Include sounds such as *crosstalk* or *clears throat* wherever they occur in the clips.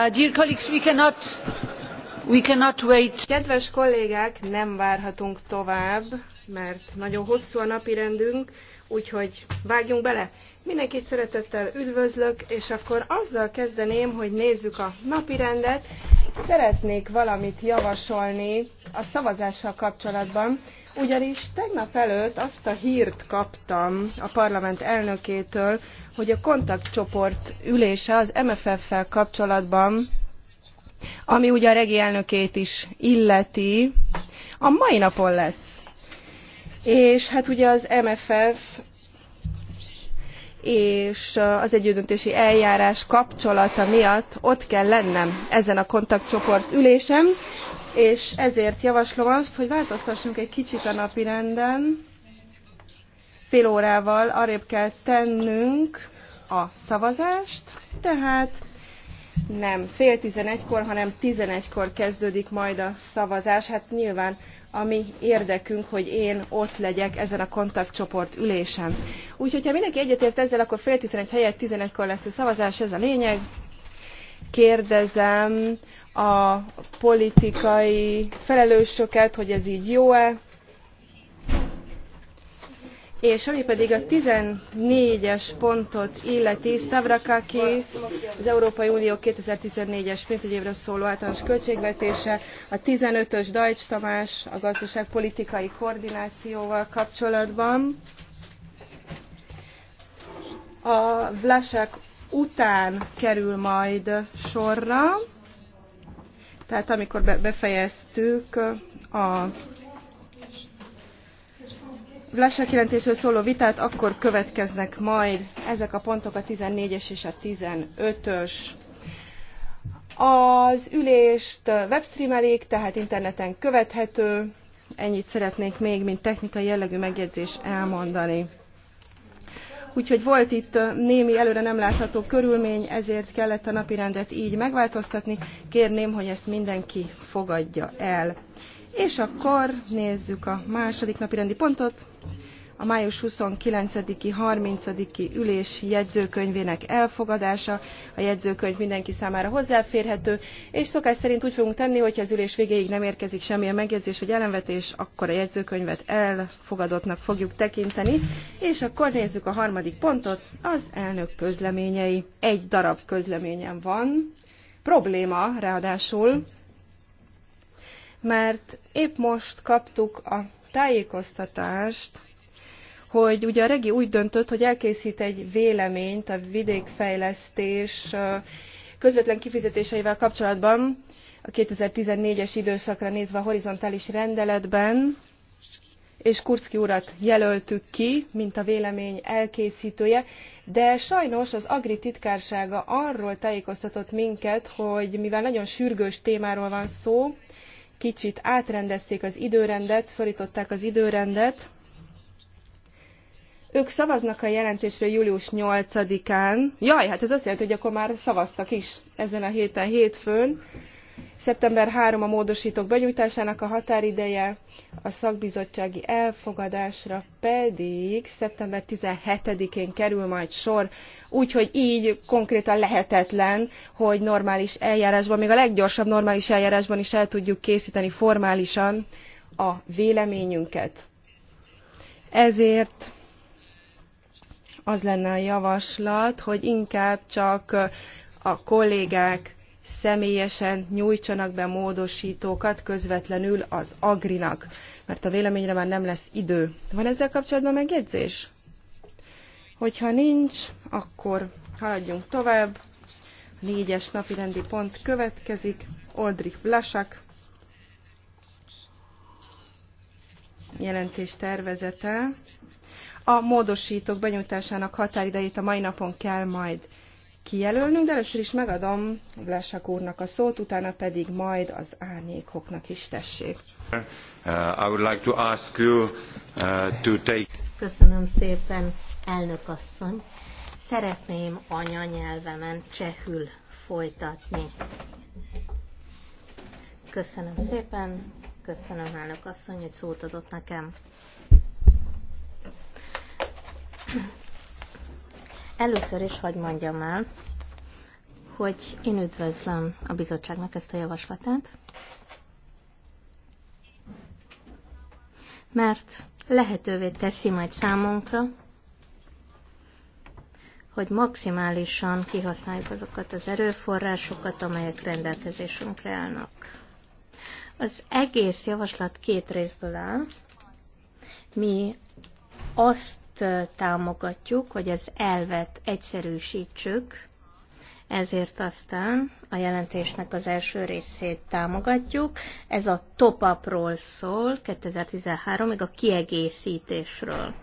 Uh, Kedves kollégák, nem várhatunk tovább, mert nagyon hosszú a napirendünk, úgyhogy vágjunk bele. Mindenkit szeretettel üdvözlök, és akkor azzal kezdeném, hogy nézzük a napirendet. Szeretnék valamit javasolni a szavazással kapcsolatban, ugyanis tegnap előtt azt a hírt kaptam a parlament elnökétől, hogy a kontaktcsoport ülése az MFF-fel kapcsolatban, ami ugye a regi elnökét is illeti, a mai napon lesz. És hát ugye az MFF és az együttdöntési eljárás kapcsolata miatt ott kell lennem ezen a kontaktcsoport ülésem, és ezért javaslom azt, hogy változtassunk egy kicsit a napi renden, fél órával arrébb kell tennünk a szavazást, tehát nem fél tizenegykor, hanem tizenegykor kezdődik majd a szavazás. Hát nyilván a mi érdekünk, hogy én ott legyek ezen a kontaktcsoport ülésen. Úgyhogy ha mindenki egyetért ezzel, akkor fél tizenegy helyett tizenegykor lesz a szavazás, ez a lényeg. Kérdezem a politikai felelősöket, hogy ez így jó-e. És ami pedig a 14-es pontot illeti, Stavrakakis, az Európai Unió 2014-es pénzügyévre szóló általános költségvetése, a 15-ös Dajcs Tamás a gazdaságpolitikai koordinációval kapcsolatban. A Vlasák után kerül majd sorra. Tehát amikor befejeztük a Vlasák jelentésről szóló vitát, akkor következnek majd ezek a pontok a 14-es és a 15-ös. Az ülést webstreamelik, tehát interneten követhető. Ennyit szeretnék még, mint technikai jellegű megjegyzés elmondani úgyhogy volt itt némi előre nem látható körülmény, ezért kellett a napirendet így megváltoztatni. Kérném, hogy ezt mindenki fogadja el. És akkor nézzük a második napirendi pontot a május 29-i, 30-i ülés jegyzőkönyvének elfogadása. A jegyzőkönyv mindenki számára hozzáférhető, és szokás szerint úgy fogunk tenni, ha az ülés végéig nem érkezik semmilyen megjegyzés vagy ellenvetés, akkor a jegyzőkönyvet elfogadottnak fogjuk tekinteni. És akkor nézzük a harmadik pontot, az elnök közleményei. Egy darab közleményem van, probléma ráadásul, mert épp most kaptuk a tájékoztatást, hogy ugye a regi úgy döntött, hogy elkészít egy véleményt a vidékfejlesztés közvetlen kifizetéseivel kapcsolatban a 2014-es időszakra nézve a horizontális rendeletben, és Kurcki urat jelöltük ki, mint a vélemény elkészítője, de sajnos az Agri titkársága arról tájékoztatott minket, hogy mivel nagyon sürgős témáról van szó, kicsit átrendezték az időrendet, szorították az időrendet, ők szavaznak a jelentésről július 8-án. Jaj, hát ez azt jelenti, hogy akkor már szavaztak is ezen a héten, hétfőn. Szeptember 3 a módosítók benyújtásának a határideje, a szakbizottsági elfogadásra pedig szeptember 17-én kerül majd sor, úgyhogy így konkrétan lehetetlen, hogy normális eljárásban, még a leggyorsabb normális eljárásban is el tudjuk készíteni formálisan a véleményünket. Ezért az lenne a javaslat, hogy inkább csak a kollégák személyesen nyújtsanak be módosítókat közvetlenül az agrinak, mert a véleményre már nem lesz idő. Van ezzel kapcsolatban megjegyzés? Hogyha nincs, akkor haladjunk tovább. A négyes napi rendi pont következik. Oldrich Vlasak jelentés tervezete a módosítók benyújtásának határidejét a mai napon kell majd kijelölnünk, de először is megadom Blesak úrnak a szót, utána pedig majd az árnyékoknak is tessék. Uh, I would like to ask you uh, to take... Köszönöm szépen, elnök asszony. Szeretném anyanyelvemen csehül folytatni. Köszönöm szépen, köszönöm elnök asszony, hogy szót adott nekem. Először is hagyd mondjam el, hogy én üdvözlöm a bizottságnak ezt a javaslatát, mert lehetővé teszi majd számunkra, hogy maximálisan kihasználjuk azokat az erőforrásokat, amelyek rendelkezésünkre állnak. Az egész javaslat két részből áll. Mi azt támogatjuk, hogy az elvet egyszerűsítsük, ezért aztán a jelentésnek az első részét támogatjuk. Ez a top-upról szól 2013-ig a kiegészítésről.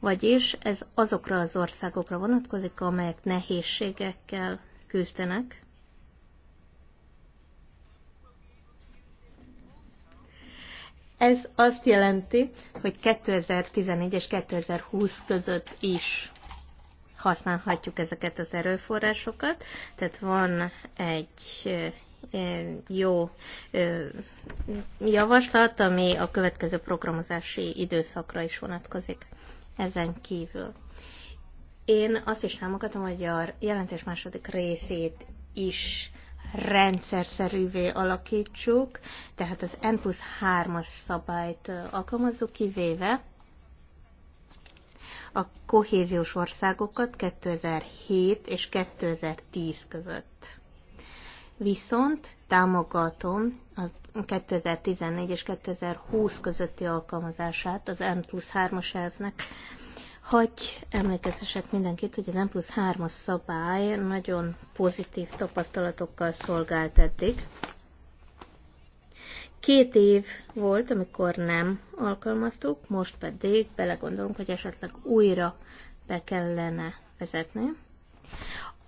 Vagyis ez azokra az országokra vonatkozik, amelyek nehézségekkel küzdenek, Ez azt jelenti, hogy 2014 és 2020 között is használhatjuk ezeket az erőforrásokat, tehát van egy jó javaslat, ami a következő programozási időszakra is vonatkozik ezen kívül. Én azt is támogatom, hogy a jelentés második részét is szerűvé alakítsuk, tehát az N plusz 3-as szabályt alkalmazzuk, kivéve a kohéziós országokat 2007 és 2010 között. Viszont támogatom a 2014 és 2020 közötti alkalmazását az N plusz 3-as elvnek, hogy emlékeztesek mindenkit, hogy az M plusz 3-as szabály nagyon pozitív tapasztalatokkal szolgált eddig. Két év volt, amikor nem alkalmaztuk, most pedig belegondolunk, hogy esetleg újra be kellene vezetni.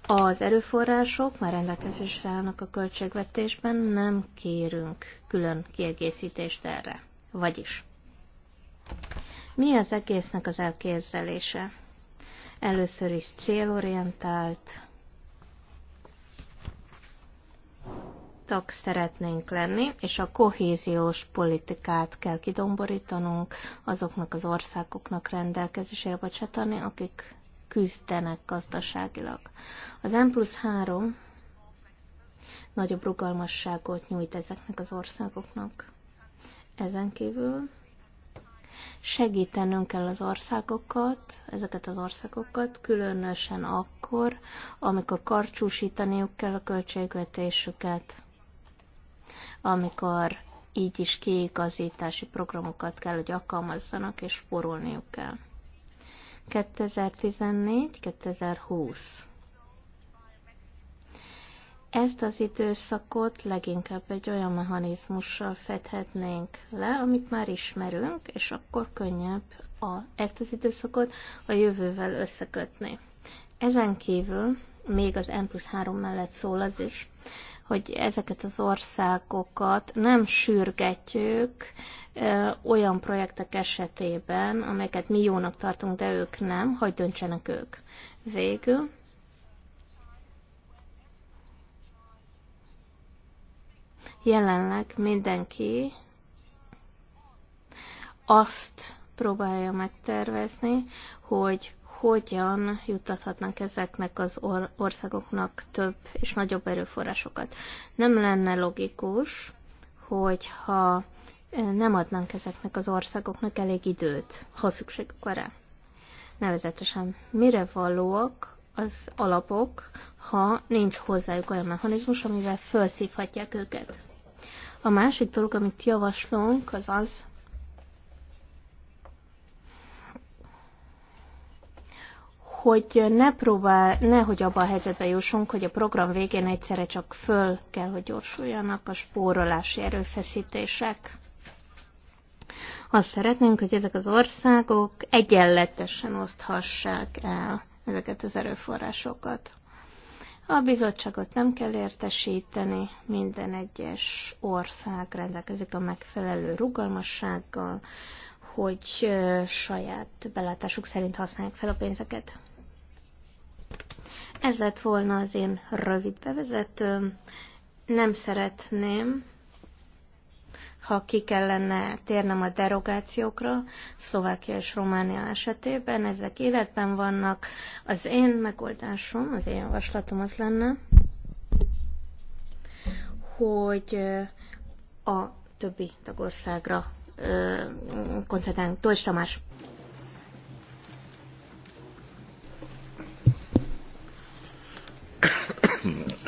Az erőforrások már rendelkezésre állnak a költségvetésben, nem kérünk külön kiegészítést erre. Vagyis mi az egésznek az elképzelése? Először is célorientált, tag szeretnénk lenni, és a kohéziós politikát kell kidomborítanunk, azoknak az országoknak rendelkezésére bocsátani, akik küzdenek gazdaságilag. Az M plusz 3 nagyobb rugalmasságot nyújt ezeknek az országoknak. Ezen kívül segítenünk kell az országokat, ezeket az országokat, különösen akkor, amikor karcsúsítaniuk kell a költségvetésüket, amikor így is kiigazítási programokat kell, hogy alkalmazzanak, és forulniuk kell. 2014-2020 ezt az időszakot leginkább egy olyan mechanizmussal fedhetnénk le, amit már ismerünk, és akkor könnyebb a, ezt az időszakot a jövővel összekötni. Ezen kívül még az N plusz 3 mellett szól az is, hogy ezeket az országokat nem sürgetjük ö, olyan projektek esetében, amelyeket mi jónak tartunk, de ők nem, hogy döntsenek ők. Végül Jelenleg mindenki azt próbálja megtervezni, hogy hogyan juttathatnak ezeknek az or- országoknak több és nagyobb erőforrásokat. Nem lenne logikus, hogyha nem adnánk ezeknek az országoknak elég időt, ha szükségük van rá. Nevezetesen mire valóak az alapok, ha nincs hozzájuk olyan mechanizmus, amivel felszívhatják őket. A másik dolog, amit javaslunk, az az, hogy ne próbál, nehogy abba a helyzetbe jussunk, hogy a program végén egyszerre csak föl kell, hogy gyorsuljanak a spórolási erőfeszítések. Azt szeretnénk, hogy ezek az országok egyenletesen oszthassák el ezeket az erőforrásokat. A bizottságot nem kell értesíteni, minden egyes ország rendelkezik a megfelelő rugalmassággal, hogy saját belátásuk szerint használják fel a pénzeket. Ez lett volna az én rövid bevezetőm. Nem szeretném, ha ki kellene térnem a derogációkra, Szlovákia és Románia esetében, ezek életben vannak. Az én megoldásom, az én javaslatom az lenne, hogy a többi tagországra koncentrálunk. Tolcs Tamás.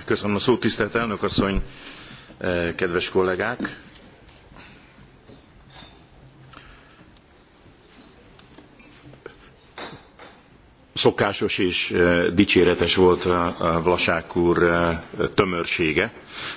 Köszönöm a szót, tisztelt elnök asszony, kedves kollégák! szokásos és eh, dicséretes volt Vlasák úr eh, tömörsége.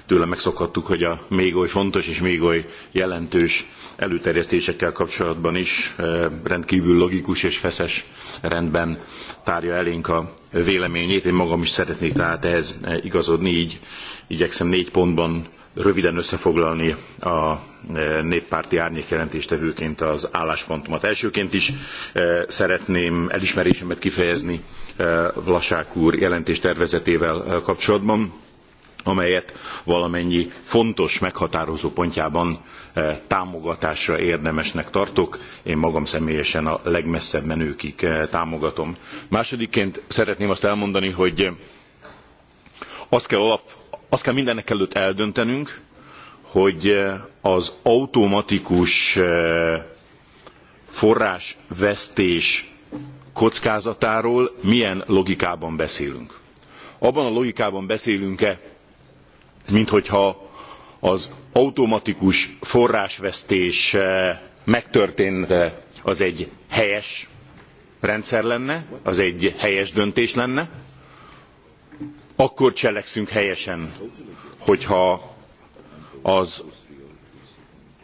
Tőle megszokhattuk, hogy a még oly fontos és még oly jelentős előterjesztésekkel kapcsolatban is eh, rendkívül logikus és feszes rendben tárja elénk a véleményét. Én magam is szeretnék tehát ehhez igazodni, így igyekszem négy pontban röviden összefoglalni a e, néppárti árnyékjelentéstevőként az álláspontomat. Elsőként is e, szeretném elismerésemet kifejezni e, Vlasák úr jelentéstervezetével kapcsolatban amelyet valamennyi fontos, meghatározó pontjában támogatásra érdemesnek tartok. Én magam személyesen a legmesszebb menőkig támogatom. Másodikként szeretném azt elmondani, hogy azt kell alap azt kell mindenekelőtt eldöntenünk hogy eh, az automatikus eh, forrásvesztés kockázatáról milyen logikában beszélünk. abban a logikában beszélünk e minthogyha az automatikus forrásvesztés eh, megtörténne, az egy helyes rendszer lenne az egy helyes döntés lenne akkor cselekszünk helyesen hogyha az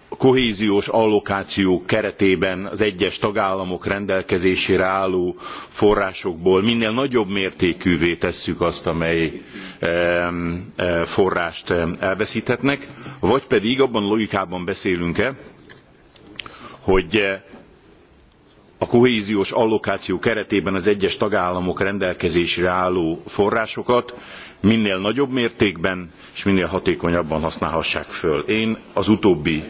kohéziós allokáció keretében az egyes tagállamok rendelkezésére álló forrásokból minél nagyobb mértékűvé tesszük azt amely e, forrást elveszthetnek vagy pedig abban a logikában beszélünk e hogy a kohéziós allokáció keretében az egyes tagállamok rendelkezésre álló forrásokat minél nagyobb mértékben és minél hatékonyabban használhassák föl. én az utóbbi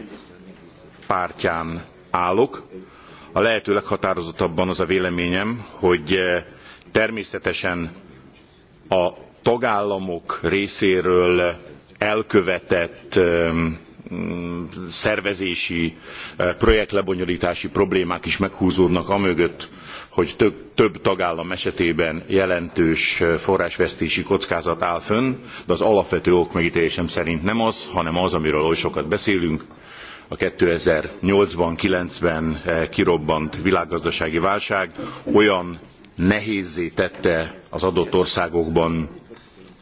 pártján állok a lehető leghatározottabban az a véleményem hogy eh, természetesen a tagállamok részéről elkövetett eh, szervezési, eh, projektlebonyolítási problémák is meghúzódnak amögött, hogy több, tagállam esetében jelentős eh, forrásvesztési kockázat áll fönn, de az alapvető ok megítélésem szerint nem az, hanem az, amiről oly sokat beszélünk, a eight ban nine ben kirobbant világgazdasági válság olyan nehézzé tette az adott országokban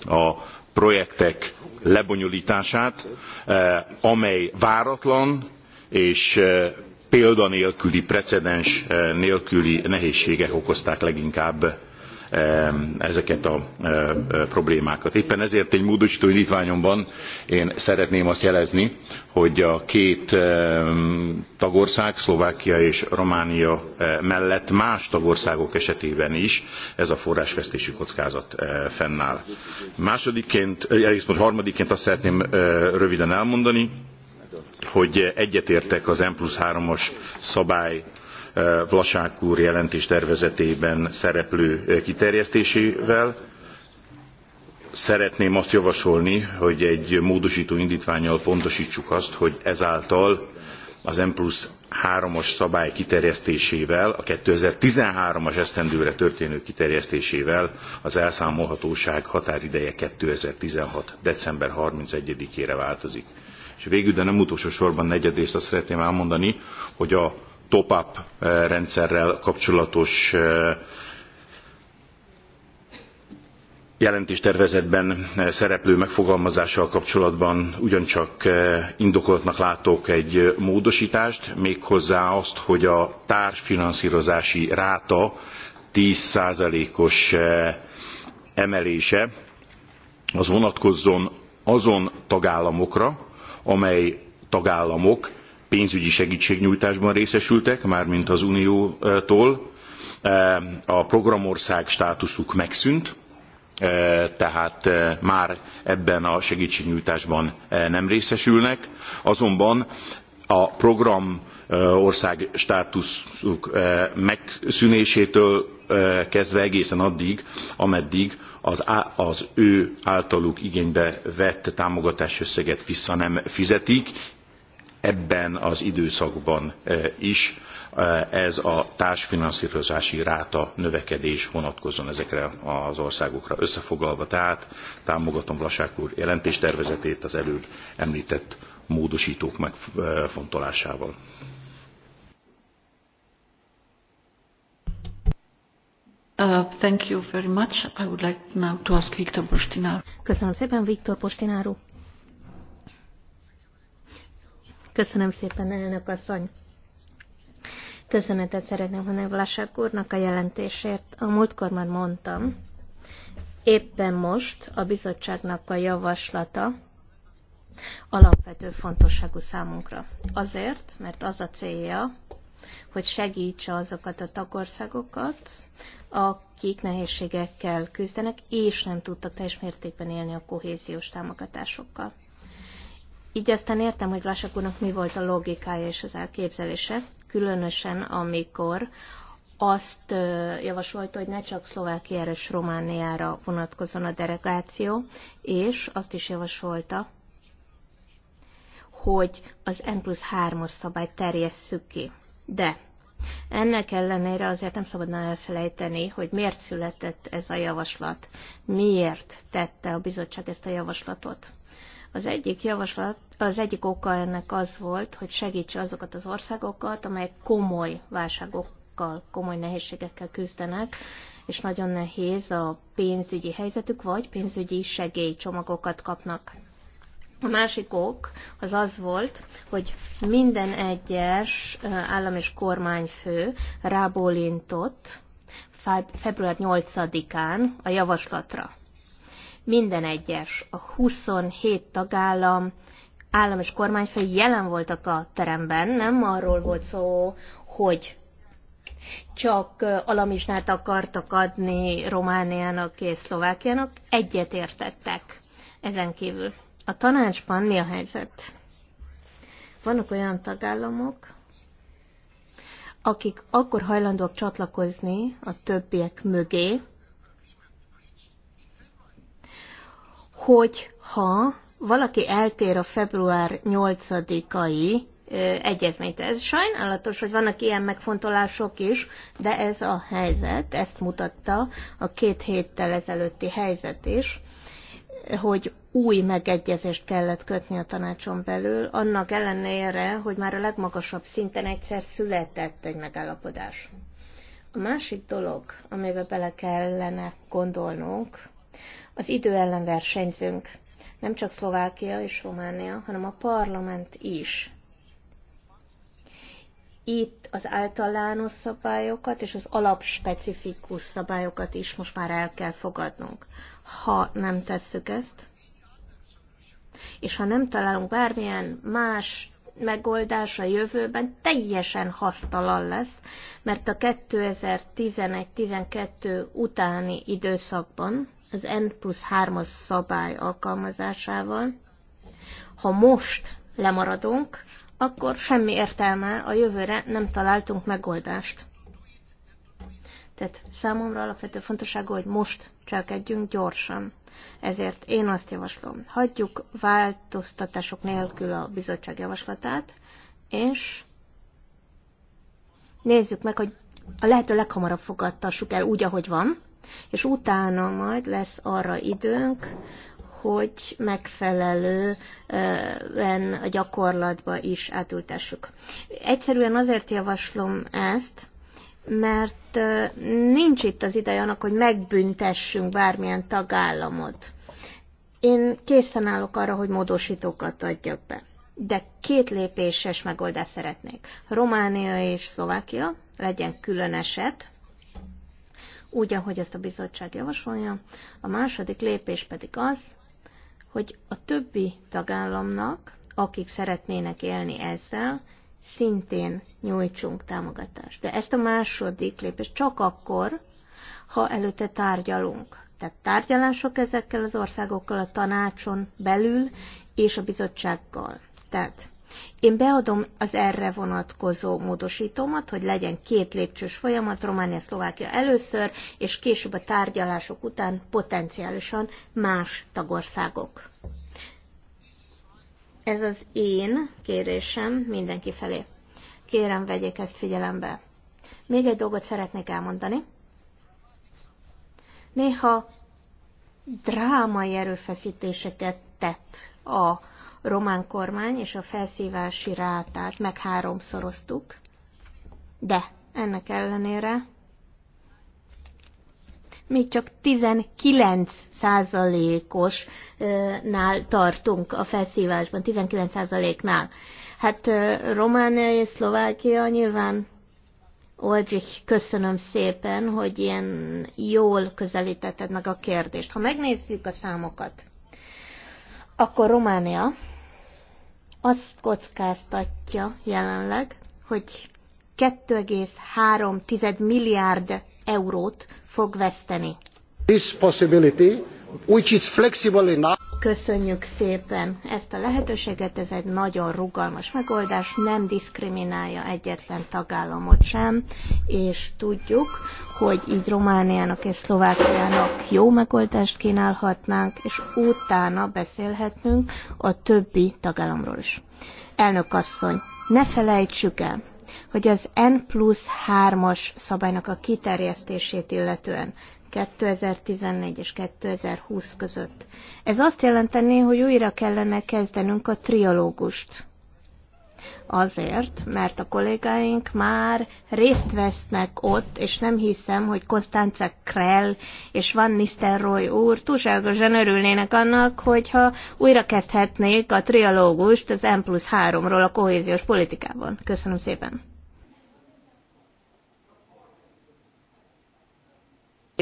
a projektek lebonyoltását eh, amely váratlan és eh, példa nélküli precedens eh, nélküli nehézségek okozták leginkább Eh, ezeket a eh, problémákat. Éppen ezért egy módosító indítványomban én szeretném azt jelezni, hogy a két eh, tagország, Szlovákia és Románia mellett más tagországok esetében is ez a forrásvesztési kockázat fennáll. Másodikként, harmadikként azt szeretném röviden elmondani, hogy egyetértek az M plusz 3-as szabály Vlasák úr jelentés tervezetében szereplő kiterjesztésével. Szeretném azt javasolni, hogy egy módosító indítványjal pontosítsuk azt, hogy ezáltal az M plusz 3-as szabály kiterjesztésével, a 2013-as esztendőre történő kiterjesztésével az elszámolhatóság határideje 2016. december 31-ére változik. És végül, de nem utolsó sorban negyedrészt azt szeretném elmondani, hogy a top-up eh, rendszerrel kapcsolatos eh, jelentéstervezetben eh, szereplő megfogalmazással kapcsolatban ugyancsak indokoltnak látok egy módostást méghozzá azt hogy a társfinanszrozási ráta ten os emelése az vonatkozzon azon tagállamokra amely tagállamok pénzügyi segítségnyújtásban részesültek, mármint az Uniótól. E, a programország státuszuk megszűnt, e, tehát e, már ebben a segítségnyújtásban nem részesülnek, azonban a program ország státuszuk megszűnésétől kezdve egészen addig, ameddig az, az ő általuk igénybe vett támogatás összeget vissza nem fizetik, ebben az időszakban e, is e, ez a társfinanszírozási ráta növekedés vonatkozzon ezekre az országokra. Összefoglalva tehát támogatom Vlasák úr jelentéstervezetét az előbb említett módosítók megfontolásával. Uh, thank you very much. I would like now to ask Viktor Köszönöm szépen, Viktor Postinár Köszönöm szépen, elnök asszony. Köszönetet szeretnék a Vlasák úrnak a jelentésért. A múltkor már mondtam, éppen most a bizottságnak a javaslata alapvető fontosságú számunkra. Azért, mert az a célja, hogy segítse azokat a tagországokat, akik nehézségekkel küzdenek, és nem tudtak teljes mértékben élni a kohéziós támogatásokkal. Így aztán értem, hogy Vlasak mi volt a logikája és az elképzelése, különösen amikor azt javasolta, hogy ne csak Szlovákiára és Romániára vonatkozzon a delegáció, és azt is javasolta, hogy az N plusz 3-os szabályt terjesszük ki. De ennek ellenére azért nem szabadna elfelejteni, hogy miért született ez a javaslat, miért tette a bizottság ezt a javaslatot. Az egyik javaslat, az egyik oka ennek az volt, hogy segítse azokat az országokat, amelyek komoly válságokkal, komoly nehézségekkel küzdenek, és nagyon nehéz a pénzügyi helyzetük, vagy pénzügyi segélycsomagokat kapnak. A másik ok az az volt, hogy minden egyes állam és kormányfő rábólintott február 8-án a javaslatra. Minden egyes, a 27 tagállam, állam és kormányfej jelen voltak a teremben, nem arról volt szó, hogy csak alamizsnát akartak adni Romániának és Szlovákiának, egyetértettek ezen kívül. A tanácsban mi a helyzet? Vannak olyan tagállamok, akik akkor hajlandóak csatlakozni a többiek mögé, hogy ha valaki eltér a február 8-ai egyezményt. Ez sajnálatos, hogy vannak ilyen megfontolások is, de ez a helyzet, ezt mutatta a két héttel ezelőtti helyzet is, hogy új megegyezést kellett kötni a tanácson belül, annak ellenére, hogy már a legmagasabb szinten egyszer született egy megállapodás. A másik dolog, amivel bele kellene gondolnunk, az idő ellen versenyzünk. Nem csak Szlovákia és Románia, hanem a parlament is. Itt az általános szabályokat és az alapspecifikus szabályokat is most már el kell fogadnunk. Ha nem tesszük ezt, és ha nem találunk bármilyen más megoldás a jövőben teljesen hasztalan lesz, mert a 2011-12 utáni időszakban az N plusz 3-as szabály alkalmazásával, ha most lemaradunk, akkor semmi értelme, a jövőre nem találtunk megoldást. Tehát számomra alapvető fontosságú, hogy most cselekedjünk gyorsan. Ezért én azt javaslom, hagyjuk változtatások nélkül a bizottság javaslatát, és nézzük meg, hogy a lehető leghamarabb fogadtassuk el úgy, ahogy van, és utána majd lesz arra időnk, hogy megfelelően a gyakorlatba is átültessük. Egyszerűen azért javaslom ezt, mert nincs itt az ideje annak, hogy megbüntessünk bármilyen tagállamot. Én készen állok arra, hogy módosítókat adjak be. De két lépéses megoldást szeretnék. Románia és Szlovákia legyen külön eset, úgy, ahogy ezt a bizottság javasolja. A második lépés pedig az, hogy a többi tagállamnak, akik szeretnének élni ezzel, szintén nyújtsunk támogatást. De ezt a második lépést csak akkor, ha előtte tárgyalunk. Tehát tárgyalások ezekkel az országokkal a tanácson belül és a bizottsággal. Tehát én beadom az erre vonatkozó módosítómat, hogy legyen két lépcsős folyamat, Románia, Szlovákia először, és később a tárgyalások után potenciálisan más tagországok. Ez az én kérésem mindenki felé. Kérem, vegyék ezt figyelembe. Még egy dolgot szeretnék elmondani. Néha drámai erőfeszítéseket tett a román kormány és a felszívási rátát meg háromszoroztuk, de ennek ellenére még csak 19%-osnál tartunk a felszívásban, 19%-nál. Hát Románia és Szlovákia nyilván Olcsik, köszönöm szépen, hogy ilyen jól közelítetted meg a kérdést. Ha megnézzük a számokat, akkor Románia azt kockáztatja jelenleg, hogy 2,3 milliárd eurót fog veszteni. This possibility, which is flexible enough, Köszönjük szépen ezt a lehetőséget, ez egy nagyon rugalmas megoldás, nem diszkriminálja egyetlen tagállamot sem, és tudjuk, hogy így Romániának és Szlovákiának jó megoldást kínálhatnánk, és utána beszélhetnünk a többi tagállamról is. Elnök asszony, ne felejtsük el, hogy az N plusz 3-as szabálynak a kiterjesztését illetően 2014 és 2020 között. Ez azt jelenteni, hogy újra kellene kezdenünk a trialógust. Azért, mert a kollégáink már részt vesznek ott, és nem hiszem, hogy Konstanza Krell és Van Nistelrooy úr túlságosan örülnének annak, hogyha újra kezdhetnék a trialógust az M plusz 3-ról a kohéziós politikában. Köszönöm szépen!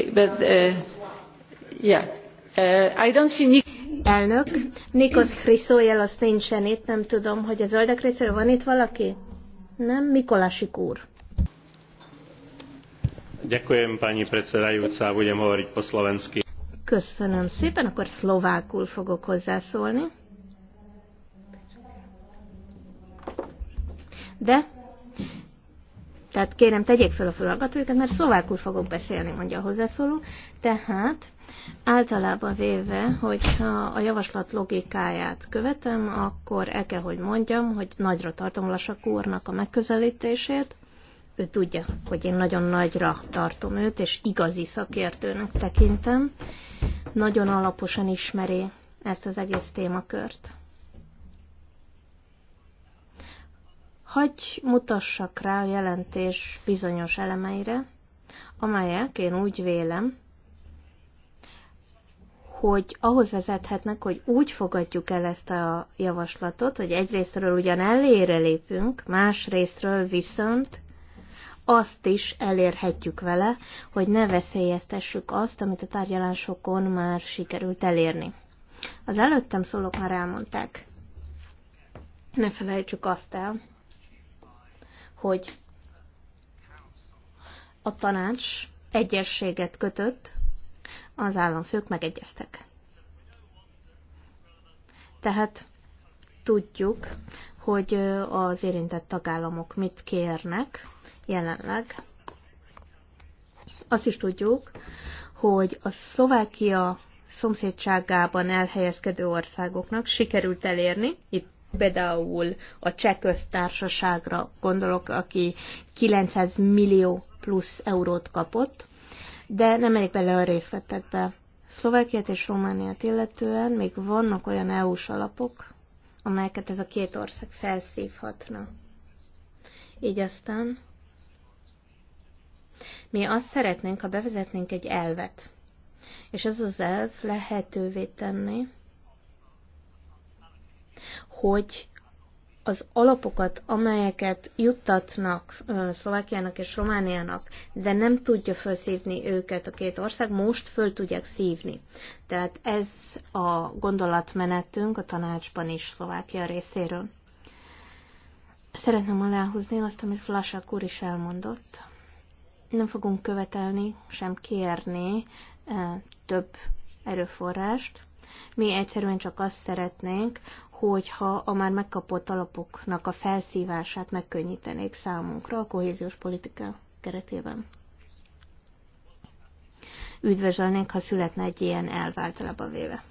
Uh, uh, I don't see Elnök, Nikos Hriszójel azt nincsen itt, nem tudom, hogy a zöldek részéről van itt valaki? Nem, Mikolásik úr. Ďakujem, pani predsedajúca, budem hovoriť po slovensky. Köszönöm szépen, akkor szlovákul fogok hozzászólni. De tehát kérem, tegyék fel a fülhallgatóikat, mert szlovákul fogok beszélni, mondja a hozzászóló. Tehát általában véve, hogyha a javaslat logikáját követem, akkor el kell, hogy mondjam, hogy nagyra tartom Lasak úrnak a megközelítését. Ő tudja, hogy én nagyon nagyra tartom őt, és igazi szakértőnek tekintem. Nagyon alaposan ismeri ezt az egész témakört. Hagy mutassak rá a jelentés bizonyos elemeire, amelyek én úgy vélem, hogy ahhoz vezethetnek, hogy úgy fogadjuk el ezt a javaslatot, hogy egyrésztről ugyan elére lépünk, másrésztről viszont azt is elérhetjük vele, hogy ne veszélyeztessük azt, amit a tárgyalásokon már sikerült elérni. Az előttem szólók már elmondták. Ne felejtsük azt el, hogy a tanács egyességet kötött, az államfők megegyeztek. Tehát tudjuk, hogy az érintett tagállamok mit kérnek jelenleg. Azt is tudjuk, hogy a Szlovákia szomszédságában elhelyezkedő országoknak sikerült elérni, itt Például a cseh köztársaságra gondolok, aki 900 millió plusz eurót kapott, de nem megyek bele a részletekbe. Szlovákiát és Romániát illetően még vannak olyan EU-s alapok, amelyeket ez a két ország felszívhatna. Így aztán mi azt szeretnénk, ha bevezetnénk egy elvet, és ez az elv lehetővé tenni, hogy az alapokat, amelyeket juttatnak Szlovákiának és Romániának, de nem tudja felszívni őket a két ország, most föl tudják szívni. Tehát ez a gondolatmenetünk a tanácsban is Szlovákia részéről. Szeretném aláhúzni azt, amit Vlasák úr is elmondott. Nem fogunk követelni, sem kérni több erőforrást. Mi egyszerűen csak azt szeretnénk, hogyha a már megkapott alapoknak a felszívását megkönnyítenék számunkra a kohéziós politika keretében. Üdvözölnénk, ha születne egy ilyen elv véve.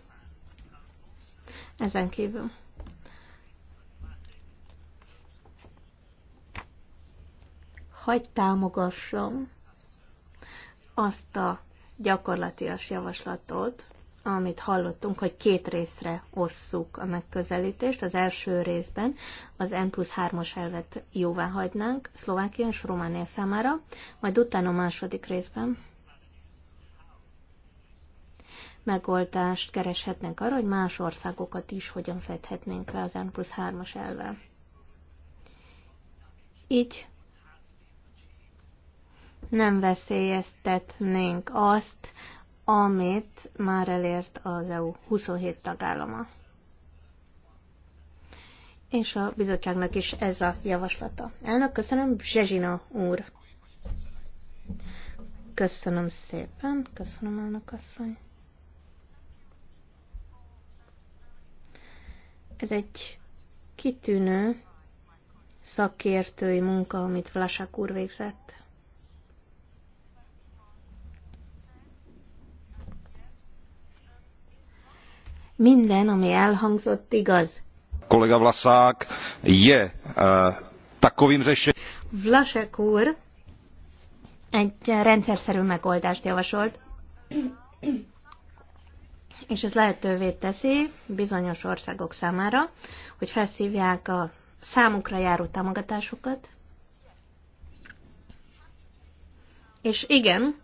Ezen kívül. Hogy támogassam azt a gyakorlatias javaslatot, amit hallottunk, hogy két részre osszuk a megközelítést. Az első részben az N plusz 3 elvet jóvá hagynánk Szlovákia és Románia számára, majd utána a második részben megoldást kereshetnénk arra, hogy más országokat is hogyan fedhetnénk le az N plusz 3-as Így nem veszélyeztetnénk azt, amit már elért az EU 27 tagállama. És a bizottságnak is ez a javaslata. Elnök, köszönöm, Zsezsina úr. Köszönöm szépen, köszönöm elnök asszony. Ez egy kitűnő szakértői munka, amit Vlasák úr végzett. Minden, ami elhangzott, igaz. Kolega Vlasák je uh, takovým řešením. Vlasák úr egy rendszerszerű megoldást javasolt, és ez lehetővé teszi bizonyos országok számára, hogy felszívják a számukra járó támogatásokat, és igen,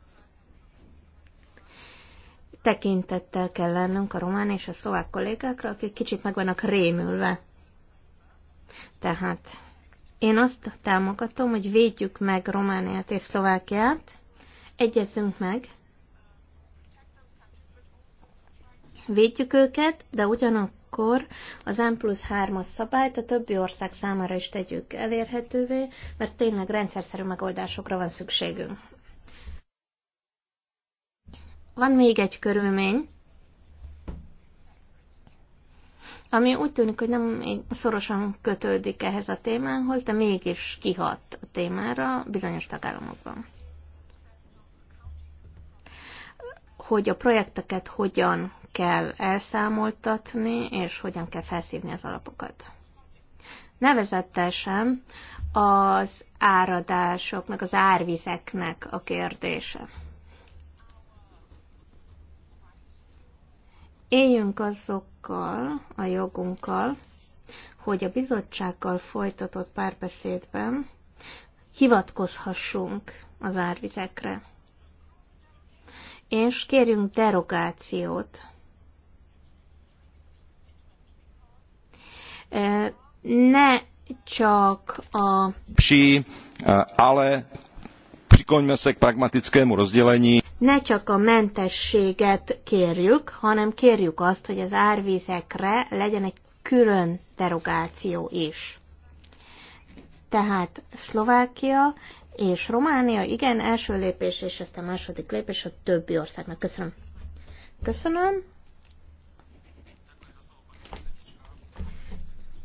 tekintettel kell lennünk a román és a szlovák kollégákra, akik kicsit meg vannak rémülve. Tehát én azt támogatom, hogy védjük meg Romániát és Szlovákiát, egyezzünk meg, védjük őket, de ugyanakkor az M plusz 3-as szabályt a többi ország számára is tegyük elérhetővé, mert tényleg rendszerszerű megoldásokra van szükségünk. Van még egy körülmény, ami úgy tűnik, hogy nem szorosan kötődik ehhez a témához, de mégis kihat a témára bizonyos tagállamokban. Hogy a projekteket hogyan kell elszámoltatni, és hogyan kell felszívni az alapokat. Nevezetesen az áradások, meg az árvizeknek a kérdése. éljünk azokkal a jogunkkal, hogy a bizottsággal folytatott párbeszédben hivatkozhassunk az árvizekre. És kérjünk derogációt. Ne csak a... Psi, ale Přikloňme se k pragmatickému rozdělení. Ne csak a mentességet kérjük, hanem kérjük azt, hogy az árvízekre legyen egy külön derogáció is. Tehát Szlovákia és Románia, igen, első lépés, és ezt a második lépés a többi országnak. Köszönöm. Köszönöm.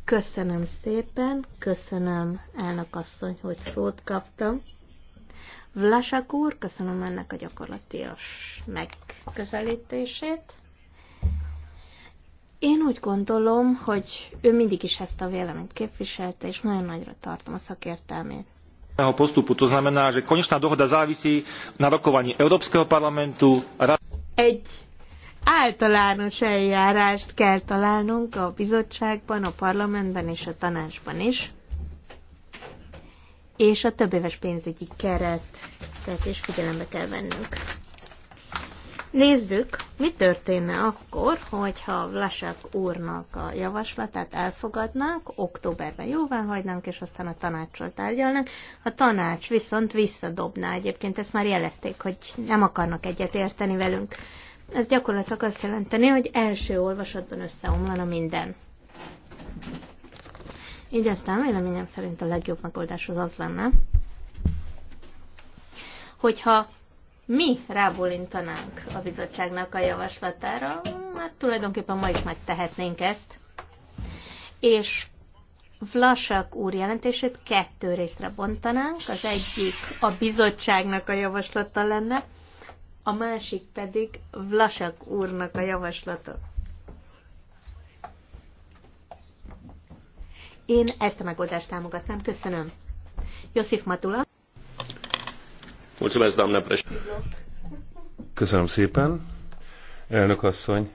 Köszönöm szépen, köszönöm elnök asszony, hogy szót kaptam. Vlasak úr, köszönöm ennek a gyakorlatias megközelítését. Én úgy gondolom, hogy ő mindig is ezt a véleményt képviselte, és nagyon nagyra tartom a szakértelmét právneho postupu. To znamená, že konečná dohoda závisí na rokovaní Európskeho parlamentu. Egy általános eljárást kell találnunk a bizottságban, a parlamentben és a tanácsban is és a több éves pénzügyi tehát is figyelembe kell vennünk. Nézzük, mi történne akkor, hogyha Vlasák úrnak a javaslatát elfogadnánk, októberben jóvá hagynánk, és aztán a tanácsot tárgyalnánk. A tanács viszont visszadobná egyébként, ezt már jelezték, hogy nem akarnak egyet érteni velünk. Ez gyakorlatilag azt jelenteni, hogy első olvasatban összeomlana minden. Így aztán véleményem szerint a legjobb megoldás az az lenne, hogyha mi rábólintanánk a bizottságnak a javaslatára, hát tulajdonképpen ma is megtehetnénk ezt, és Vlasak úr jelentését kettő részre bontanánk, az egyik a bizottságnak a javaslata lenne, a másik pedig Vlasak úrnak a javaslata. Én ezt a megoldást támogatnám. Köszönöm. Josif Matula. Köszönöm szépen. Elnök asszony,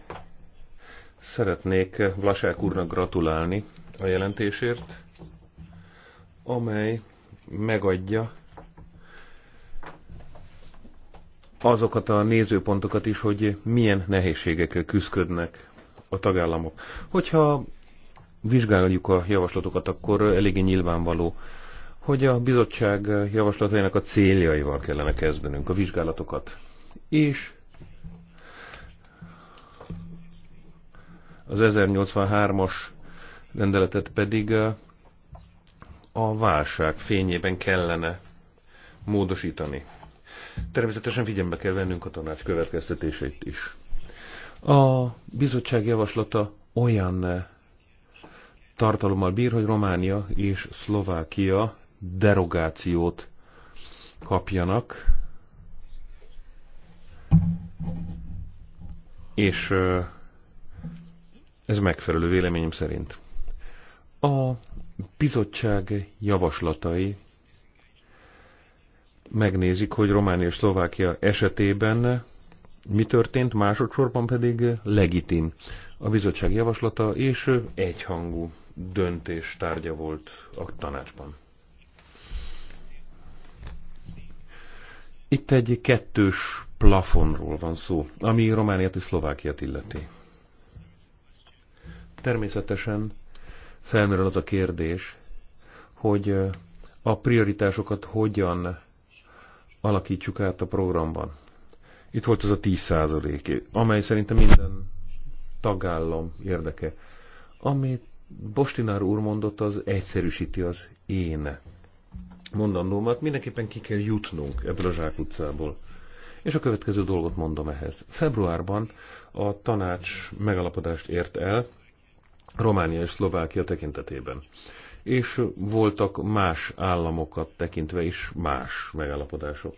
szeretnék Vlasák úrnak gratulálni a jelentésért, amely megadja azokat a nézőpontokat is, hogy milyen nehézségekkel küzdködnek a tagállamok. Hogyha vizsgáljuk a javaslatokat, akkor eléggé nyilvánvaló, hogy a bizottság javaslatainak a céljaival kellene kezdenünk a vizsgálatokat. És az 1083-as rendeletet pedig a válság fényében kellene módosítani. Természetesen figyelembe kell vennünk a tanács következtetéseit is. A bizottság javaslata olyan tartalommal bír, hogy Románia és Szlovákia derogációt kapjanak, és ez megfelelő véleményem szerint. A bizottság javaslatai megnézik, hogy Románia és Szlovákia esetében mi történt, másodszorban pedig legitim a bizottság javaslata, és egyhangú döntés tárgya volt a tanácsban. Itt egy kettős plafonról van szó, ami Romániát és Szlovákiát illeti. Természetesen felmerül az a kérdés, hogy a prioritásokat hogyan alakítsuk át a programban. Itt volt az a 10 százalék, amely szerintem minden tagállam érdeke. Amit Bostinár úr mondott, az egyszerűsíti az én mondandómat. Mindenképpen ki kell jutnunk ebből a zsákutcából. És a következő dolgot mondom ehhez. Februárban a tanács megalapodást ért el Románia és Szlovákia tekintetében. És voltak más államokat tekintve is más megalapodások.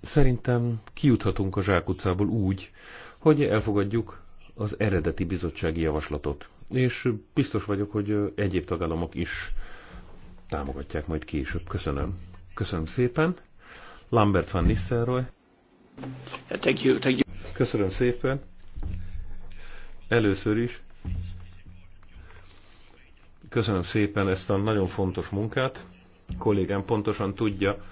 Szerintem kijuthatunk a zsákutcából úgy, hogy elfogadjuk az eredeti bizottsági javaslatot. És biztos vagyok, hogy egyéb tagállamok is támogatják majd később. Köszönöm. Köszönöm szépen. Lambert van Nisselroy. Thank you, thank you. Köszönöm szépen. Először is köszönöm szépen ezt a nagyon fontos munkát. A kollégám pontosan tudja,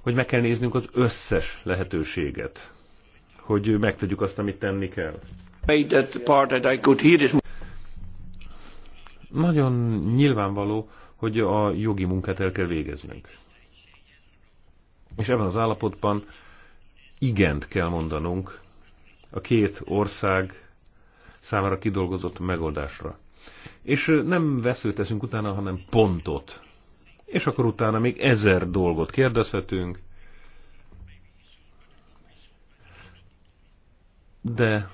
hogy meg kell néznünk az összes lehetőséget, hogy megtudjuk azt, amit tenni kell. Nagyon nyilvánvaló, hogy a jogi munkát el kell végeznünk. És ebben az állapotban igent kell mondanunk a két ország számára kidolgozott megoldásra. És nem veszőteszünk teszünk utána, hanem pontot. És akkor utána még ezer dolgot kérdezhetünk, de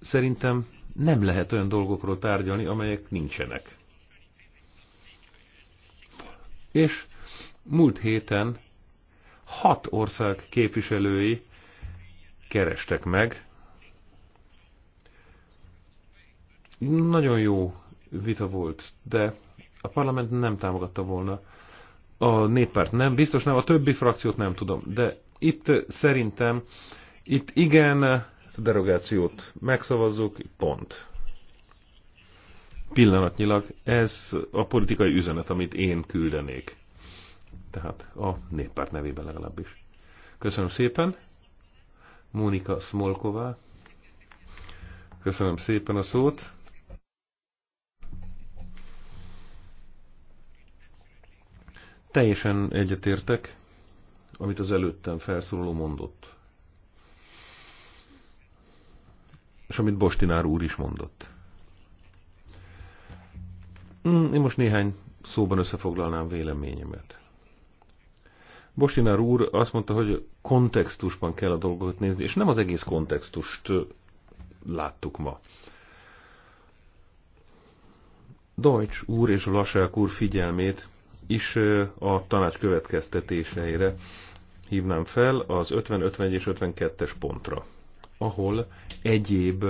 Szerintem nem lehet olyan dolgokról tárgyalni, amelyek nincsenek. És múlt héten hat ország képviselői kerestek meg. Nagyon jó vita volt, de a parlament nem támogatta volna. A néppárt nem, biztos nem, a többi frakciót nem tudom. De itt szerintem, itt igen, a derogációt megszavazzuk, pont. Pillanatnyilag ez a politikai üzenet, amit én küldenék. Tehát a néppárt nevében legalábbis. Köszönöm szépen. Mónika Smolková. Köszönöm szépen a szót. Teljesen egyetértek, amit az előttem felszóló mondott. és amit Bostinár úr is mondott. Hmm, én most néhány szóban összefoglalnám véleményemet. Bostinár úr azt mondta, hogy kontextusban kell a dolgot nézni, és nem az egész kontextust láttuk ma. Deutsch úr és Lasák úr figyelmét is a tanács következtetéseire hívnám fel az 50, 51 és 52-es pontra ahol egyéb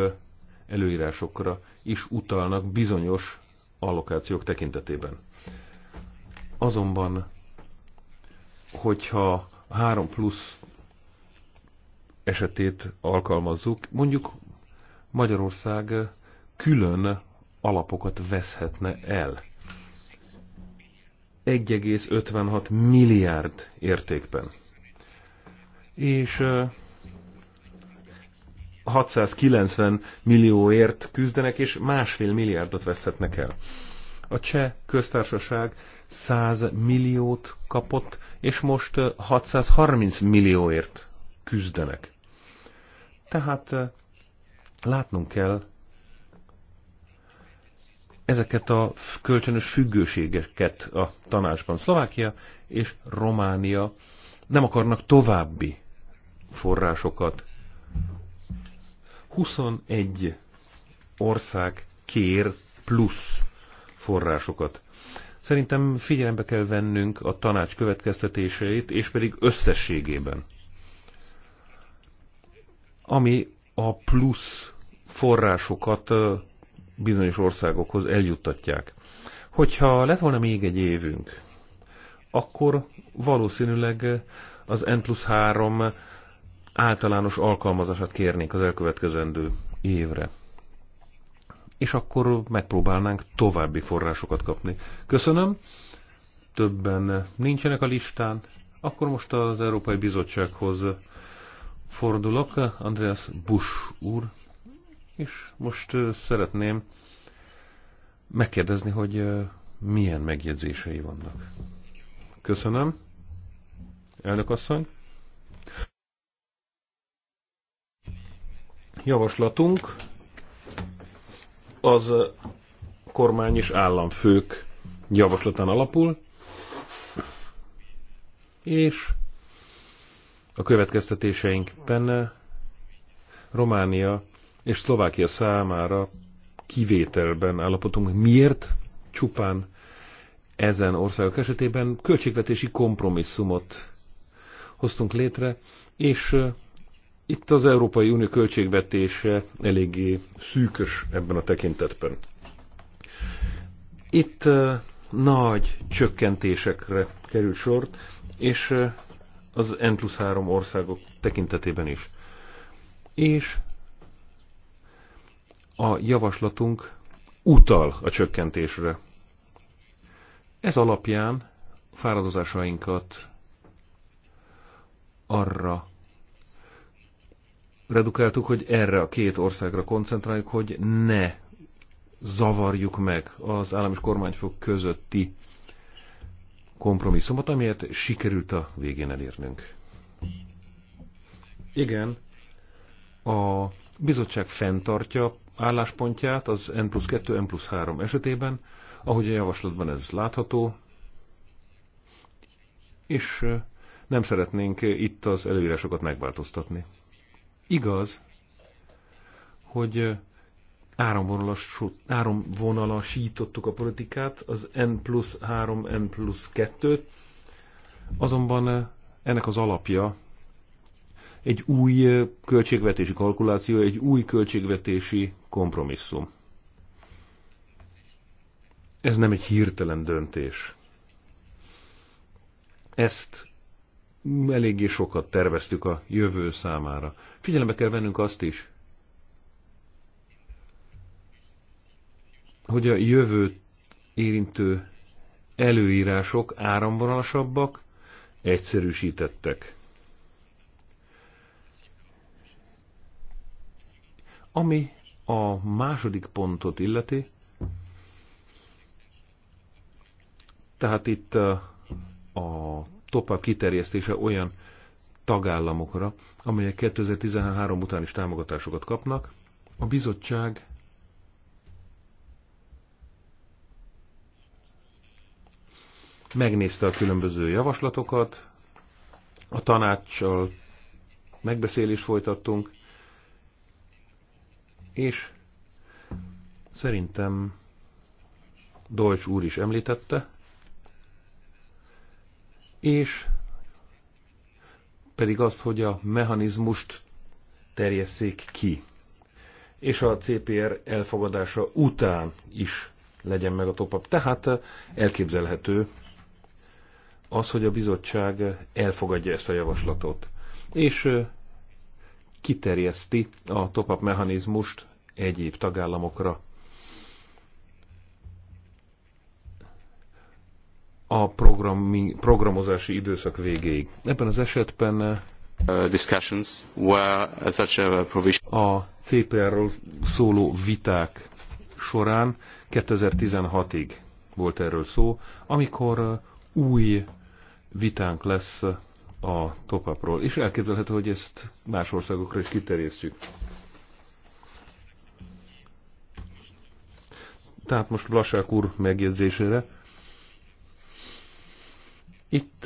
előírásokra is utalnak bizonyos allokációk tekintetében. Azonban, hogyha 3 plusz esetét alkalmazzuk, mondjuk Magyarország külön alapokat veszhetne el. 1,56 milliárd értékben. És 690 millióért küzdenek, és másfél milliárdot veszhetnek el. A cseh köztársaság 100 milliót kapott, és most 630 millióért küzdenek. Tehát látnunk kell ezeket a kölcsönös függőségeket a tanácsban. Szlovákia és Románia nem akarnak további forrásokat 21 ország kér plusz forrásokat. Szerintem figyelembe kell vennünk a tanács következtetéseit, és pedig összességében. Ami a plusz forrásokat bizonyos országokhoz eljuttatják. Hogyha lett volna még egy évünk, akkor valószínűleg az N plusz 3 általános alkalmazását kérnénk az elkövetkezendő évre. És akkor megpróbálnánk további forrásokat kapni. Köszönöm. Többen nincsenek a listán. Akkor most az Európai Bizottsághoz fordulok, Andreas Busch úr, és most szeretném megkérdezni, hogy milyen megjegyzései vannak. Köszönöm. Elnök asszony. Javaslatunk az kormány és államfők javaslatán alapul, és a következtetéseinkben Románia és Szlovákia számára kivételben állapotunk. Miért? Csupán ezen országok esetében költségvetési kompromisszumot hoztunk létre, és itt az Európai Unió költségvetése eléggé szűkös ebben a tekintetben. Itt nagy csökkentésekre kerül sor, és az N plusz 3 országok tekintetében is. És a javaslatunk utal a csökkentésre. Ez alapján fáradozásainkat arra redukáltuk, hogy erre a két országra koncentráljuk, hogy ne zavarjuk meg az állam és kormányfok közötti kompromisszumot, amiért sikerült a végén elérnünk. Igen, a bizottság fenntartja álláspontját az N plusz 2, N plusz 3 esetében, ahogy a javaslatban ez látható, és nem szeretnénk itt az előírásokat megváltoztatni. Igaz, hogy áramvonalasítottuk a politikát, az N plusz 3, N plusz 2, azonban ennek az alapja egy új költségvetési kalkuláció, egy új költségvetési kompromisszum. Ez nem egy hirtelen döntés. Ezt eléggé sokat terveztük a jövő számára. Figyelembe kell vennünk azt is, hogy a jövőt érintő előírások áramvonalasabbak, egyszerűsítettek. Ami a második pontot illeti, tehát itt uh, a top-up kiterjesztése olyan tagállamokra, amelyek 2013 után is támogatásokat kapnak. A bizottság megnézte a különböző javaslatokat, a tanácssal megbeszélést folytattunk, és szerintem Dolcs úr is említette, és pedig azt, hogy a mechanizmust terjesszék ki. És a CPR elfogadása után is legyen meg a top-up. Tehát elképzelhető az, hogy a bizottság elfogadja ezt a javaslatot, és kiterjeszti a top mechanizmust egyéb tagállamokra a programozási időszak végéig. Ebben az esetben eh, uh, uh, a A CPR-ról szóló viták során 2016-ig volt erről szó, amikor eh, új vitánk lesz eh, a topapról, és elképzelhető, hogy ezt más országokra is kiterjesztjük. Tehát most Blasák úr megjegyzésére itt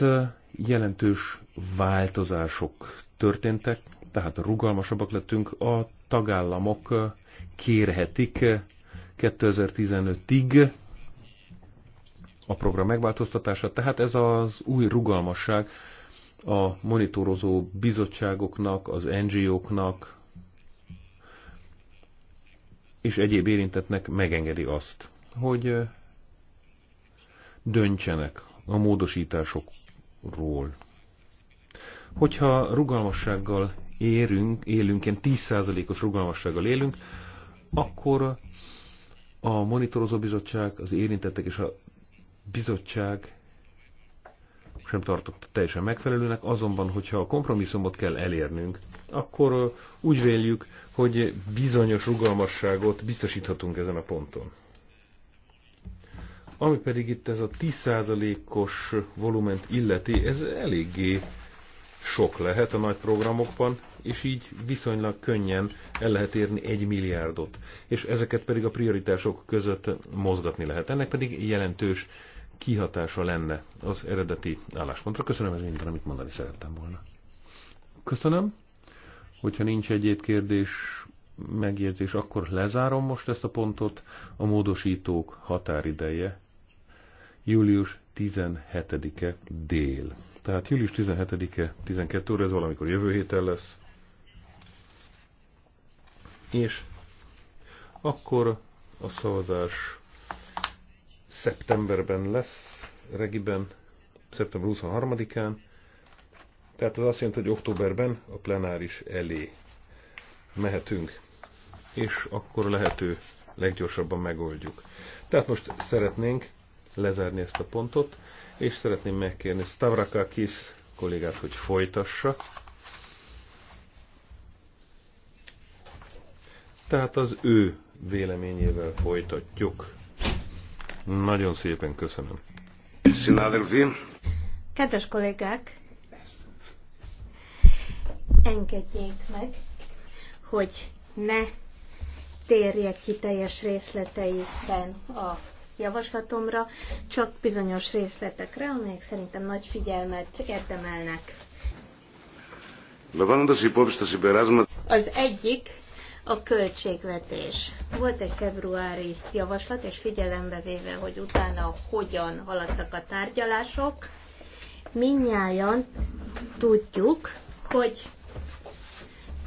jelentős változások történtek, tehát rugalmasabbak lettünk, a tagállamok kérhetik 2015-ig a program megváltoztatása, tehát ez az új rugalmasság a monitorozó bizottságoknak, az NGO-knak és egyéb érintetnek megengedi azt, hogy döntsenek a módosításokról. Hogyha rugalmassággal érünk, élünk, ilyen 10%-os rugalmassággal élünk, akkor a monitorozó bizottság, az érintettek és a bizottság sem tartott teljesen megfelelőnek, azonban, hogyha a kompromisszumot kell elérnünk, akkor úgy véljük, hogy bizonyos rugalmasságot biztosíthatunk ezen a ponton. Ami pedig itt ez a 10%-os volument illeti, ez eléggé sok lehet a nagy programokban, és így viszonylag könnyen el lehet érni egy milliárdot. És ezeket pedig a prioritások között mozgatni lehet. Ennek pedig jelentős kihatása lenne az eredeti álláspontra. Köszönöm, ez minden, amit mondani szerettem volna. Köszönöm. Hogyha nincs egyéb kérdés, megjegyzés, akkor lezárom most ezt a pontot. A módosítók határideje július 17-e dél. Tehát július 17-e 12 óra, ez valamikor jövő héten lesz. És akkor a szavazás szeptemberben lesz, regiben, szeptember 23-án. Tehát az azt jelenti, hogy októberben a plenáris elé mehetünk, és akkor lehető leggyorsabban megoldjuk. Tehát most szeretnénk lezárni ezt a pontot, és szeretném megkérni Stavrakakis kollégát, hogy folytassa. Tehát az ő véleményével folytatjuk. Nagyon szépen köszönöm. Kedves kollégák, engedjék meg, hogy ne térjek ki teljes részleteiben a javaslatomra, csak bizonyos részletekre, amelyek szerintem nagy figyelmet érdemelnek. Az egyik a költségvetés. Volt egy februári javaslat, és figyelembe véve, hogy utána hogyan haladtak a tárgyalások, minnyáján tudjuk, hogy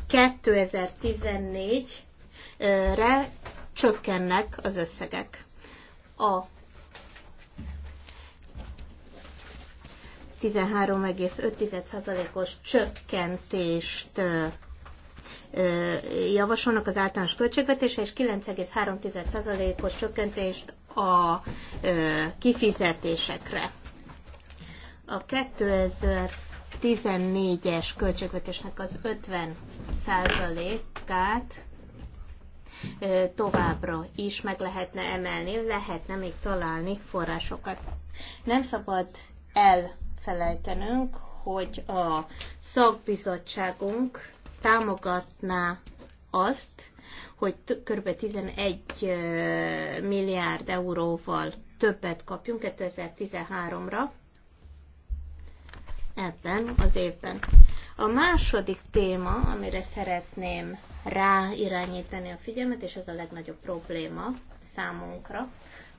2014-re csökkennek az összegek a 13,5%-os csökkentést javasolnak az általános költségvetésre, és 9,3%-os csökkentést a kifizetésekre. A 2014-es költségvetésnek az 50%-át továbbra is meg lehetne emelni, lehetne még találni forrásokat. Nem szabad elfelejtenünk, hogy a szakbizottságunk támogatná azt, hogy kb. 11 milliárd euróval többet kapjunk 2013-ra ebben az évben. A második téma, amire szeretném ráirányítani a figyelmet, és ez a legnagyobb probléma számunkra.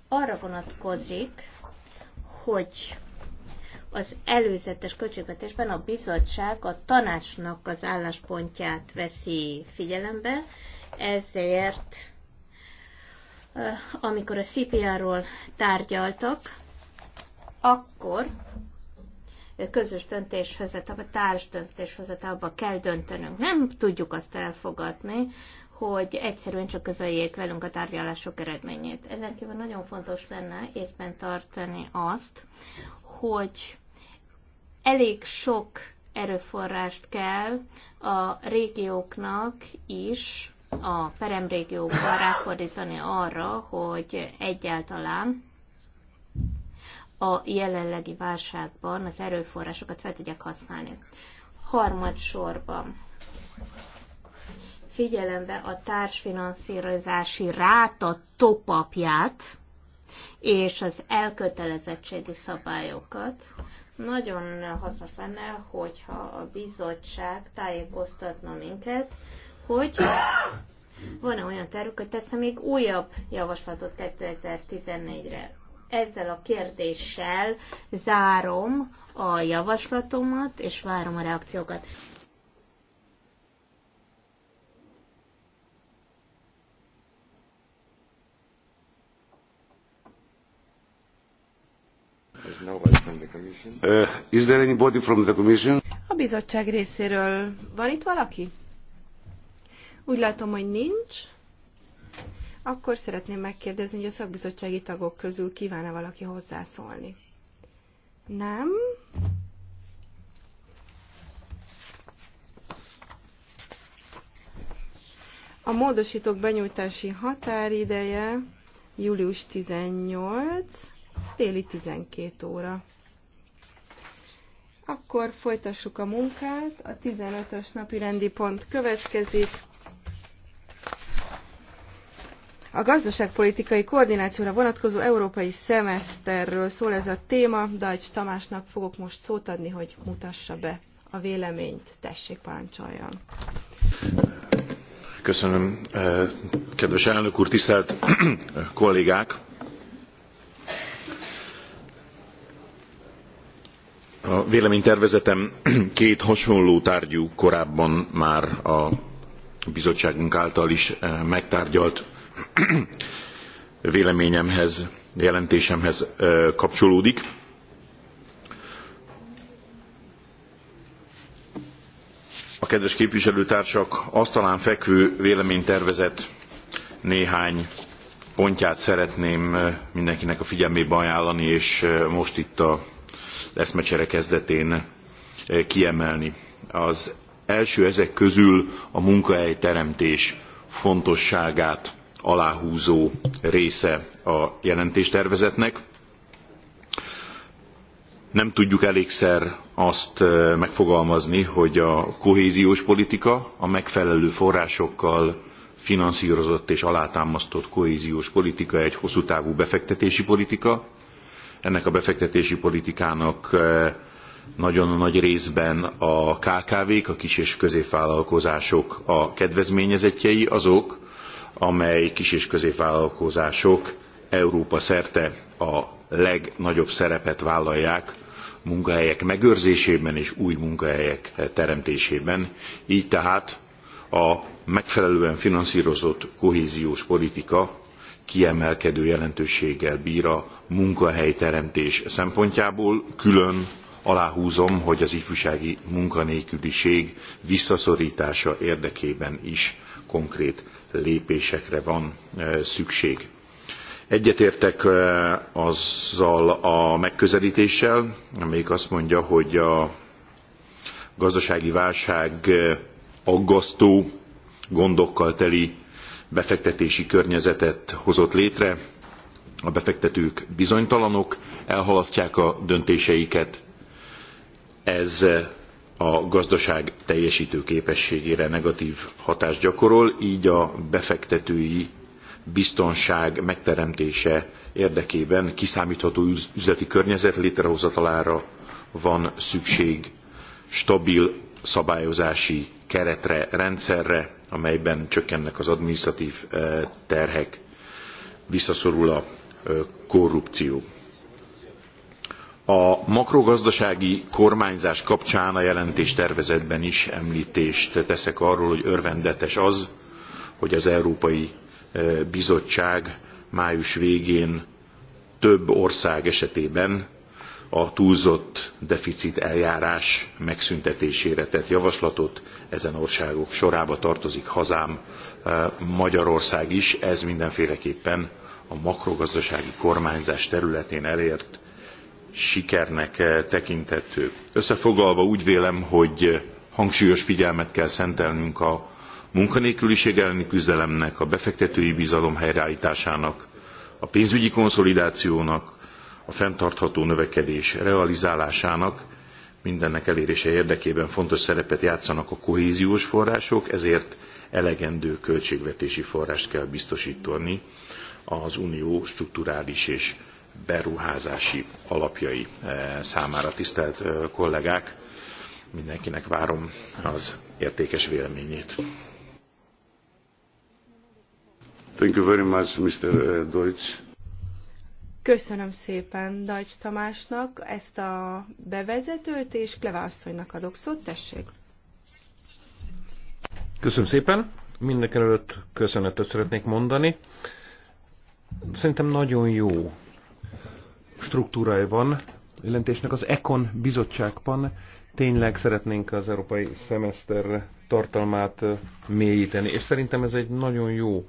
Arra vonatkozik, hogy az előzetes költségvetésben a bizottság a tanácsnak az álláspontját veszi figyelembe, ezért eh, amikor a CPR-ról tárgyaltak, akkor közös döntéshozatalba, társ döntéshozatalba kell döntenünk. Nem tudjuk azt elfogadni, hogy egyszerűen csak közöljék velünk a tárgyalások eredményét. Ezen kívül nagyon fontos lenne észben tartani azt, hogy elég sok erőforrást kell a régióknak is a peremrégiókban ráfordítani arra, hogy egyáltalán a jelenlegi válságban az erőforrásokat fel tudják használni. Harmad sorban figyelembe a társfinanszírozási ráta topapját és az elkötelezettségi szabályokat. Nagyon hasznos lenne, hogyha a bizottság tájékoztatna minket, hogy van-e olyan terület, hogy teszem még újabb javaslatot 2014-re ezzel a kérdéssel zárom a javaslatomat, és várom a reakciókat. Uh, is there anybody from the commission? A bizottság részéről van itt valaki? Úgy látom, hogy nincs akkor szeretném megkérdezni, hogy a szakbizottsági tagok közül kíván-e valaki hozzászólni. Nem? A módosítók benyújtási határideje július 18, déli 12 óra. Akkor folytassuk a munkát. A 15-ös napi rendi pont következik. A gazdaságpolitikai koordinációra vonatkozó európai szemeszterről szól ez a téma. Dajcs Tamásnak fogok most szót adni, hogy mutassa be a véleményt. Tessék, parancsoljon. Köszönöm, eh, kedves elnök úr, tisztelt *clears throat* kollégák! A véleménytervezetem *clears throat* két hasonló tárgyú korábban már a bizottságunk által is eh, megtárgyalt *clears throat* véleményemhez, jelentésemhez kapcsolódik. A kedves képviselőtársak asztalán fekvő véleménytervezet néhány pontját szeretném mindenkinek a figyelmébe ajánlani, és most itt a eszmecsere kezdetén kiemelni. Az első ezek közül a munkahelyteremtés fontosságát aláhúzó része a jelentéstervezetnek. Nem tudjuk elégszer azt megfogalmazni, hogy a kohéziós politika a megfelelő forrásokkal finanszírozott és alátámasztott kohéziós politika egy hosszú távú befektetési politika. Ennek a befektetési politikának nagyon nagy részben a KKV-k, a kis és középvállalkozások a kedvezményezettjei, azok, amely kis és középvállalkozások Európa szerte a legnagyobb szerepet vállalják munkahelyek megőrzésében és új munkahelyek teremtésében. Így tehát a megfelelően finanszírozott kohéziós politika kiemelkedő jelentőséggel bír a munkahelyteremtés szempontjából. Külön aláhúzom, hogy az ifjúsági munkanélküliség visszaszorítása érdekében is konkrét lépésekre van e, szükség. Egyetértek e, azzal a megközelítéssel, amelyik azt mondja, hogy a gazdasági válság e, aggasztó, gondokkal teli befektetési környezetet hozott létre, a befektetők bizonytalanok, elhalasztják a döntéseiket, ez a gazdaság teljesítő képességére negatív hatást gyakorol, így a befektetői biztonság megteremtése érdekében kiszámítható üzleti környezet létrehozatalára van szükség stabil szabályozási keretre, rendszerre, amelyben csökkennek az adminisztratív eh, terhek, visszaszorul a eh, korrupció. A makrogazdasági kormányzás kapcsán a jelentés tervezetben is említést teszek arról, hogy örvendetes az, hogy az Európai e, Bizottság május végén több ország esetében a túlzott deficit eljárás megszüntetésére tett javaslatot. Ezen országok sorába tartozik hazám e, Magyarország is. Ez mindenféleképpen a makrogazdasági kormányzás területén elért sikernek eh, tekinthető. Összefoglalva úgy vélem, hogy eh, hangsúlyos figyelmet kell szentelnünk a munkanélküliség elleni küzdelemnek, a befektetői bizalom helyreállításának, a pénzügyi konszolidációnak, a fenntartható növekedés realizálásának, mindennek elérése érdekében fontos szerepet játszanak a kohéziós források, ezért elegendő költségvetési forrást kell biztosítani az unió strukturális és beruházási alapjai eh, számára. Tisztelt eh, kollégák, mindenkinek várom az értékes véleményét. Thank you very much, Mr. Eh, Deutsch. Köszönöm szépen Dajcs Tamásnak ezt a bevezetőt, és Klevászonynak adok szót, tessék. Köszönöm szépen. Mindenken előtt köszönetet szeretnék mondani. Szerintem nagyon jó struktúrája van jelentésnek. Az Econ bizottságban tényleg szeretnénk az európai szemeszter tartalmát mélyíteni, és szerintem ez egy nagyon jó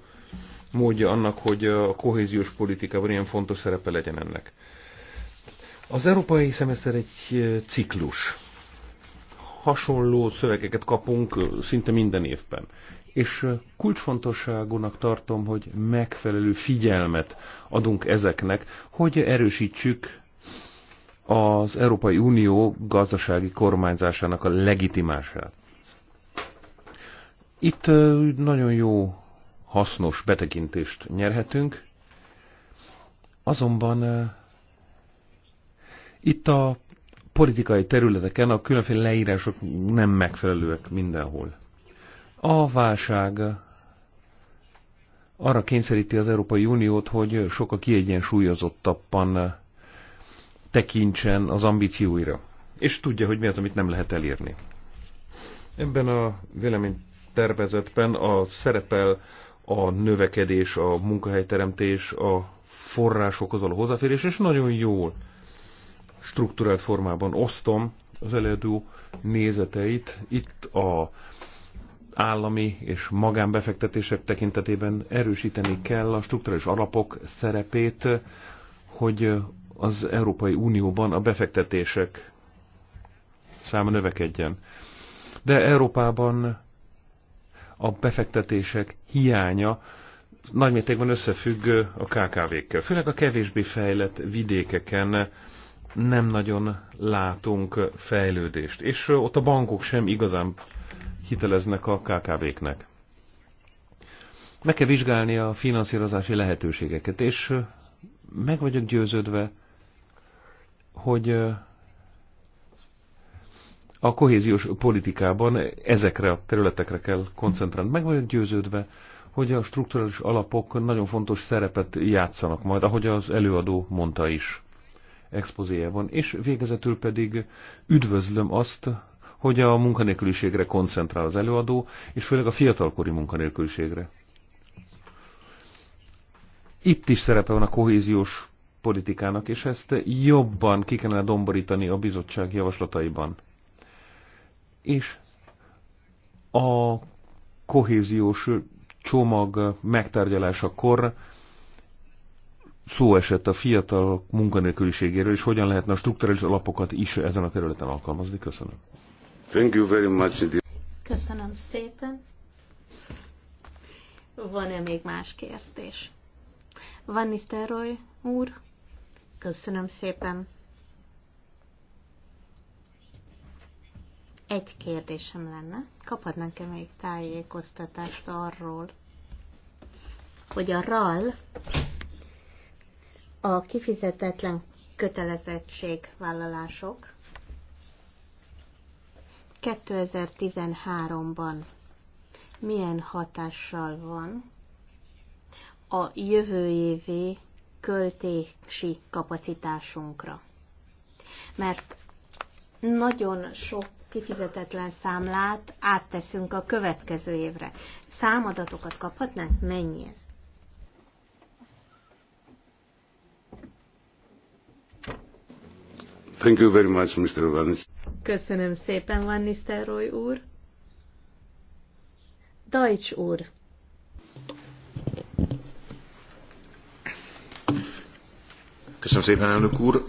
módja annak, hogy a kohéziós politikában ilyen fontos szerepe legyen ennek. Az európai szemeszter egy ciklus. Hasonló szövegeket kapunk szinte minden évben és kulcsfontosságúnak tartom, hogy megfelelő figyelmet adunk ezeknek, hogy erősítsük az Európai Unió gazdasági kormányzásának a legitimását. Itt nagyon jó, hasznos betekintést nyerhetünk, azonban itt a politikai területeken a különféle leírások nem megfelelőek mindenhol. A válság arra kényszeríti az Európai Uniót, hogy sokkal kiegyensúlyozottabban tekintsen az ambícióira, és tudja, hogy mi az, amit nem lehet elérni. Ebben a véleménytervezetben a szerepel a növekedés, a munkahelyteremtés, a forrásokhoz való hozzáférés, és nagyon jól strukturált formában osztom az előadó nézeteit. Itt a állami és magánbefektetések tekintetében erősíteni kell a struktúrális alapok szerepét, hogy az Európai Unióban a befektetések száma növekedjen. De Európában a befektetések hiánya nagymértékben összefügg a KKV-kkel. Főleg a kevésbé fejlett vidékeken nem nagyon látunk fejlődést, és ott a bankok sem igazán hiteleznek a KKV-knek. Meg kell vizsgálni a finanszírozási lehetőségeket, és meg vagyok győződve, hogy a kohéziós politikában ezekre a területekre kell koncentrálni. Meg vagyok győződve, hogy a strukturális alapok nagyon fontos szerepet játszanak majd, ahogy az előadó mondta is van És végezetül pedig üdvözlöm azt, hogy a munkanélküliségre koncentrál az előadó, és főleg a fiatalkori munkanélküliségre. Itt is szerepe van a kohéziós politikának, és ezt jobban ki kellene domborítani a bizottság javaslataiban. És a kohéziós csomag megtárgyalásakor szó esett a fiatal munkanélküliségéről, és hogyan lehetne a strukturális alapokat is ezen a területen alkalmazni. Köszönöm. Thank you very much. Köszönöm szépen. Van-e még más kérdés? Van Nisztelrooy úr? Köszönöm szépen. Egy kérdésem lenne. Kaphatnánk-e még tájékoztatást arról, hogy a RAL a kifizetetlen kötelezettségvállalások 2013-ban milyen hatással van a jövő évi költési kapacitásunkra. Mert nagyon sok kifizetetlen számlát átteszünk a következő évre. Számadatokat kaphatnánk? Mennyi ez? Thank you very much, Mr. Vanis. Köszönöm szépen, Van Nisztelrooy úr. Dajcs úr. Köszönöm szépen, elnök úr.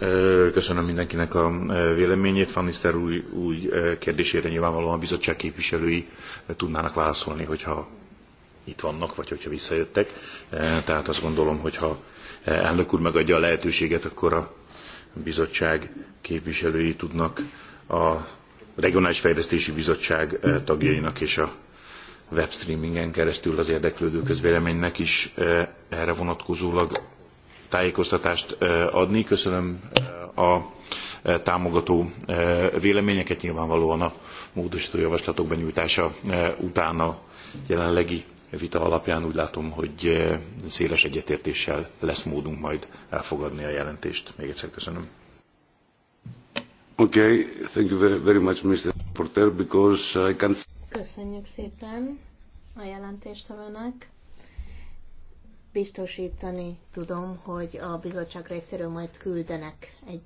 Köszönöm mindenkinek a véleményét. Van Nisztel új, új kérdésére nyilvánvalóan a bizottság képviselői tudnának válaszolni, hogyha itt vannak, vagy hogyha visszajöttek. Tehát azt gondolom, hogyha elnök úr megadja a lehetőséget, akkor a bizottság képviselői tudnak a Regionális Fejlesztési Bizottság eh, tagjainak és a webstreamingen keresztül az érdeklődő közvéleménynek is eh, erre vonatkozólag tájékoztatást eh, adni. Köszönöm a támogató véleményeket, nyilvánvalóan a módosító javaslatok benyújtása utána jelenlegi vita alapján úgy látom, hogy széles egyetértéssel lesz módunk majd elfogadni a jelentést. Még egyszer köszönöm. Köszönjük szépen a jelentéstevőnek. Biztosítani tudom, hogy a bizottság részéről majd küldenek egy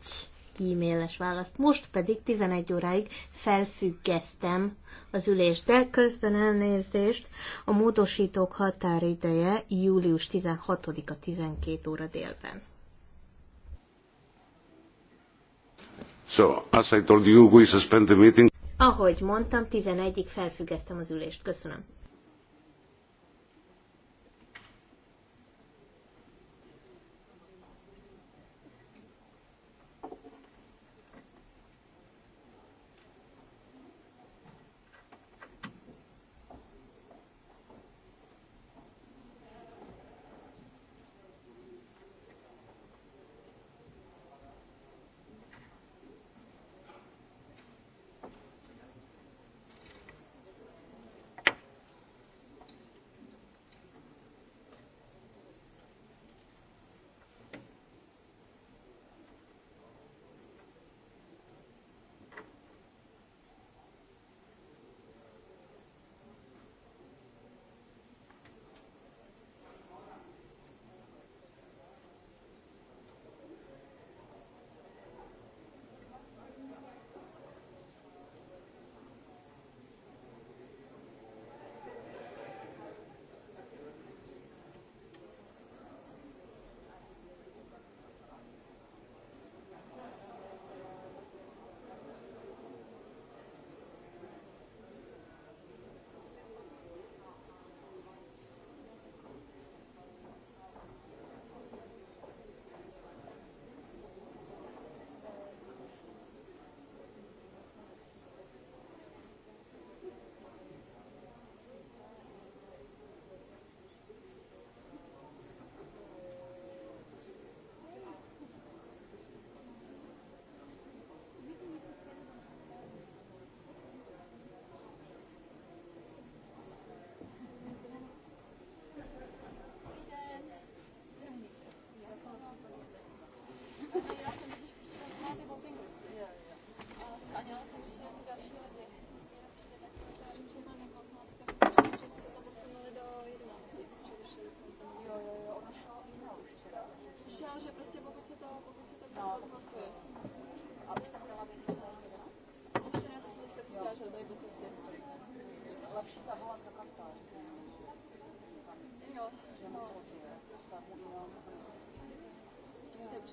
e-mailes választ. Most pedig 11 óráig felfüggesztem az ülést, de közben elnézést a módosítók határideje július 16-a 12 óra délben. So, as I told you, we suspend the meeting. Ahogy mondtam, 11-ig felfüggesztem az ülést. Köszönöm.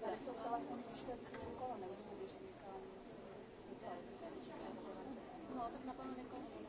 most elszokta azt mondani, hogy több koronavírus tudni, hogy a... Na, tak na panu nekosti.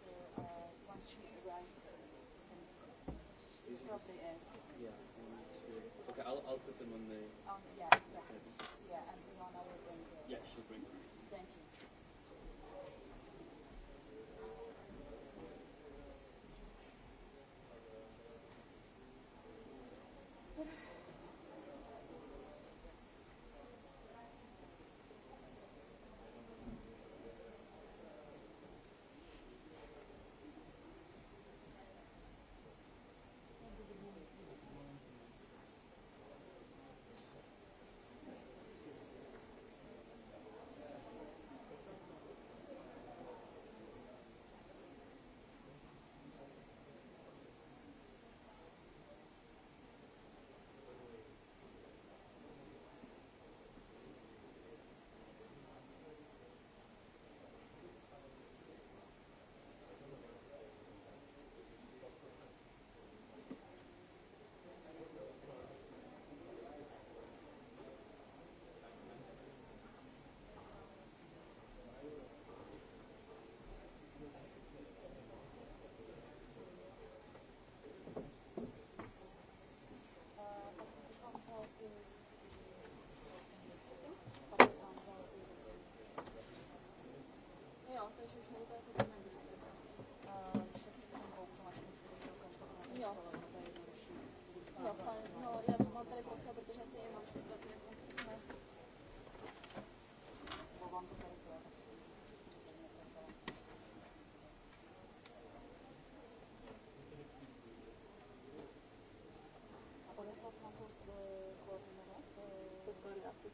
Yeah, and the one I will bring. Yeah, she'll bring them. Thank you.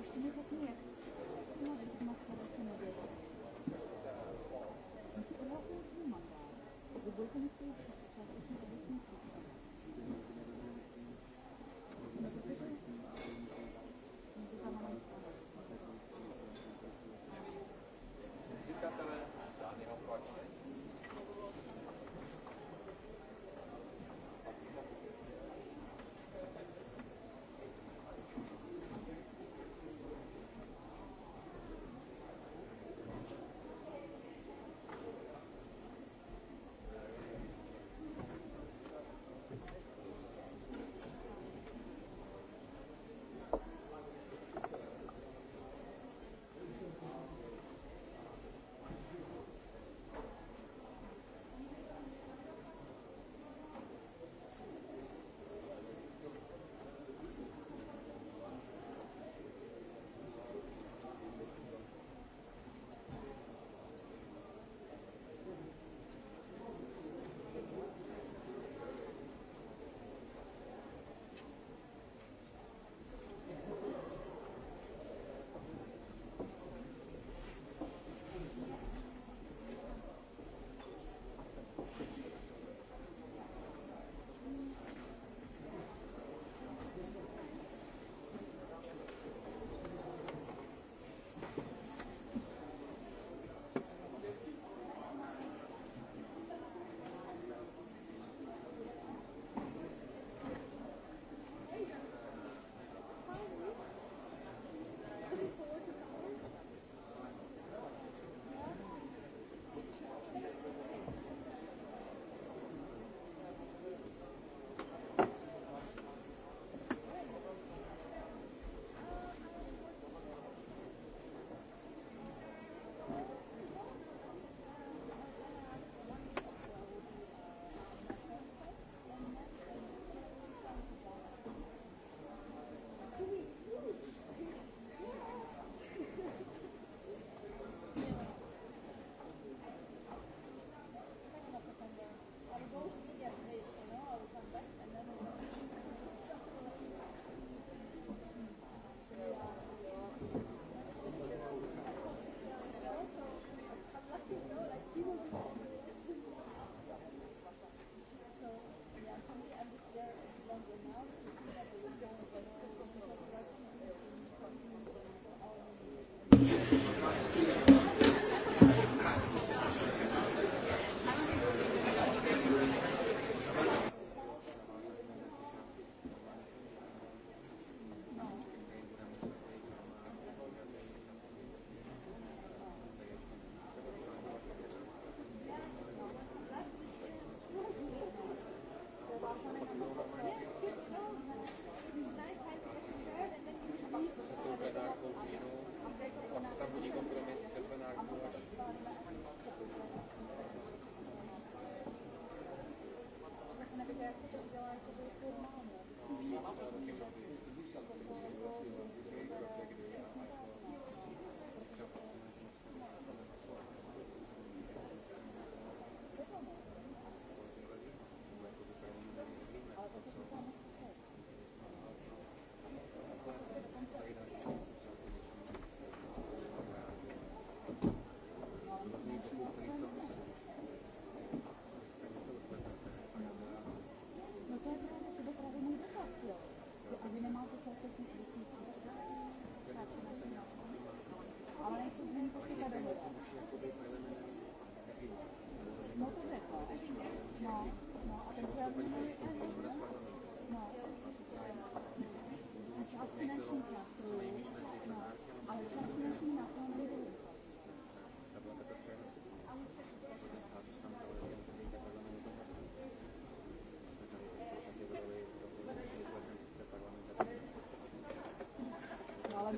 Thank you.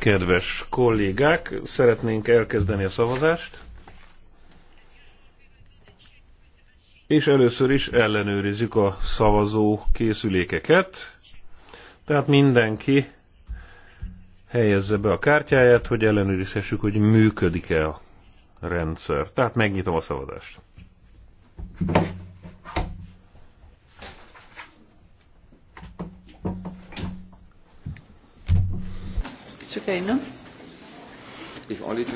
Kedves kollégák, szeretnénk elkezdeni a szavazást. És először is ellenőrizzük a szavazó készülékeket. Tehát mindenki helyezze be a kártyáját, hogy ellenőrizhessük, hogy működik-e a rendszer. Tehát megnyitom a szavazást. It's okay,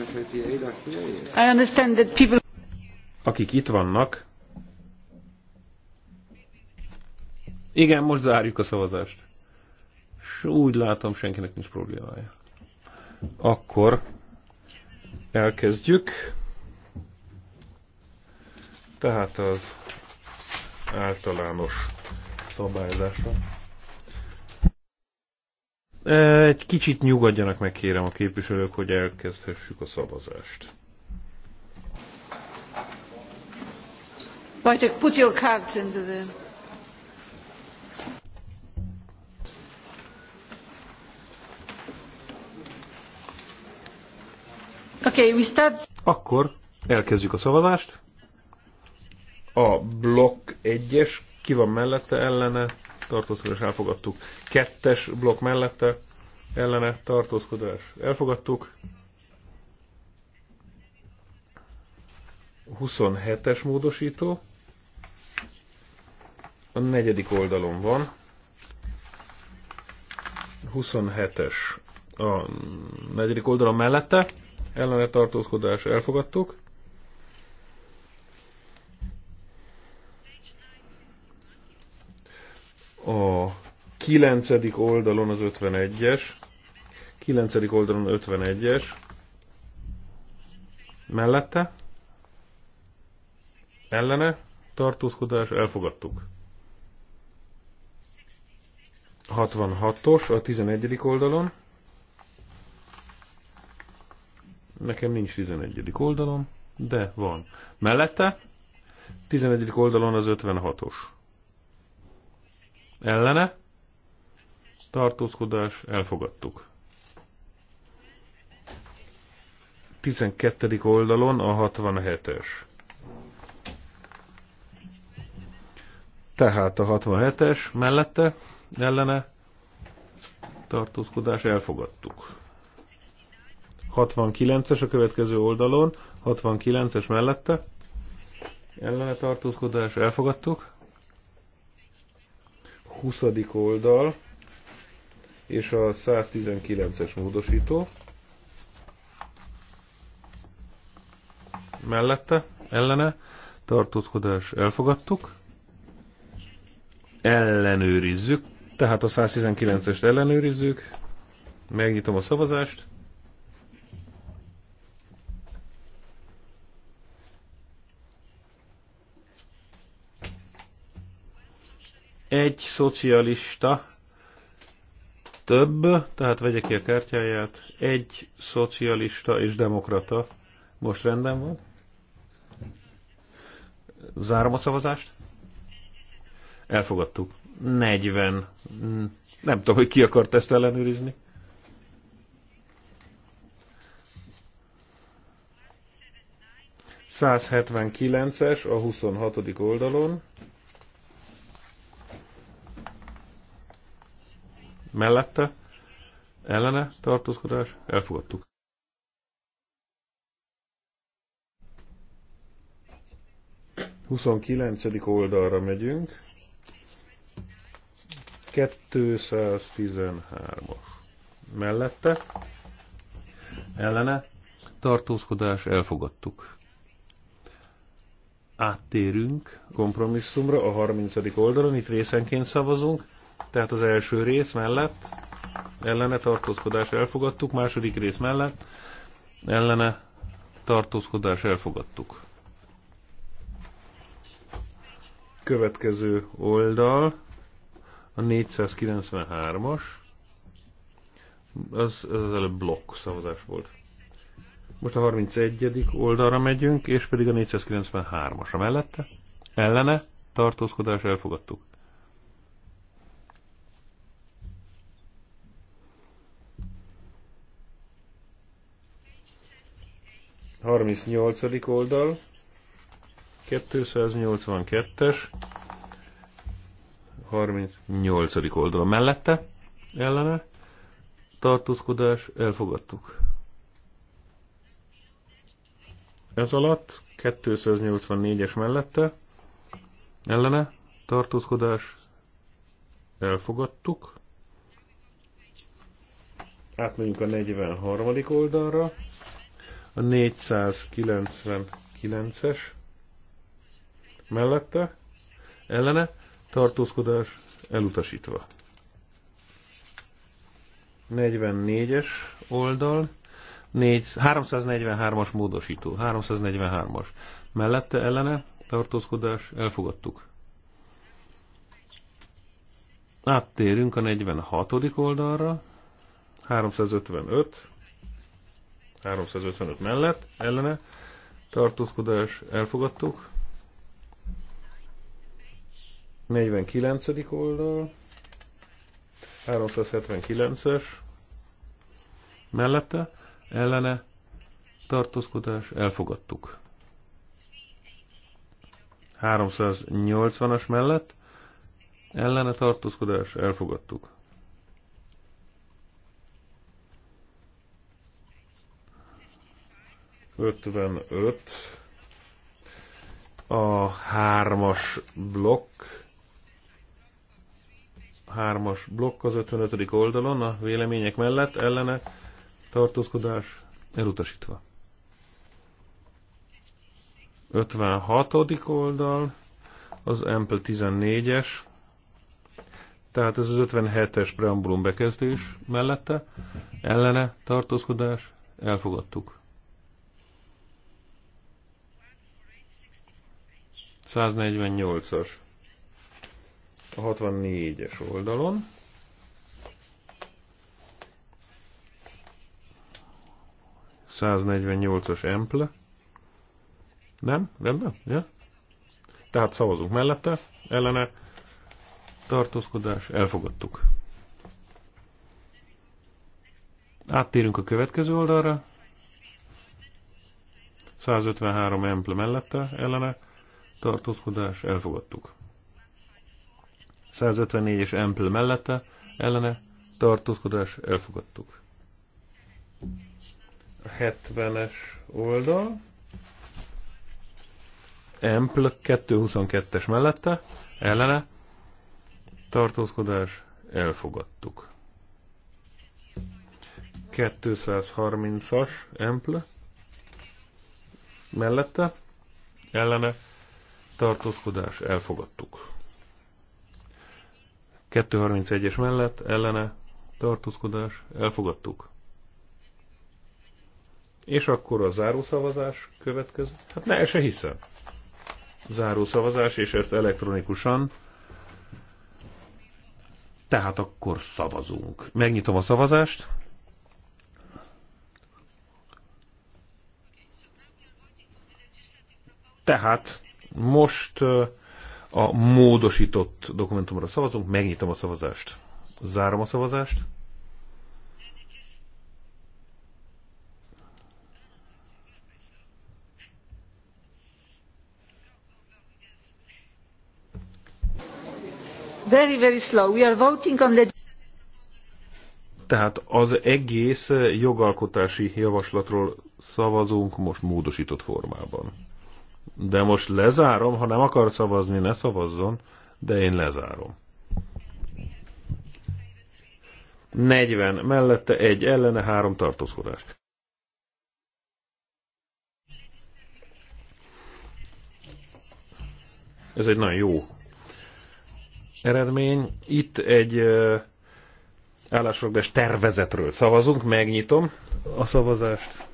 I understand that people... Akik itt vannak... Igen, most zárjuk a szavazást. S úgy látom, senkinek nincs problémája. Akkor elkezdjük. Tehát az általános szabályzásra. Egy kicsit nyugodjanak meg kérem a képviselők, hogy elkezdhessük a szavazást. Wojtek, put your cards into the... Okay, we start... Akkor elkezdjük a szavazást. A blokk egyes ki van mellette ellene, tartózkodás elfogadtuk. Kettes blokk mellette ellene tartózkodás elfogadtuk. 27-es módosító. A negyedik oldalon van. 27-es a negyedik oldalon mellette ellene tartózkodás elfogadtuk. a 9. oldalon az 51-es, 9. oldalon 51-es, mellette, ellene, tartózkodás, elfogadtuk. 66-os a 11. oldalon. Nekem nincs 11. oldalon, de van. Mellette 11. oldalon az 56-os ellene, tartózkodás, elfogadtuk. 12. oldalon a 67-es. Tehát a 67-es mellette, ellene, tartózkodás, elfogadtuk. 69-es a következő oldalon, 69-es mellette, ellene tartózkodás, elfogadtuk. 20. oldal és a 119-es módosító. Mellette, ellene, tartózkodás elfogadtuk. Ellenőrizzük, tehát a 119-est ellenőrizzük. Megnyitom a szavazást. Egy szocialista több, tehát vegye ki a kártyáját. Egy szocialista és demokrata. Most rendben van. Zárom a szavazást. Elfogadtuk. 40. Nem tudom, hogy ki akart ezt ellenőrizni. ...179-es a 26. oldalon. mellette, ellene tartózkodás, elfogadtuk. Huszonkilencedik oldalra megyünk. 213-as. Mellette, ellene, tartózkodás, elfogadtuk. Áttérünk kompromisszumra a 30. oldalon, itt részenként szavazunk tehát az első rész mellett ellene tartózkodás elfogadtuk, második rész mellett ellene tartózkodás elfogadtuk. Következő oldal a 493-as, az, az az előbb blokk szavazás volt. Most a 31. oldalra megyünk, és pedig a 493 a mellette. Ellene tartózkodás elfogadtuk. 38. oldal, 282-es, 38. oldal mellette, ellene, tartózkodás, elfogadtuk. Ez alatt 284-es mellette, ellene, tartózkodás, elfogadtuk. Átmegyünk a 43. oldalra, a 499-es mellette, ellene, tartózkodás elutasítva. 44-es oldal, 343-as módosító, 343-as. Mellette ellene tartózkodás, elfogadtuk. Áttérünk a 46. oldalra, 355, 355 mellett, ellene, tartózkodás elfogadtuk. 49. oldal, 379-es, mellette, ellene, tartózkodás elfogadtuk. 380-as mellett, ellene tartózkodás elfogadtuk. 55, a hármas blokk, hármas blokk az 55. oldalon a vélemények mellett ellene tartózkodás elutasítva. 56. oldal, az MP 14-es, tehát ez az 57-es preambulum bekezdés mellette, ellene tartózkodás, elfogadtuk. 148-as a 64-es oldalon. ...148-as emple. Nem? Rendben? Ja? Tehát szavazunk mellette, ellene. Tartózkodás, elfogadtuk. Áttérünk a következő oldalra. 153 emple mellette, ellene tartózkodás, elfogadtuk. 154-es Ample mellette, ellene, tartózkodás, elfogadtuk. A 70-es oldal, Ample 222-es mellette, ellene, tartózkodás, elfogadtuk. 230-as Ample mellette, ellene, tartózkodás, elfogadtuk. 231-es mellett, ellene, tartózkodás, elfogadtuk. És akkor a zárószavazás következő? Hát ne, se hiszem. Zárószavazás, és ezt elektronikusan. Tehát akkor szavazunk. Megnyitom a szavazást. Tehát most a módosított dokumentumra szavazunk, megnyitom a szavazást. Zárom a szavazást. Very, very slow. We are voting on Tehát az egész jogalkotási javaslatról szavazunk most módosított formában. De most lezárom, ha nem akar szavazni, ne szavazzon, de én lezárom. 40, mellette egy ellene, három tartózkodás. Ez egy nagyon jó eredmény. Itt egy állásfoglalás tervezetről szavazunk, megnyitom a szavazást.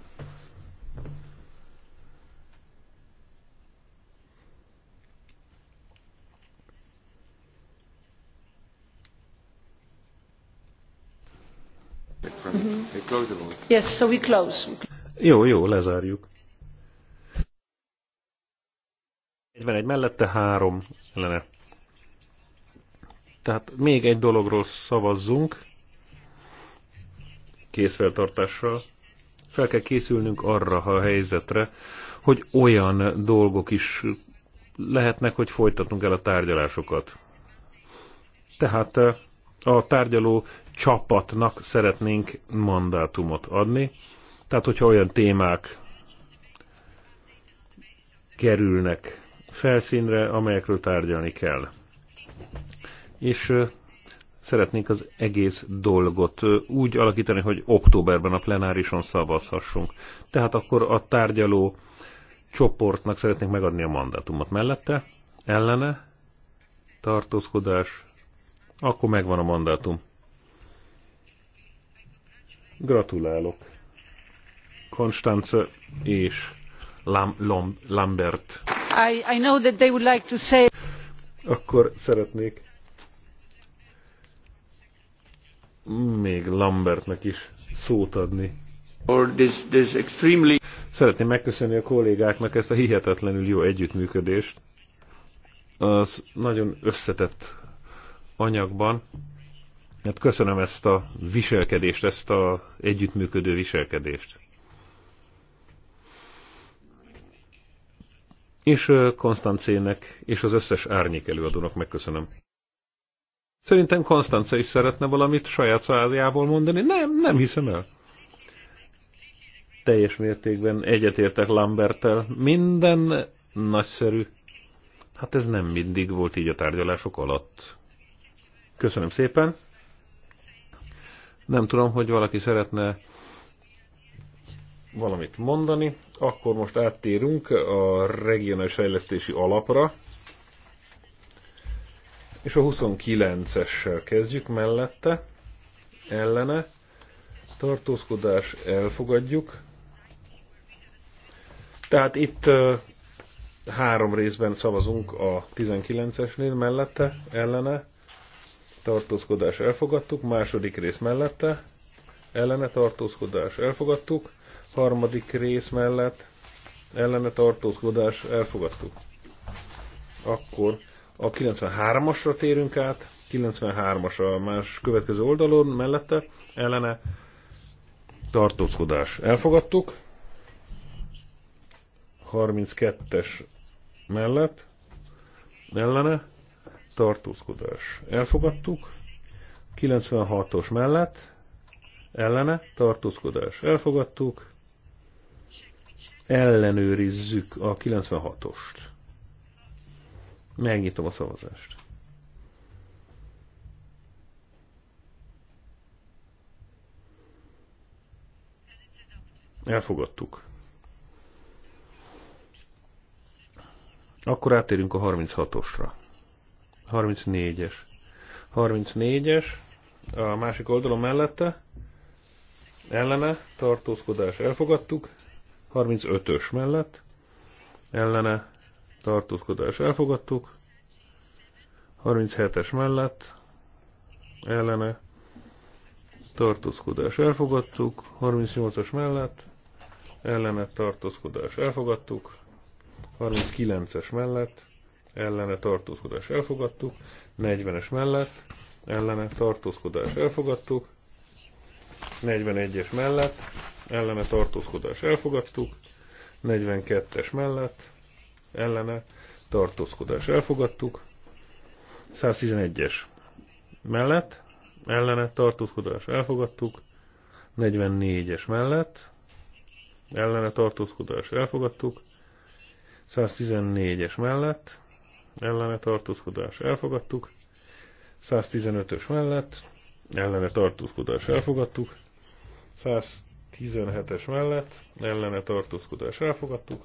Yes, so we close. Jó, jó, lezárjuk. 41 mellette, 3 lenne. Tehát még egy dologról szavazzunk, készfeltartással. Fel kell készülnünk arra a helyzetre, hogy olyan dolgok is lehetnek, hogy folytatunk el a tárgyalásokat. Tehát eh, a tárgyaló csapatnak szeretnénk mandátumot adni. Tehát, hogyha olyan témák kerülnek felszínre, amelyekről tárgyalni kell. És szeretnénk az egész dolgot úgy alakítani, hogy októberben a plenárison szavazhassunk. Tehát akkor a tárgyaló csoportnak szeretnénk megadni a mandátumot mellette, ellene, tartózkodás, akkor megvan a mandátum. Gratulálok. Konstance és Lam Lam Lambert. I, I know that they would like to say... Akkor szeretnék még Lambertnek is szót adni. Or this, this extremely... Szeretném megköszönni a kollégáknak ezt a hihetetlenül jó együttműködést. Az nagyon összetett anyagban. Hát köszönöm ezt a viselkedést, ezt a együttműködő viselkedést. És Konstancének és az összes árnyék előadónak megköszönöm. Szerintem Konstance is szeretne valamit saját szájából mondani. Nem, nem hiszem el. Teljes mértékben egyetértek Lambertel. Minden nagyszerű. Hát ez nem mindig volt így a tárgyalások alatt. Köszönöm szépen. Nem tudom, hogy valaki szeretne valamit mondani. Akkor most áttérünk a regionális fejlesztési alapra. És a 29-essel kezdjük mellette, ellene, tartózkodás elfogadjuk. Tehát itt három részben szavazunk a 19-esnél mellette, ellene, tartózkodás elfogadtuk, második rész mellette, ellene tartózkodás elfogadtuk, harmadik rész mellett, ellene tartózkodás elfogadtuk. Akkor a 93-asra térünk át, 93-as a más következő oldalon mellette, ellene tartózkodás elfogadtuk, 32-es mellett, ellene tartózkodás. Elfogadtuk. 96-os mellett ellene tartózkodás. Elfogadtuk. Ellenőrizzük a 96-ost. Megnyitom a szavazást. Elfogadtuk. Akkor átérünk a 36-osra. 34-es. 34-es, a másik oldalon mellette, ellene, tartózkodás elfogadtuk, 35-ös mellett, ellene, tartózkodás elfogadtuk, 37-es mellett, ellene, tartózkodás elfogadtuk, 38-as mellett, ellene, tartózkodás elfogadtuk, 39-es mellett, ellene tartózkodás elfogadtuk, 40-es mellett ellene tartózkodás elfogadtuk, 41-es mellett ellene tartózkodás elfogadtuk, 42-es mellett ellene tartózkodás elfogadtuk, 111-es mellett ellene tartózkodás elfogadtuk, 44-es mellett ellene tartózkodás elfogadtuk, 114-es mellett ellene tartózkodás elfogadtuk, 115-ös mellett ellene tartózkodás elfogadtuk, 117-es mellett ellene tartózkodás elfogadtuk,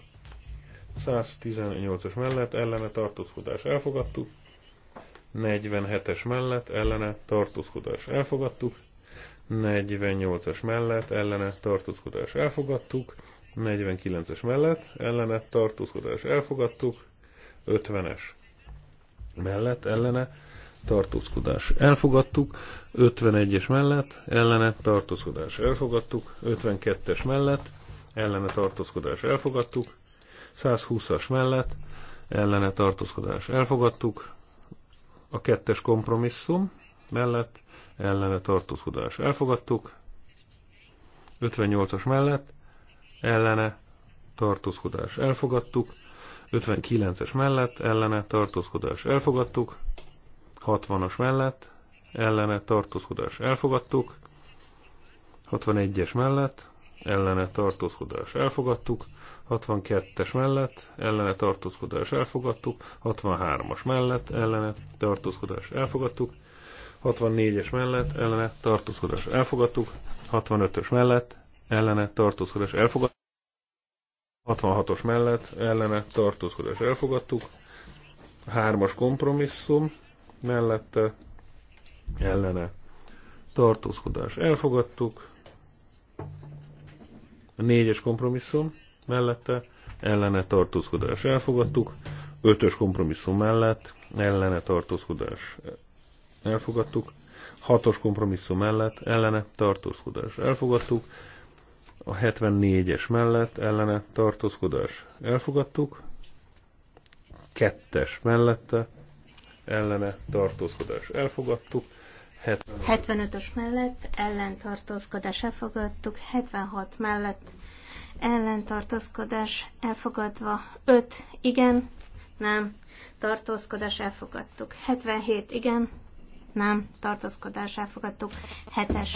118-as mellett ellene tartózkodás elfogadtuk, 47-es mellett ellene tartózkodás elfogadtuk, 48-as mellett ellene tartózkodás elfogadtuk, 49-es mellett ellene tartózkodás elfogadtuk, 50-es mellett ellene tartózkodás elfogadtuk, 51-es mellett ellene tartózkodás elfogadtuk, 52-es mellett ellene tartózkodás elfogadtuk, 120-as mellett ellene tartózkodás elfogadtuk, a kettes kompromisszum mellett ellene tartózkodás elfogadtuk, 58-as mellett ellene tartózkodás elfogadtuk, 59-es mellett ellene tartózkodás elfogadtuk, 60-as mellett ellene tartózkodás elfogadtuk, 61-es mellett ellene tartózkodás elfogadtuk, 62-es mellett ellene tartózkodás elfogadtuk, 63-as mellett ellene tartózkodás elfogadtuk, 64-es mellett ellene tartózkodás elfogadtuk, 65-ös mellett ellene tartózkodás elfogadtuk, 66-os mellett ellene tartózkodás elfogadtuk. 3-as kompromisszum mellette ellene tartózkodás elfogadtuk. A 4-es kompromisszum mellette ellene tartózkodás elfogadtuk. 5-ös kompromisszum mellett ellene tartózkodás elfogadtuk. 6-os kompromisszum mellett ellene tartózkodás elfogadtuk a 74-es mellett ellene tartózkodás elfogadtuk, kettes mellette ellene tartózkodás elfogadtuk, 75-ös mellett ellentartózkodás elfogadtuk, 76 mellett ellentartózkodás elfogadva, 5 igen, nem, tartózkodás elfogadtuk, 77 igen, nem, tartózkodás elfogadtuk. 7-es,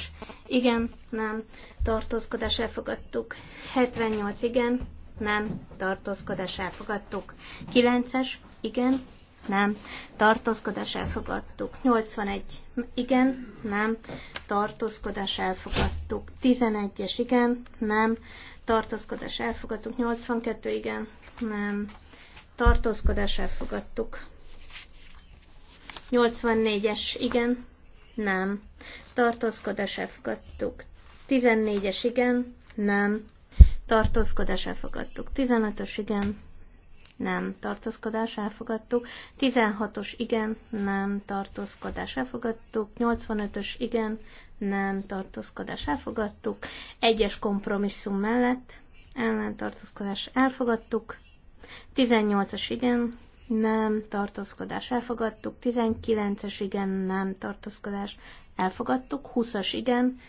igen, nem, tartózkodás elfogadtuk. 78, igen, nem, tartózkodás elfogadtuk. 9-es, igen, nem, tartózkodás elfogadtuk. 81, igen, nem, tartózkodás elfogadtuk. 11-es, igen, nem, tartózkodás elfogadtuk. 82, igen, nem, tartózkodás elfogadtuk. 84-es, igen, nem. Tartózkodás elfogadtuk. 14-es, igen, nem. Tartózkodás elfogadtuk. 15-ös, igen, nem. Tartózkodás elfogadtuk. 16-os, igen, nem. Tartózkodás elfogadtuk. 85-ös, igen, nem. Tartózkodás elfogadtuk. Egyes kompromisszum mellett ellen tartózkodás elfogadtuk. 18-as, igen, nem tartózkodás elfogadtuk, 19-es igen, nem tartózkodás elfogadtuk, 20-as igen,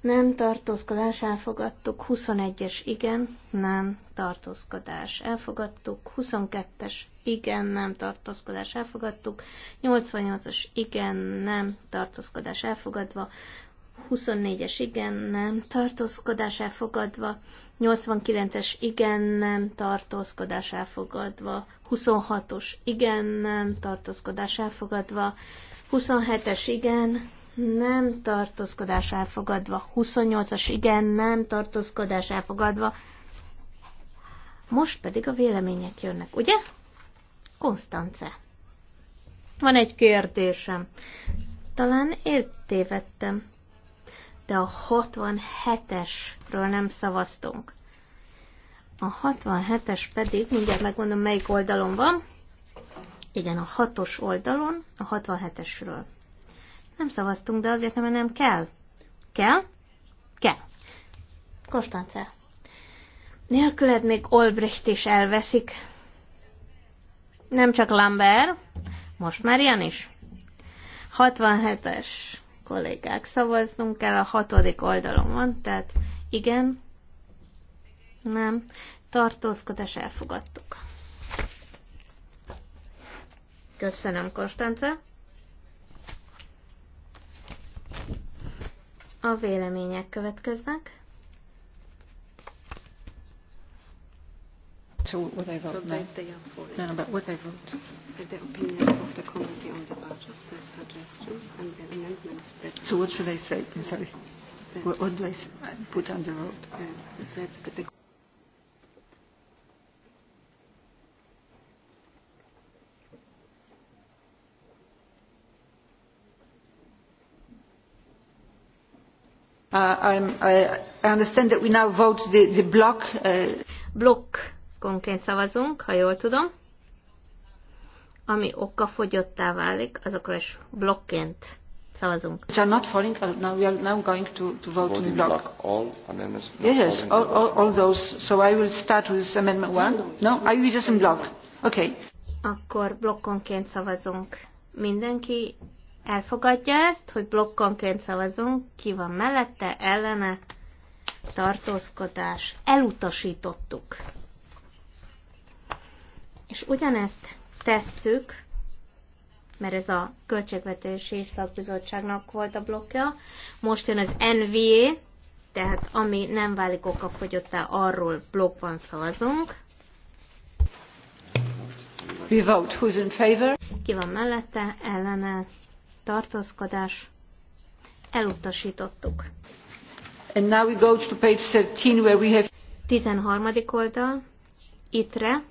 nem tartózkodás elfogadtuk, 21-es igen, nem tartózkodás elfogadtuk, 22-es igen, nem tartózkodás elfogadtuk, 88-as igen, nem tartózkodás elfogadva, 24-es igen, nem, tartózkodás elfogadva, 89-es igen, nem, tartózkodás elfogadva, 26-os igen, nem, tartózkodás elfogadva, 27-es igen, nem, tartózkodás elfogadva, 28-as igen, nem, tartózkodás elfogadva. Most pedig a vélemények jönnek, ugye? Konstance. Van egy kérdésem. Talán értévedtem de a 67-esről nem szavaztunk. A 67-es pedig, mindjárt megmondom, melyik oldalon van. Igen, a 6-os oldalon, a 67-esről. Nem szavaztunk, de azért nem, nem kell. Kell? Kell. Konstance. Nélküled még Olbricht is elveszik. Nem csak Lambert, most már ilyen is. 67-es kollégák, szavaznunk kell, a hatodik oldalon van, tehát igen, nem, tartózkodás elfogadtuk. Köszönöm, Konstance. A vélemények következnek. to what I vote so now. They, they are for it. No, no, but what I vote. And The opinion of the Committee on the Budgets, the suggestions and the amendments that... So what should I say? I'm sorry. what, what do I put on the vote? Uh, I'm, I, I understand that we now vote the, the block. Uh, block konként szavazunk, ha jól tudom, ami oka fogyottá válik, akkor is blokként szavazunk. They are not falling, now we are now going to, to vote Voting in block. block all amendments yes, all, all, all those. So I will start with amendment one. No, I will just in block. Okay. Akkor blokkonként szavazunk. Mindenki elfogadja ezt, hogy blokkonként szavazunk, ki van mellette, ellene, tartózkodás. Elutasítottuk. És ugyanezt tesszük, mert ez a Költségvetési Szakbizottságnak volt a blokja, most jön az NVA, tehát ami nem válik fogyottá, arról blokkban szavazunk. We vote. Who's in favor? Ki van mellette, ellene, tartózkodás. Elutasítottuk. And now we go to page 13, where we have... 13. oldal, itre,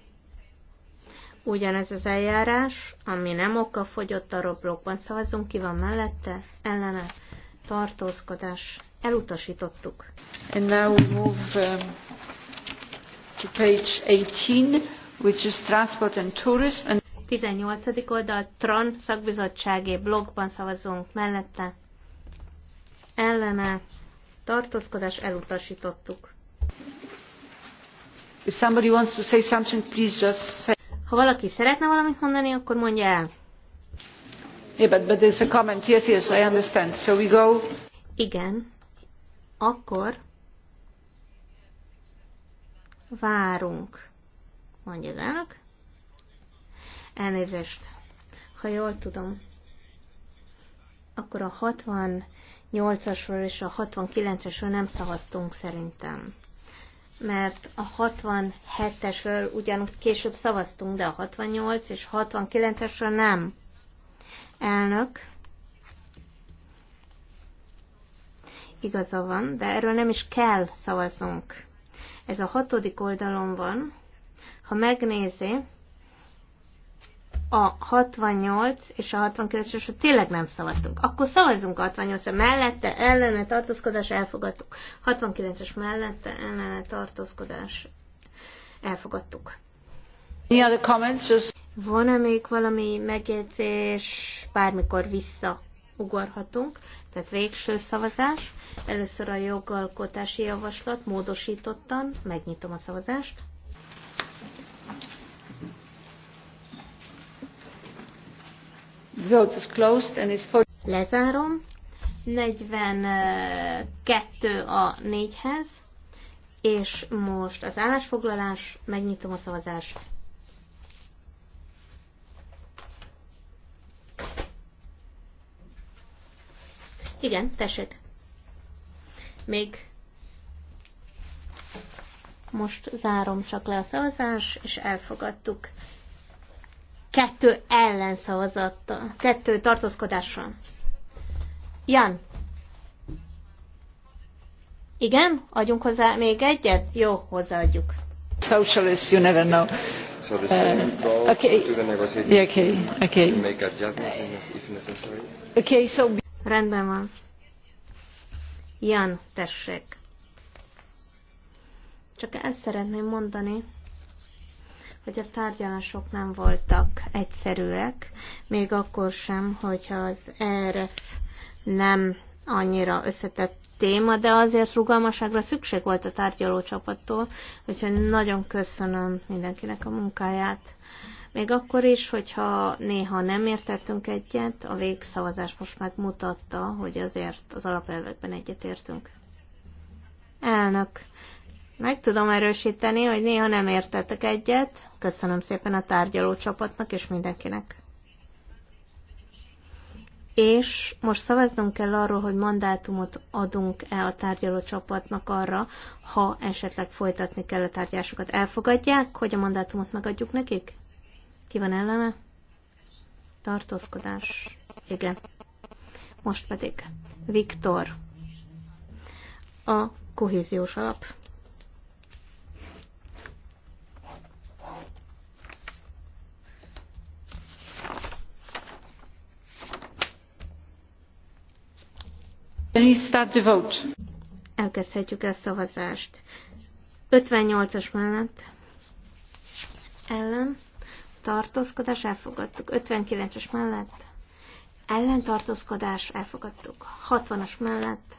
Ugyanez az eljárás, ami nem oka fogyott, a blokkban szavazunk, ki van mellette, ellene, tartózkodás, elutasítottuk. And now we move um, to page 18, which is transport and tourism. And 18. oldal, TRAN szakbizottsági blogban szavazunk mellette, ellene, tartózkodás, elutasítottuk. If somebody wants to say something, please just say. Ha valaki szeretne valamit mondani, akkor mondja el. Yeah, but, but a comment. Yes, yes, I understand. So we go. Igen. Akkor várunk, mondja az elnök. Elnézést, ha jól tudom, akkor a 68-asról és a 69-esről nem szavaztunk szerintem mert a 67-esről ugyan később szavaztunk, de a 68 és 69-esről nem. Elnök, igaza van, de erről nem is kell szavaznunk. Ez a hatodik oldalon van. Ha megnézi, a 68 és a 69-esről tényleg nem szavaztunk. Akkor szavazzunk a 68-ra. Mellette, ellene, tartózkodás, elfogadtuk. 69-es mellette, ellene, tartózkodás, elfogadtuk. Any other comments? Just... Van-e még valami megjegyzés? Bármikor visszaugorhatunk. Tehát végső szavazás. Először a jogalkotási javaslat módosítottan. Megnyitom a szavazást. vote is closed and it's for... Lezárom. 42 a 4-hez, és most az állásfoglalás, megnyitom a szavazást. Igen, tessék. Még most zárom csak le a szavazás, és elfogadtuk kettő ellenszavazattal, kettő tartózkodásra. Jan. Igen? Adjunk hozzá még egyet? Jó, hozzáadjuk. Socialist, you never know. So the uh, okay. to the negotiating yeah, okay. Okay. make adjustments if necessary. Okay, so... Rendben van. Jan, tessék. Csak el szeretném mondani, hogy a tárgyalások nem voltak egyszerűek, még akkor sem, hogyha az ERF nem annyira összetett téma, de azért rugalmaságra szükség volt a tárgyalócsapattól, úgyhogy nagyon köszönöm mindenkinek a munkáját. Még akkor is, hogyha néha nem értettünk egyet, a végszavazás most megmutatta, hogy azért az alapelvekben egyetértünk. Elnök, meg tudom erősíteni, hogy néha nem értetek egyet. Köszönöm szépen a tárgyaló csapatnak és mindenkinek. És most szavaznunk kell arról, hogy mandátumot adunk-e a tárgyaló csapatnak arra, ha esetleg folytatni kell a tárgyásokat. Elfogadják, hogy a mandátumot megadjuk nekik? Ki van ellene? Tartózkodás. Igen. Most pedig Viktor. A kohéziós alap. Elkezdhetjük a szavazást. 58-as mellett ellen tartózkodás elfogadtuk. 59-es mellett ellen tartózkodás elfogadtuk. 60-as mellett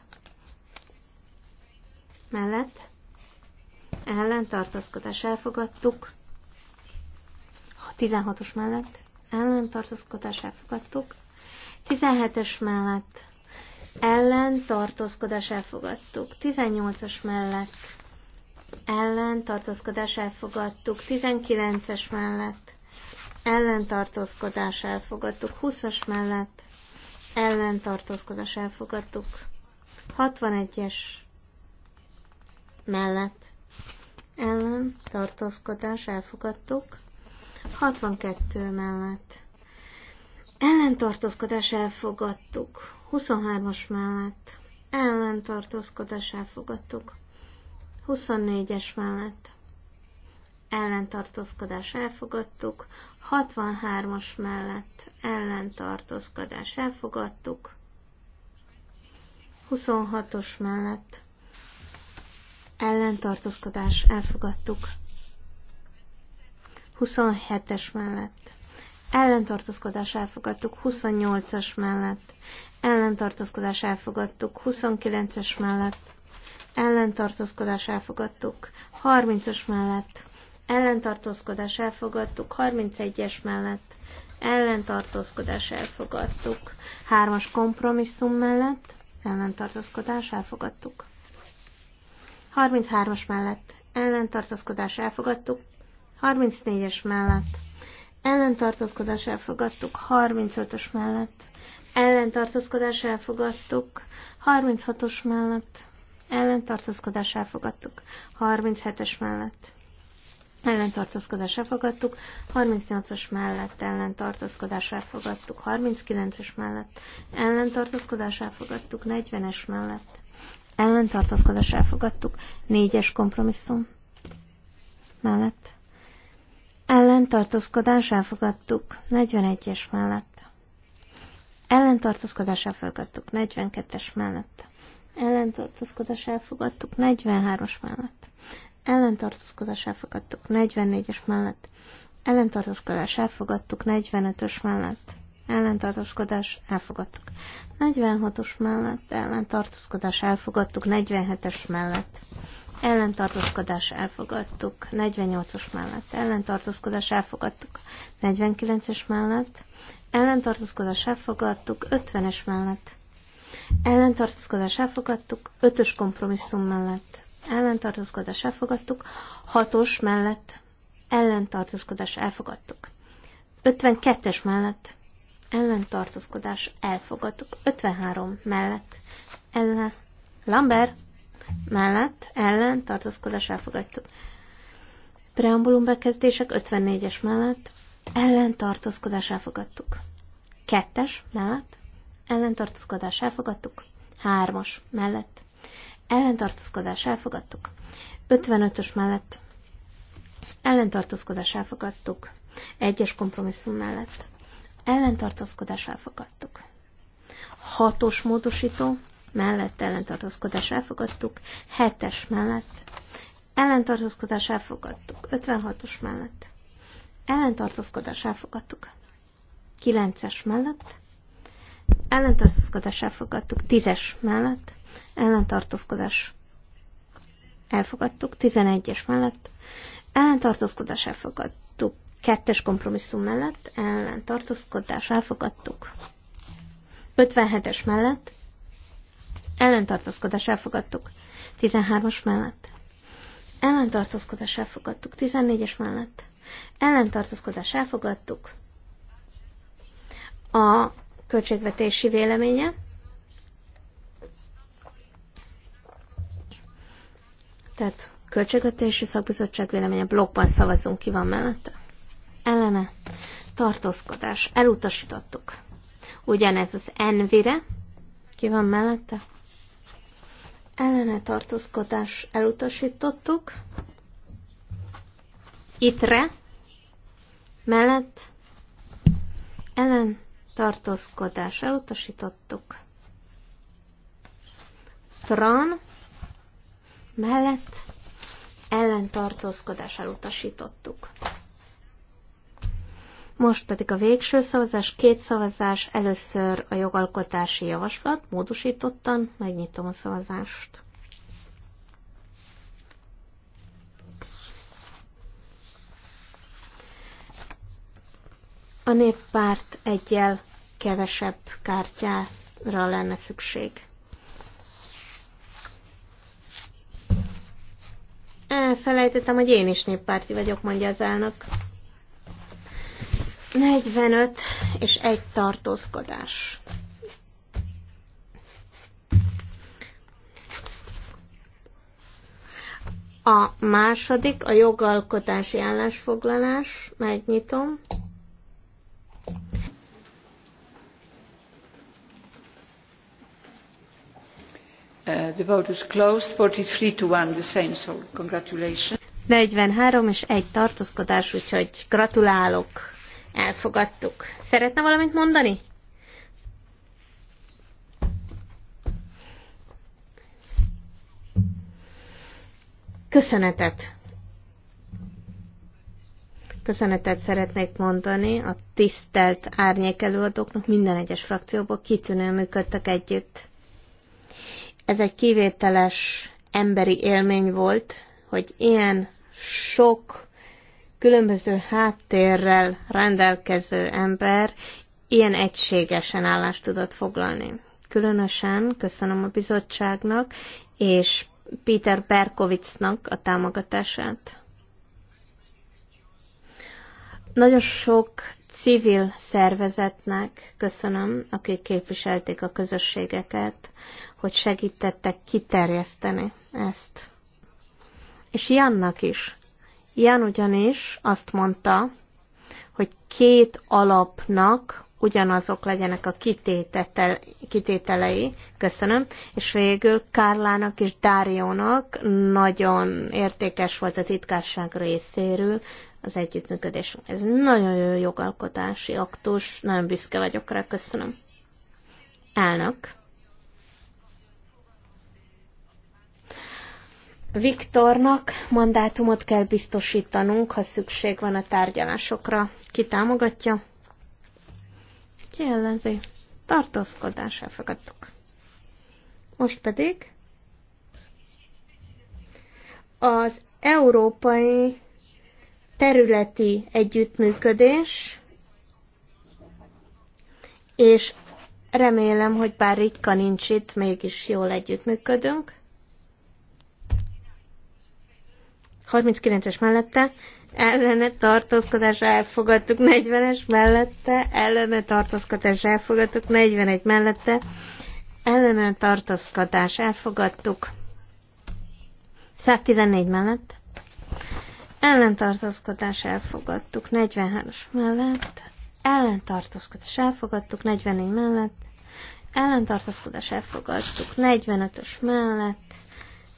mellett ellen tartózkodás elfogadtuk. 16-os mellett ellen tartózkodás elfogadtuk. 17-es mellett ellen tartózkodás elfogadtuk. 18-as mellett ellen tartózkodás elfogadtuk. 19-es mellett ellen tartózkodás elfogadtuk. 20-as mellett ellen tartózkodás elfogadtuk. 61-es mellett ellen tartózkodás elfogadtuk. 62 mellett ellen tartózkodás elfogadtuk. 23-as mellett ellentartózkodás elfogadtuk. 24-es mellett ellentartózkodás elfogadtuk. 63-as mellett ellentartózkodás elfogadtuk. 26-os mellett ellentartózkodás elfogadtuk. 27-es mellett ellentartózkodás elfogadtuk 28-as mellett, ellentartózkodás elfogadtuk, 29-es mellett ellentartózkodás elfogadtuk, 30-as mellett ellentartózkodás elfogadtuk, 31-es mellett ellentartózkodás elfogadtuk, 3-as kompromisszum mellett ellentartózkodás elfogadtuk. 33-as mellett ellentartózkodás elfogadtuk, 34-es mellett ellentartózkodás elfogadtuk, 35-ös mellett ellentartózkodás elfogadtuk, 36-os mellett ellentartózkodás elfogadtuk, 37-es mellett ellentartózkodás elfogadtuk, 38-as mellett ellentartózkodás elfogadtuk, 39-es mellett ellentartózkodás elfogadtuk, 40-es mellett ellentartózkodás elfogadtuk, 4-es kompromisszum mellett ellentartózkodás elfogadtuk, 41-es mellett ellentartózkodás elfogadtuk 42-es mellett, ellentartózkodás elfogadtuk 43-as mellett, ellentartózkodás elfogadtuk 44-es mellett, ellentartózkodás elfogadtuk 45-ös mellett, ellentartózkodás elfogadtuk 46-os mellett, ellentartózkodás elfogadtuk 47-es mellett ellentartózkodás elfogadtuk, 48-os mellett ellentartózkodás elfogadtuk, 49-es mellett ellentartózkodás elfogadtuk, 50-es mellett. Ellentartózkodás elfogadtuk, 5-ös kompromisszum mellett. Ellentartózkodás elfogadtuk, 6-os mellett. Ellentartózkodás elfogadtuk. 52-es mellett. Ellentartózkodás elfogadtuk. 53 mellett. Ellen. Lambert mellett. Ellentartózkodás elfogadtuk. Preambulum bekezdések 54-es mellett ellentartózkodás elfogadtuk. Kettes mellett ellentartózkodás elfogadtuk. Hármas mellett ellentartózkodás elfogadtuk. 55-ös mellett ellentartózkodás elfogadtuk. Egyes kompromisszum mellett ellentartózkodás elfogadtuk. Hatos módosító mellett ellentartózkodás elfogadtuk. Hetes mellett ellentartózkodás elfogadtuk. 56-os mellett ellentartózkodás elfogadtuk. 9-es mellett, ellentartózkodás elfogadtuk. 10-es mellett, ellentartózkodás elfogadtuk. 11-es mellett, ellentartózkodás elfogadtuk. Kettes kompromisszum mellett, ellentartózkodás elfogadtuk. 57-es mellett, ellentartózkodás elfogadtuk. 13-as mellett, ellentartózkodás elfogadtuk. 14-es mellett, Ellentartozkodás elfogadtuk. A költségvetési véleménye. Tehát költségvetési szakbizottság véleménye blokkban szavazunk, ki van mellette. Ellene tartózkodás. Elutasítottuk. Ugyanez az envire. Ki van mellette? Ellene tartózkodás elutasítottuk. Ittre mellett ellen tartózkodás elutasítottuk. Tran mellett ellen tartózkodás elutasítottuk. Most pedig a végső szavazás, két szavazás, először a jogalkotási javaslat, módosítottan, megnyitom a szavazást. A néppárt egyel kevesebb kártyára lenne szükség. Elfelejtettem, hogy én is néppárti vagyok, mondja az elnök. 45 és egy tartózkodás. A második, a jogalkotási állásfoglalás, megnyitom. Uh, the vote 43 to 1, the same, so congratulations. és egy tartózkodás, úgyhogy gratulálok. Elfogadtuk. Szeretne valamit mondani? Köszönetet. Köszönetet szeretnék mondani a tisztelt árnyékelőadóknak minden egyes frakcióból kitűnően működtek együtt. Ez egy kivételes emberi élmény volt, hogy ilyen sok különböző háttérrel rendelkező ember ilyen egységesen állást tudott foglalni. Különösen köszönöm a bizottságnak és Peter Berkovicnak a támogatását. Nagyon sok civil szervezetnek köszönöm, akik képviselték a közösségeket, hogy segítettek kiterjeszteni ezt. És Jannak is. Jan ugyanis azt mondta, hogy két alapnak ugyanazok legyenek a kitételei, köszönöm, és végül Kárlának és Dáriónak nagyon értékes volt a titkárság részéről az együttműködés. Ez nagyon jó jogalkotási aktus, nagyon büszke vagyok rá, köszönöm. Elnök. Viktornak mandátumot kell biztosítanunk, ha szükség van a tárgyalásokra. Ki támogatja? Ki ellenzi? Tartózkodás elfogadtuk. Most pedig az európai területi együttműködés, és remélem, hogy bár ritka nincs itt, mégis jól együttműködünk. 39-es mellette, ellene tartózkodás elfogadtuk 40-es mellette, ellene tartózkodás elfogadtuk 41 mellette, ellene tartózkodás elfogadtuk 114 mellett, ellentartózkodás elfogadtuk 43-as mellett, ellentartózkodás elfogadtuk 44 mellett, ellentartózkodás elfogadtuk 45-ös mellett,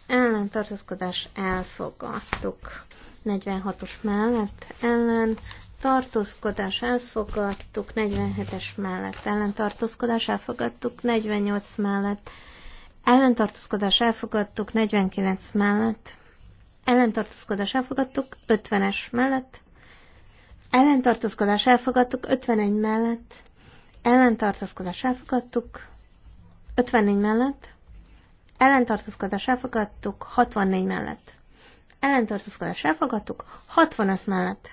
ellen tartózkodás elfogadtuk. 46-os mellett ellen tartózkodás elfogadtuk, 47-es mellett tartózkodás elfogadtuk, 48 mellett tartózkodás elfogadtuk, 49 mellett tartózkodás elfogadtuk, 50-es mellett ellentartózkodás elfogadtuk, 51 mellett ellentartózkodás elfogadtuk, 54 mellett ellentartózkodás elfogadtuk 64 mellett. Ellentartózkodás elfogadtuk 65 mellett.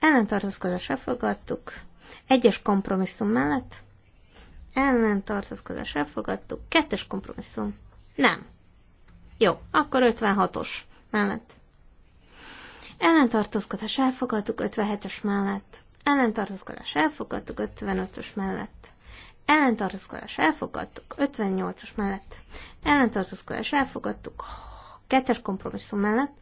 Ellentartózkodás elfogadtuk egyes kompromisszum mellett. Ellentartózkodás elfogadtuk kettes kompromisszum. Nem. Jó, akkor 56-os mellett. Ellentartózkodás elfogadtuk 57-es mellett. Ellentartózkodás elfogadtuk 55-ös mellett. Ellentartozkodás elfogadtuk, 58-as mellett Ellentartozkodás elfogadtuk, 2-es kompromisszum mellett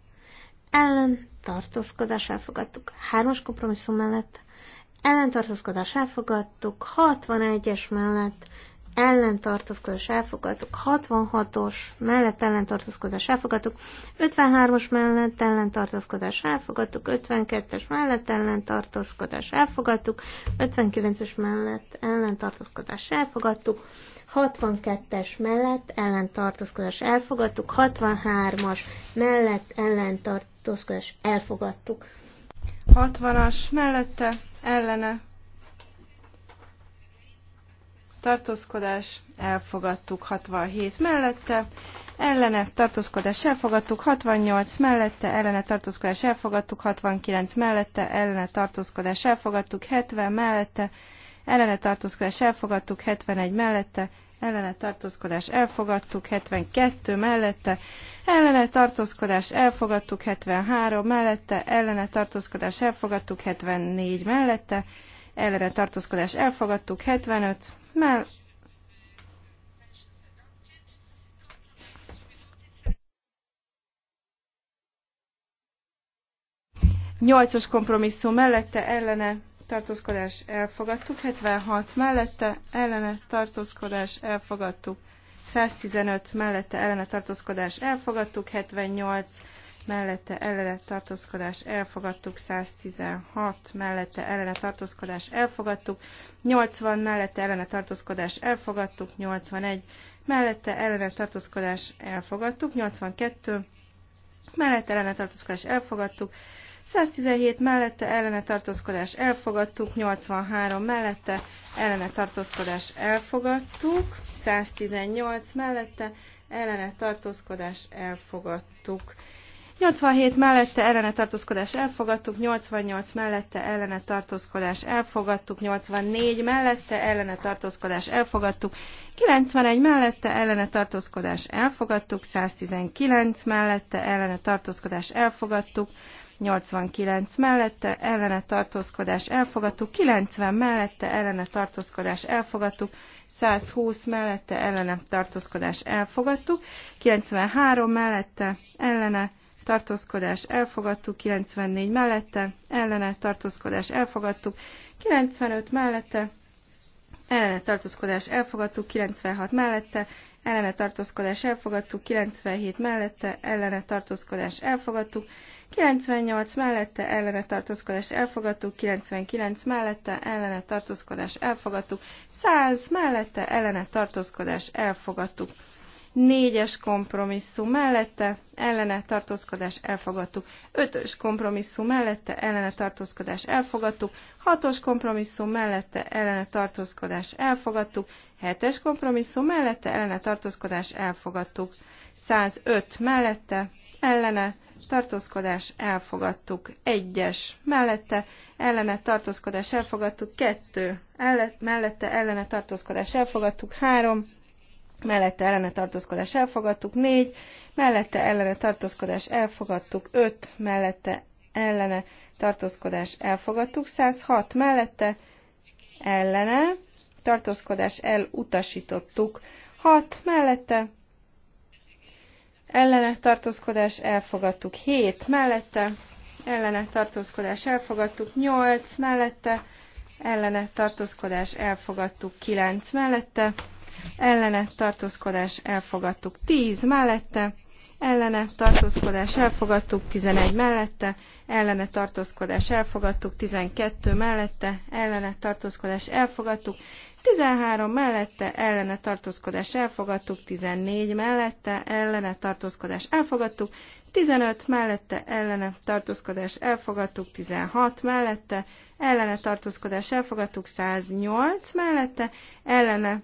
Ellentartozkodás elfogadtuk, 3 kompromisszum mellett Ellentartozkodás elfogadtuk, 61-es mellett ellentartózkodás elfogadtuk, 66-os mellett ellentartózkodás elfogadtuk, 53-os mellett ellentartózkodás elfogadtuk, 52-es mellett ellentartózkodás elfogadtuk, 59-es mellett ellentartózkodás elfogadtuk, 62-es mellett ellentartózkodás elfogadtuk, 63-as mellett ellentartózkodás elfogadtuk. 60-as mellette ellene tartózkodás, elfogadtuk 67 mellette, ellene tartózkodás elfogadtuk 68 mellette, ellene tartózkodás elfogadtuk 69 mellette, ellene tartózkodás elfogadtuk 70 mellette, ellene tartózkodás elfogadtuk 71 mellette, ellene tartózkodás elfogadtuk 72 mellette, ellene tartózkodás elfogadtuk 73 mellette, ellene tartózkodás elfogadtuk 74 mellette, ellene tartózkodás elfogadtuk 75 mert... Nyolcas kompromisszum mellette ellene tartózkodás elfogadtuk, 76 mellette ellene tartózkodás elfogadtuk, 115 mellette ellene tartózkodás elfogadtuk, 78 mellette ellenet tartózkodás elfogadtuk, 116 mellette ellenet tartózkodás elfogadtuk, 80 mellette ellenet tartózkodás elfogadtuk, 81 mellette ellenet tartózkodás elfogadtuk, 82 mellette ellenet tartózkodás elfogadtuk, 117 mellette ellene tartózkodás elfogadtuk, 83 mellette ellene tartózkodás elfogadtuk, 118 mellette ellene tartózkodás elfogadtuk. 87 mellette ellene tartózkodás elfogadtuk, 88 mellette ellene tartózkodás elfogadtuk, 84 mellette ellene tartózkodás elfogadtuk, 91 mellette ellene tartózkodás elfogadtuk, 119 mellette ellene tartózkodás elfogadtuk, 89 mellette ellene tartózkodás elfogadtuk, 90 mellette ellene tartózkodás elfogadtuk, 120 mellette ellene tartózkodás elfogadtuk, 93 mellette ellene tartózkodás elfogadtuk, 94 mellette, ellene tartózkodás elfogadtuk, 95 mellette, ellene tartózkodás elfogadtuk, 96 mellette, ellene tartózkodás elfogadtuk, 97 mellette, ellene tartózkodás elfogadtuk, 98 mellette, ellene tartózkodás elfogadtuk, 99 mellette, ellene tartózkodás elfogadtuk, 100 mellette, ellene tartózkodás elfogadtuk. Négyes kompromisszum mellette ellene tartózkodás elfogadtuk. Ötös kompromisszum mellette ellene tartózkodás elfogadtuk. Hatos kompromisszum mellette ellene tartózkodás elfogadtuk. Hetes kompromisszum mellette ellene tartózkodás elfogadtuk. 105 mellette ellene tartózkodás elfogadtuk. Egyes mellette ellene tartózkodás elfogadtuk. Kettő mellette ellene tartózkodás elfogadtuk. Három mellette ellene tartózkodás elfogadtuk, 4, mellette ellene tartózkodás elfogadtuk, 5, mellette ellene tartózkodás elfogadtuk, 106, mellette ellene tartózkodás elutasítottuk, 6, mellette ellene tartózkodás elfogadtuk, 7, mellette ellene tartózkodás elfogadtuk, 8, mellette ellene tartózkodás elfogadtuk, 9, mellette ellene tartózkodás elfogadtuk 10 mellette, ellene tartózkodás elfogadtuk 11 mellette, ellene tartózkodás elfogadtuk 12 mellette, ellene tartózkodás elfogadtuk 13 mellette, ellene tartózkodás elfogadtuk 14 mellette, ellene tartózkodás elfogadtuk 15 mellette ellene tartózkodás elfogadtuk, 16 mellette ellene tartózkodás elfogadtuk, 108 mellette ellene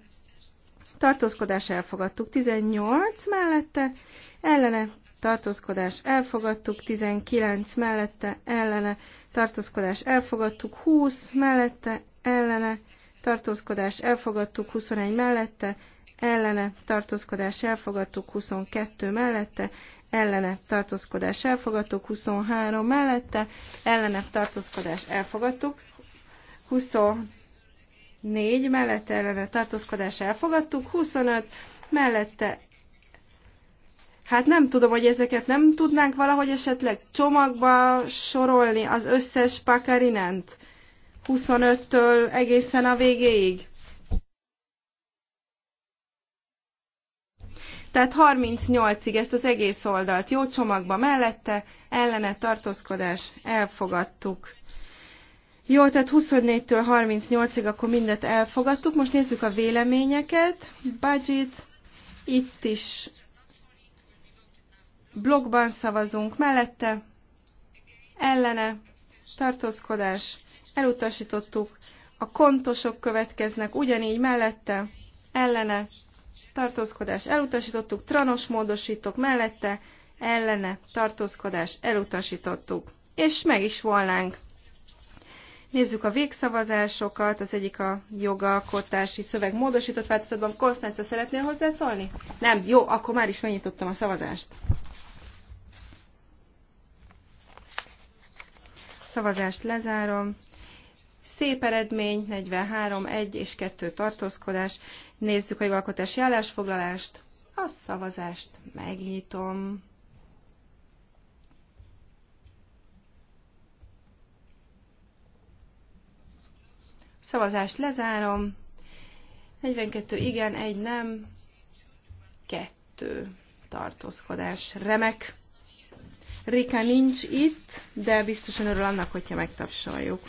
tartózkodás elfogadtuk 18 mellette, ellene tartózkodás elfogadtuk 19 mellette, ellene tartózkodás elfogadtuk 20 mellette, ellene tartózkodás elfogadtuk 21 mellette, ellene tartózkodás elfogadtuk 22 mellette, ellene tartózkodás elfogadtuk 23 mellette, ellene tartózkodás elfogadtuk 20 4 mellette ellene tartózkodás elfogadtuk, 25 mellette Hát nem tudom, hogy ezeket nem tudnánk valahogy esetleg csomagba sorolni az összes pakarinent 25-től egészen a végéig. Tehát 38-ig ezt az egész oldalt jó csomagba mellette, ellene tartózkodás, elfogadtuk. Jó, tehát 24-től 38-ig akkor mindet elfogadtuk. Most nézzük a véleményeket. Budget, itt is blogban szavazunk mellette, ellene, tartózkodás, elutasítottuk, a kontosok következnek ugyanígy mellette, ellene, tartózkodás, elutasítottuk, tranos módosítok mellette, ellene, tartózkodás, elutasítottuk. És meg is volnánk. Nézzük a végszavazásokat, az egyik a jogalkotási szöveg módosított változatban. Konstanca, szeretnél hozzászólni? Nem, jó, akkor már is megnyitottam a szavazást. Szavazást lezárom. Szép eredmény, 43, 1 és 2 tartózkodás. Nézzük a jogalkotási állásfoglalást. A szavazást megnyitom. Szavazást lezárom. 42 igen, egy nem, kettő tartózkodás. Remek. Rika nincs itt, de biztosan örül annak, hogyha megtapsoljuk.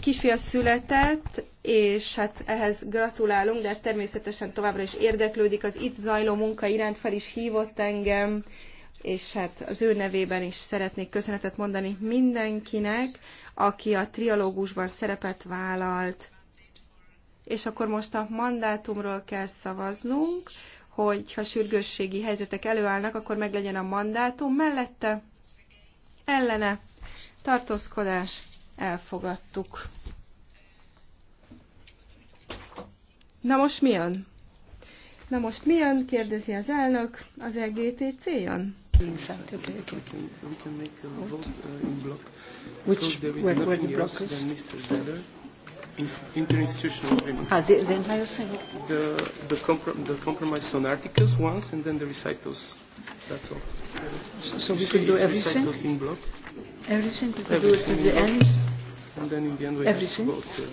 kisfia született, és hát ehhez gratulálunk, de természetesen továbbra is érdeklődik az itt zajló munka iránt, fel is hívott engem, és hát az ő nevében is szeretnék köszönetet mondani mindenkinek, aki a trialógusban szerepet vállalt. És akkor most a mandátumról kell szavaznunk, hogy ha sürgősségi helyzetek előállnak, akkor meglegyen a mandátum mellette, ellene, tartózkodás, elfogadtuk. Na most mi jön? Na most mi jön? Kérdezi az elnök. Az LGTC jön? Uh, Which, interinstitutional agreement. Ah, the, the entire thing. The the, comprom the compromise on articles once, and then the recitals. That's all. So, so we can do everything. Recitals in block. Everything we can everything do it at the block. end. And then in the end we everything. have to vote.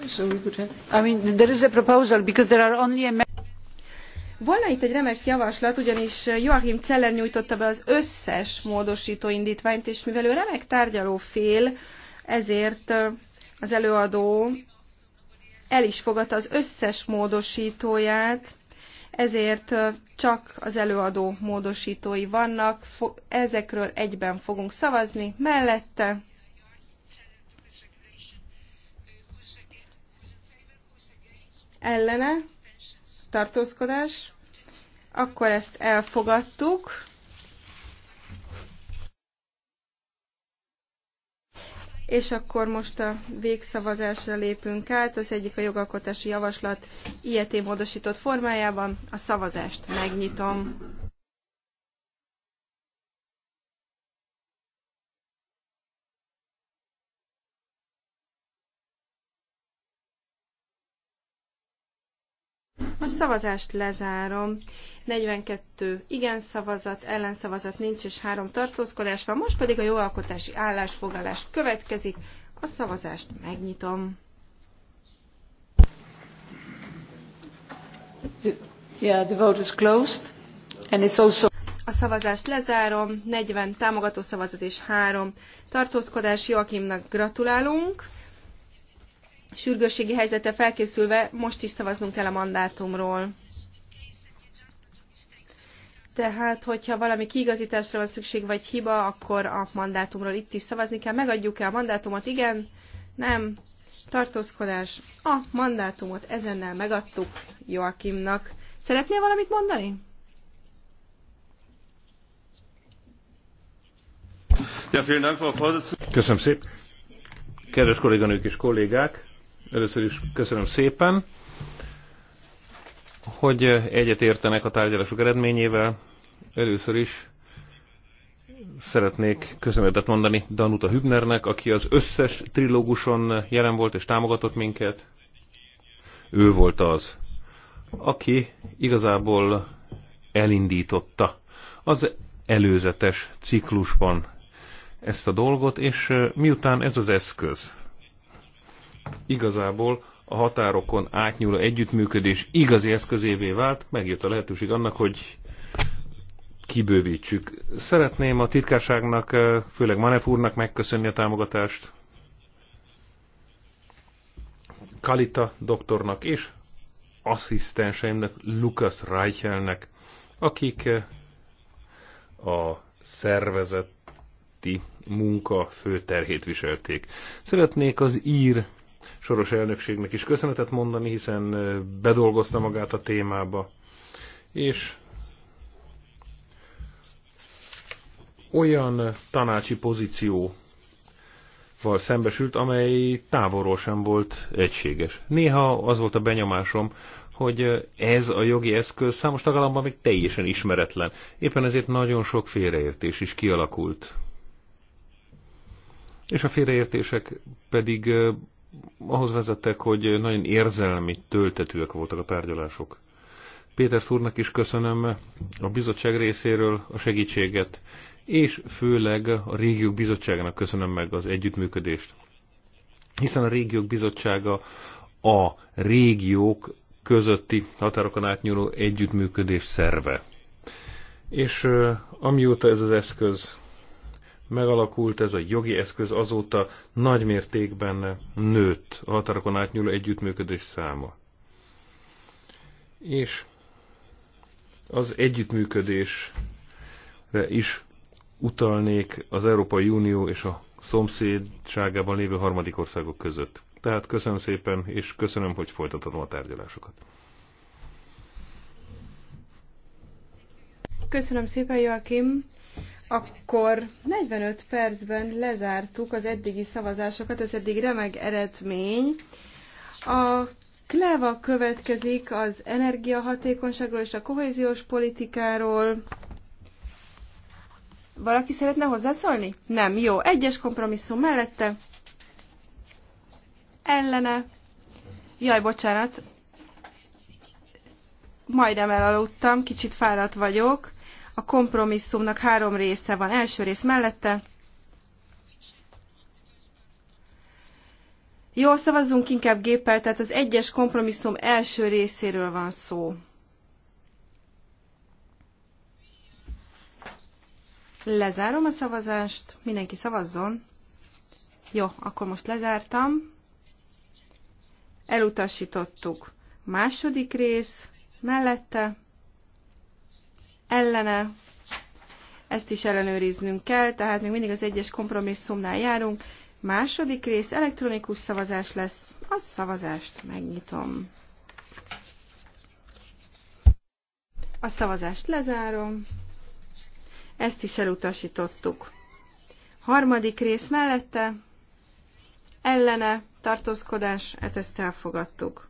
Uh, so we could have. I mean, there is a proposal because there are only a. Volna itt egy remek javaslat, ugyanis Joachim Celler nyújtotta be az összes módosító indítványt, és mivel ő remek tárgyaló fél, ezért az előadó el is fogadta az összes módosítóját, ezért csak az előadó módosítói vannak, ezekről egyben fogunk szavazni, mellette ellene tartózkodás, akkor ezt elfogadtuk. És akkor most a végszavazásra lépünk át. Az egyik a jogalkotási javaslat ilyeté módosított formájában. A szavazást megnyitom. A szavazást lezárom. 42 igen szavazat, ellenszavazat nincs, és három tartózkodás van. Most pedig a jóalkotási állásfoglalás következik. A szavazást megnyitom. Yeah, the vote is closed, and it's also... A szavazást lezárom, 40 támogató szavazat és 3 tartózkodás. Joakimnak gratulálunk. Sürgősségi helyzete felkészülve most is szavaznunk kell a mandátumról. Tehát, hogyha valami kiigazításra van szükség, vagy hiba, akkor a mandátumról itt is szavazni kell. Megadjuk-e a mandátumot? Igen, nem, tartózkodás. A mandátumot ezennel megadtuk Joakimnak. Szeretnél valamit mondani? Köszönöm szépen. Kedves kolléganők és kollégák, először is köszönöm szépen hogy egyet értenek a tárgyalások eredményével. Először is szeretnék köszönetet mondani Danuta Hübnernek, aki az összes trilóguson jelen volt és támogatott minket. Ő volt az, aki igazából elindította az előzetes ciklusban ezt a dolgot, és miután ez az eszköz igazából a határokon átnyúló együttműködés igazi eszközévé vált, megjött a lehetőség annak, hogy kibővítsük. Szeretném a titkárságnak, eh, főleg Manef úrnak megköszönni a támogatást, Kalita doktornak és asszisztenseimnek, Lukas Reichelnek, akik eh, a szervezeti munka főterhét viselték. Szeretnék az ír soros elnökségnek is köszönetet mondani, hiszen bedolgozta magát a témába. És olyan tanácsi pozíció szembesült, amely távolról sem volt egységes. Néha az volt a benyomásom, hogy ez a jogi eszköz számos tagállamban még teljesen ismeretlen. Éppen ezért nagyon sok félreértés is kialakult. És a félreértések pedig ahhoz vezettek, hogy nagyon érzelmi töltetőek voltak a tárgyalások. Péter úrnak is köszönöm a bizottság részéről a segítséget, és főleg a régiók bizottságának köszönöm meg az együttműködést. Hiszen a régiók bizottsága a régiók közötti határokon átnyúló együttműködés szerve. És amióta ez az eszköz megalakult, ez a jogi eszköz azóta nagy mértékben nőtt a határokon átnyúló együttműködés száma. És az együttműködésre is utalnék az Európai Unió és a szomszédságában lévő harmadik országok között. Tehát köszönöm szépen, és köszönöm, hogy folytatom a tárgyalásokat. Köszönöm szépen, Joachim. Akkor 45 percben lezártuk az eddigi szavazásokat, ez eddig remeg eredmény. A Kleva következik az energiahatékonyságról és a kohéziós politikáról. Valaki szeretne hozzászólni? Nem, jó. Egyes kompromisszum mellette. Ellene. Jaj, bocsánat. Majdnem elaludtam, kicsit fáradt vagyok. A kompromisszumnak három része van. Első rész mellette. Jó szavazzunk inkább géppel, tehát az egyes kompromisszum első részéről van szó. Lezárom a szavazást, mindenki szavazzon. Jó, akkor most lezártam. Elutasítottuk. Második rész, mellette ellene, ezt is ellenőriznünk kell, tehát még mindig az egyes kompromisszumnál járunk. Második rész elektronikus szavazás lesz, a szavazást megnyitom. A szavazást lezárom, ezt is elutasítottuk. Harmadik rész mellette, ellene, tartózkodás, ezt elfogadtuk.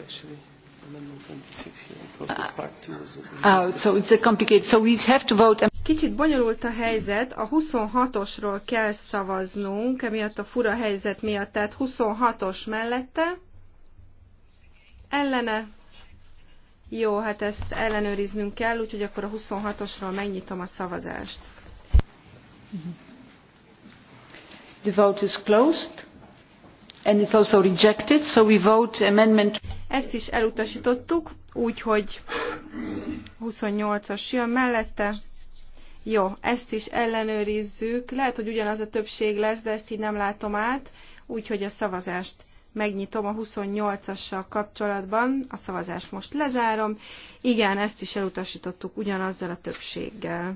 actually. Ah. Kicsit bonyolult a helyzet, a 26-osról kell szavaznunk, emiatt a fura helyzet miatt, tehát 26-os mellette, ellene, jó, hát ezt ellenőriznünk kell, úgyhogy akkor a 26-osról megnyitom a szavazást. The vote is closed, and it's also rejected, so we vote amendment... Ezt is elutasítottuk, úgyhogy 28-as jön mellette. Jó, ezt is ellenőrizzük. Lehet, hogy ugyanaz a többség lesz, de ezt így nem látom át, úgyhogy a szavazást megnyitom a 28-assal kapcsolatban. A szavazást most lezárom. Igen, ezt is elutasítottuk ugyanazzal a többséggel.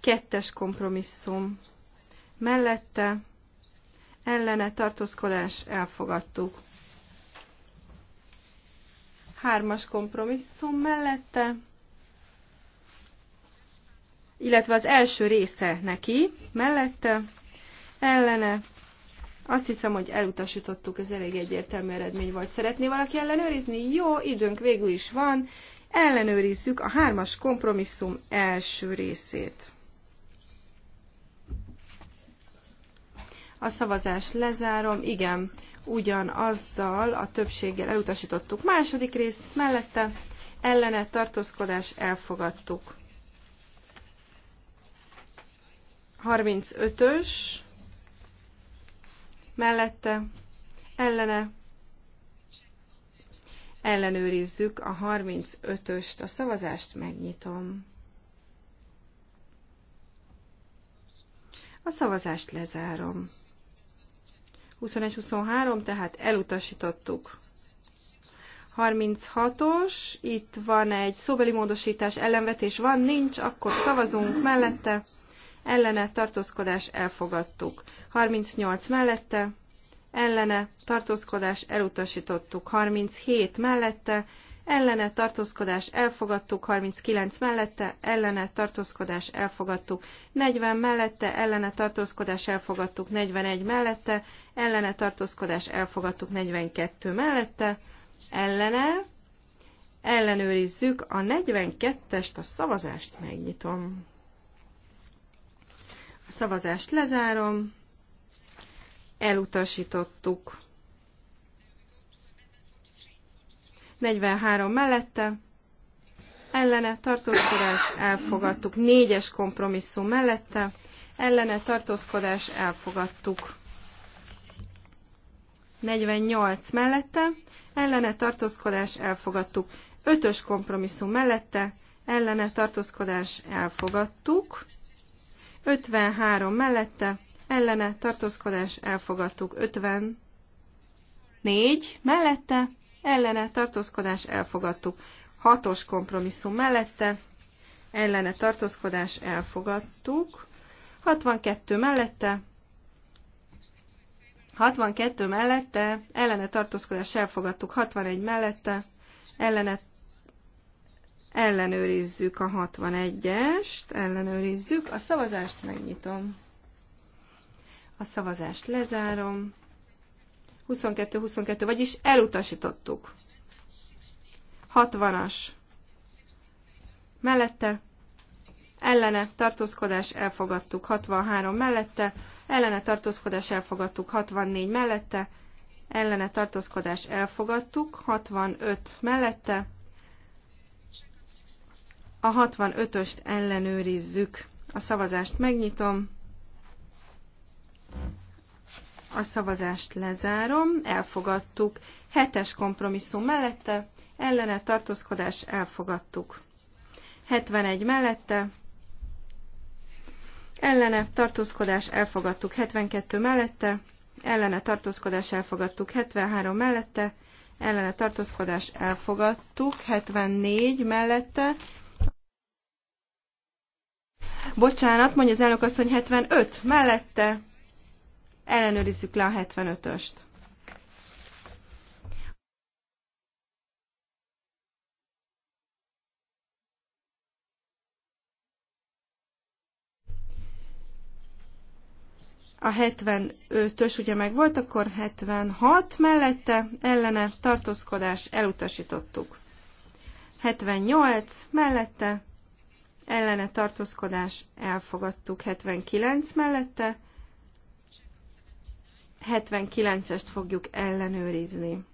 Kettes kompromisszum. Mellette ellene tartózkodás elfogadtuk. Hármas kompromisszum mellette, illetve az első része neki mellette, ellene, azt hiszem, hogy elutasítottuk, ez elég egyértelmű eredmény volt. Szeretné valaki ellenőrizni? Jó, időnk végül is van. Ellenőrizzük a hármas kompromisszum első részét. A szavazást lezárom, igen, ugyanazzal a többséggel elutasítottuk. Második rész mellette ellene tartózkodás elfogadtuk. 35-ös mellette ellene ellenőrizzük a 35-öst, a szavazást megnyitom. A szavazást lezárom. 21-23, tehát elutasítottuk. 36-os, itt van egy szóbeli módosítás, ellenvetés van, nincs, akkor szavazunk mellette, ellene, tartózkodás, elfogadtuk. 38 mellette, ellene, tartózkodás, elutasítottuk. 37 mellette, ellene tartózkodás elfogadtuk, 39 mellette ellene tartózkodás elfogadtuk, 40 mellette ellene tartózkodás elfogadtuk, 41 mellette ellene tartózkodás elfogadtuk, 42 mellette ellene ellenőrizzük a 42-est, a szavazást megnyitom. A szavazást lezárom, elutasítottuk. 43 mellette, ellene tartózkodás elfogadtuk. 4-es kompromisszum mellette, ellene tartózkodás elfogadtuk. 48 mellette, ellene tartózkodás elfogadtuk. 5-ös kompromisszum mellette, ellene tartózkodás elfogadtuk. 53 mellette, ellene tartózkodás elfogadtuk. 54 mellette, ellene tartózkodás elfogadtuk. Hatos kompromisszum mellette ellene tartózkodás elfogadtuk. 62 mellette 62 mellette ellene tartózkodás elfogadtuk. 61 mellette ellene ellenőrizzük a 61-est, ellenőrizzük, a szavazást megnyitom. A szavazást lezárom. 22-22, vagyis elutasítottuk. 60-as. Mellette, ellene, tartózkodás, elfogadtuk. 63 mellette, ellene, tartózkodás, elfogadtuk. 64 mellette, ellene, tartózkodás, elfogadtuk. 65 mellette, a 65-öst ellenőrizzük. A szavazást megnyitom. A szavazást lezárom, elfogadtuk. Hetes kompromisszum mellette, ellene tartózkodás elfogadtuk. 71 mellette, ellene tartózkodás elfogadtuk. 72 mellette, ellene tartózkodás elfogadtuk. 73 mellette, ellene tartózkodás elfogadtuk. 74 mellette, Bocsánat, mondja az elnök asszony 75 mellette, Ellenőrizzük le a 75-öst. a 75-ös ugye meg volt, akkor 76 mellette ellene tartózkodás elutasítottuk. 78 mellette ellene tartózkodás elfogadtuk, 79 mellette 79-est fogjuk ellenőrizni.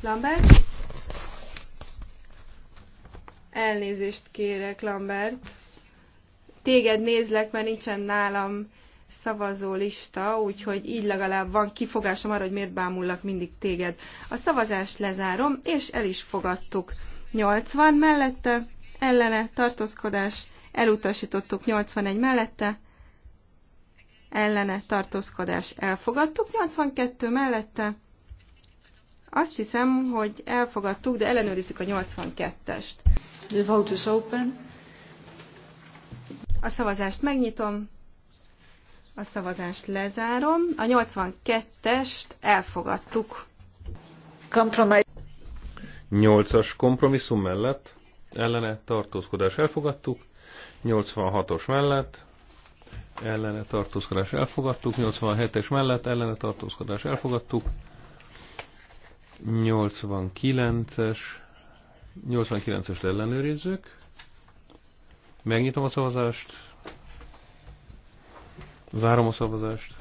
Lambert? Elnézést kérek, Lambert. Téged nézlek, mert nincsen nálam szavazó lista, úgyhogy így legalább van kifogásom arra, hogy miért bámullak mindig téged. A szavazást lezárom, és el is fogadtuk. 80 mellette, ellene, tartózkodás, elutasítottuk 81 mellette, ellene tartózkodás elfogadtuk, 82 mellette azt hiszem, hogy elfogadtuk, de ellenőrizzük a 82-est. The vote is open. A szavazást megnyitom, a szavazást lezárom. A 82-est elfogadtuk. Kompromis. 8-as kompromisszum mellett ellene tartózkodás elfogadtuk, 86-os mellett ellene tartózkodás elfogadtuk, 87-es mellett ellene tartózkodás elfogadtuk, 89-es, 89-est ellenőrizzük, megnyitom a szavazást, zárom a szavazást,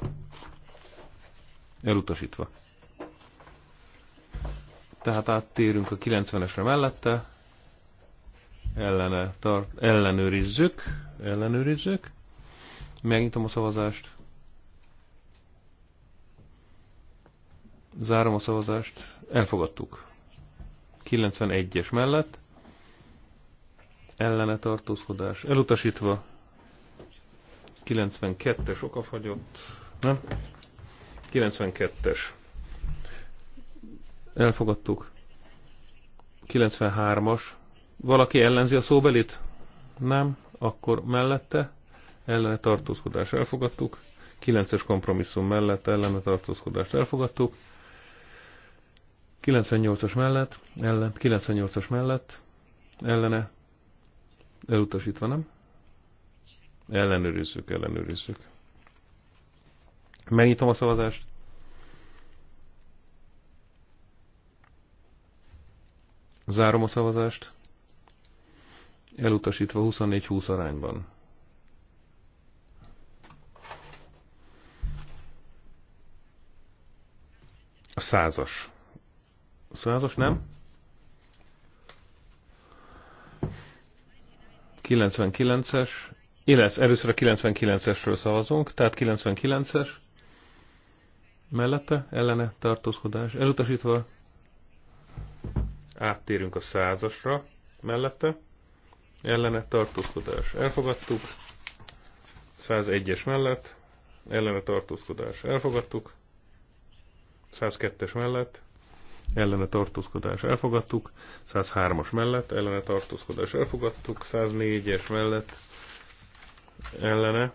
elutasítva. Tehát áttérünk a 90-esre mellette, ellene tart, ellenőrizzük, ellenőrizzük, Megnyitom a szavazást. Zárom a szavazást. Elfogadtuk. 91-es mellett. Ellene tartózkodás. Elutasítva. 92-es okafagyott. Nem? 92-es. Elfogadtuk. 93-as. Valaki ellenzi a szóbelit? Nem? Akkor mellette? ellene tartózkodást elfogadtuk, 9-es kompromisszum mellett ellene tartózkodást elfogadtuk, 98-as mellett, ellen, 98-as mellett, ellene, elutasítva nem? Ellenőrizzük, ellenőrizzük. Megnyitom a szavazást. Zárom a szavazást. Elutasítva 24-20 arányban. A százas. A százas nem? 99-es. Illetve először a 99-esről szavazunk, tehát 99-es. Mellette ellene tartózkodás. Elutasítva áttérünk a százasra mellette. Ellene tartózkodás. Elfogadtuk. 101-es mellett ellene tartózkodás. Elfogadtuk. 102-es mellett ellene tartózkodás elfogadtuk, 103-as mellett ellene tartózkodás elfogadtuk, 104-es mellett ellene.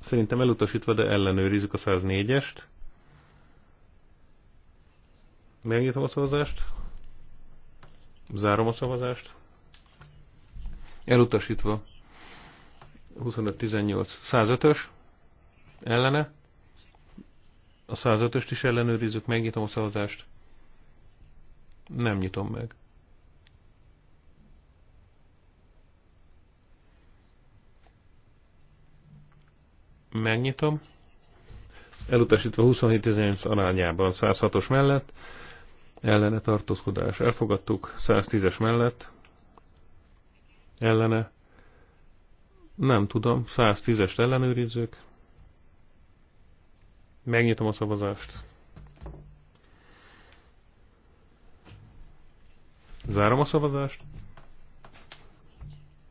Szerintem elutasítva, de ellenőrizzük a 104-est. Megnyitom a szavazást. Zárom a szavazást. Elutasítva. 25-18. 105-ös. Ellene. A 105-öst is ellenőrizzük, megnyitom a szavazást. Nem nyitom meg. Megnyitom. Elutasítva 27 arányában 106-os mellett, ellene tartózkodás elfogadtuk, 110-es mellett, ellene, nem tudom, 110-est ellenőrizzük. Megnyitom a szavazást. Zárom a szavazást.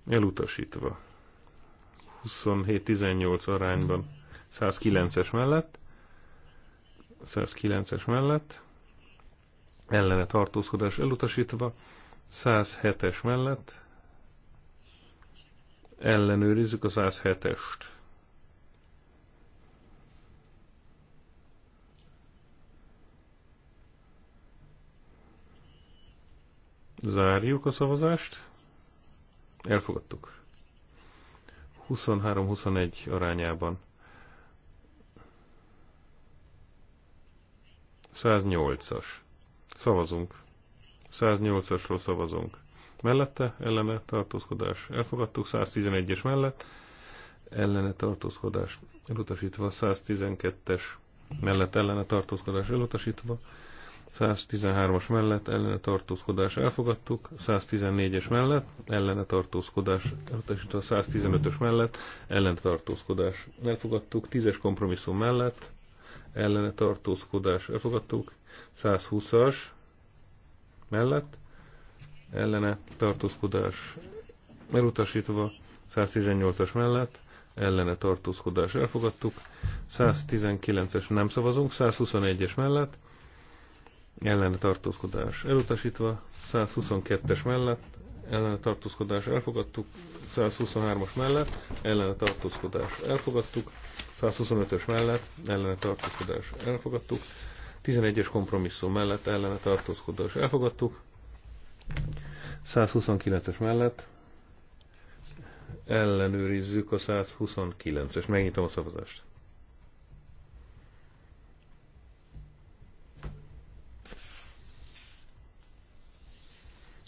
Elutasítva. 27-18 arányban. 109-es mellett. 109-es mellett. Ellene tartózkodás elutasítva. 107-es mellett. Ellenőrizzük a 107-est. Zárjuk a szavazást. Elfogadtuk. 23-21 arányában. 108-as. Szavazunk. 108-asról szavazunk. Mellette, ellene, tartózkodás. Elfogadtuk 111-es mellett, ellene tartózkodás. Elutasítva 112-es mellett ellene tartózkodás elutasítva, 113-as mellett ellene tartózkodás elfogadtuk, 114-es mellett ellene tartózkodás a 115-ös mellett ellene tartózkodás elfogadtuk, 10-es kompromisszum mellett ellene tartózkodás elfogadtuk, 120-as mellett ellene tartózkodás elutasítva, 118-as mellett ellene tartózkodás elfogadtuk, 119-es nem szavazunk, 121-es mellett ellene tartózkodás elutasítva, 122-es mellett ellene tartózkodás elfogadtuk, 123-as mellett ellene tartózkodás elfogadtuk, 125-ös mellett ellene tartózkodás elfogadtuk, 11-es kompromisszum mellett ellene tartózkodás elfogadtuk, 129-es mellett ellenőrizzük a 129-es. Megnyitom a szavazást.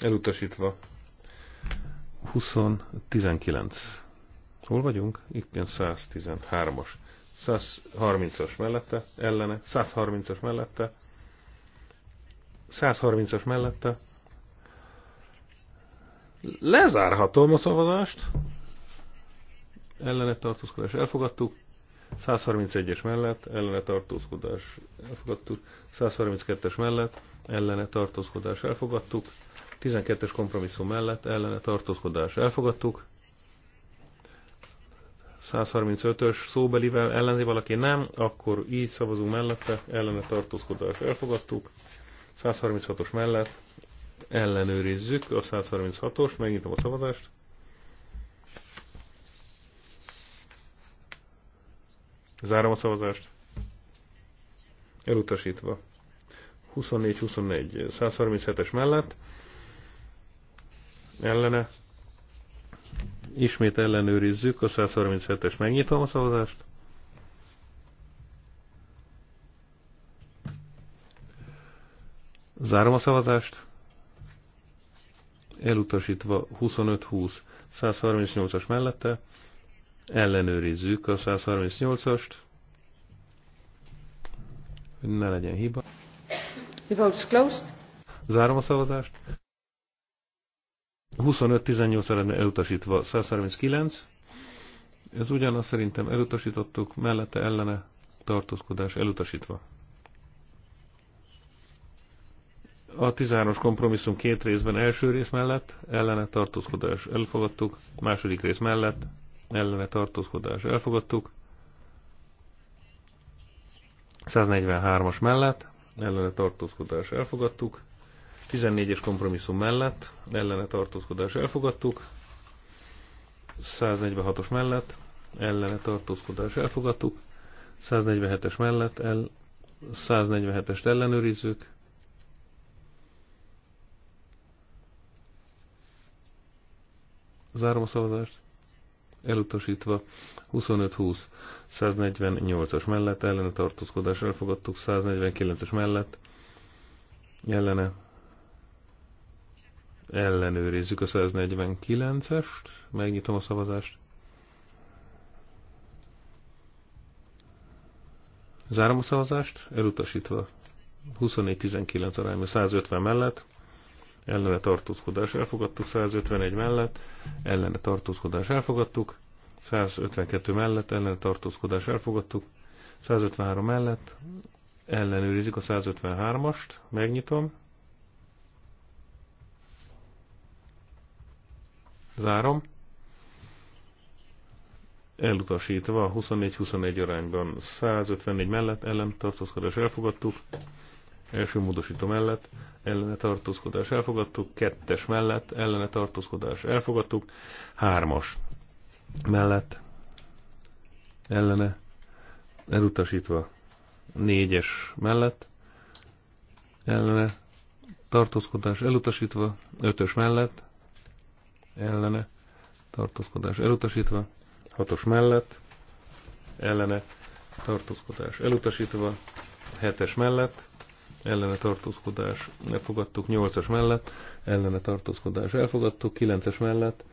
Elutasítva. 20-19. Hol vagyunk? Itt ilyen 113-as. 130-as mellette, ellene, 130-as mellette, 130-as mellette. Lezárhatom a szavazást. Ellene tartózkodás elfogadtuk. 131-es mellett ellene tartózkodás elfogadtuk. 132-es mellett ellene tartózkodás elfogadtuk. 12-es kompromisszum mellett ellene tartózkodás elfogadtuk. 135-ös szóbelivel ellené valaki nem, akkor így szavazunk mellette, ellene tartózkodás elfogadtuk. 136-os mellett ellenőrizzük a 136 os megnyitom a szavazást. Zárom a szavazást. Elutasítva. 24-24, 137-es mellett ellene. Ismét ellenőrizzük, a 137-es megnyitom a szavazást. Zárom a szavazást. Elutasítva 25-20, 138-as mellette. Ellenőrizzük a 138-ast, hogy ne legyen hiba. The vote's closed. Zárom a szavazást. 25-18 re elutasítva. 139. Ez ugyanaz szerintem elutasítottuk, mellette ellene tartózkodás elutasítva. A 13 os kompromisszum két részben első rész mellett ellene tartózkodás elfogadtuk, második rész mellett ellene tartózkodás elfogadtuk, 143-as mellett ellene tartózkodás elfogadtuk, 14-es kompromisszum mellett, ellene tartózkodás elfogadtuk. 146-os mellett, ellene tartózkodás elfogadtuk. 147-es mellett, el, 147-est ellenőrizzük. Zárom a szavazást. Elutasítva 25-20, 148-as mellett, ellene tartózkodás elfogadtuk, 149-es mellett, ellene ellenőrizzük a 149-est, megnyitom a szavazást. Zárom a szavazást, elutasítva 24-19 arányban 150 mellett, ellene tartózkodás elfogadtuk, 151 mellett, ellene tartózkodás elfogadtuk, 152 mellett, ellene tartózkodás elfogadtuk, 153 mellett, ellenőrizik a 153-ast, megnyitom, Zárom. Elutasítva 24-21 arányban 154 mellett ellen tartózkodás elfogadtuk. Első módosító mellett ellene tartózkodás elfogadtuk. Kettes mellett ellene tartózkodás elfogadtuk. Hármas mellett ellene elutasítva négyes mellett ellene tartózkodás elutasítva ötös mellett ellene, tartózkodás elutasítva, hatos mellett, ellene, tartózkodás elutasítva, hetes mellett, ellene tartózkodás elfogadtuk, nyolcas mellett, ellene tartózkodás elfogadtuk, kilences mellett,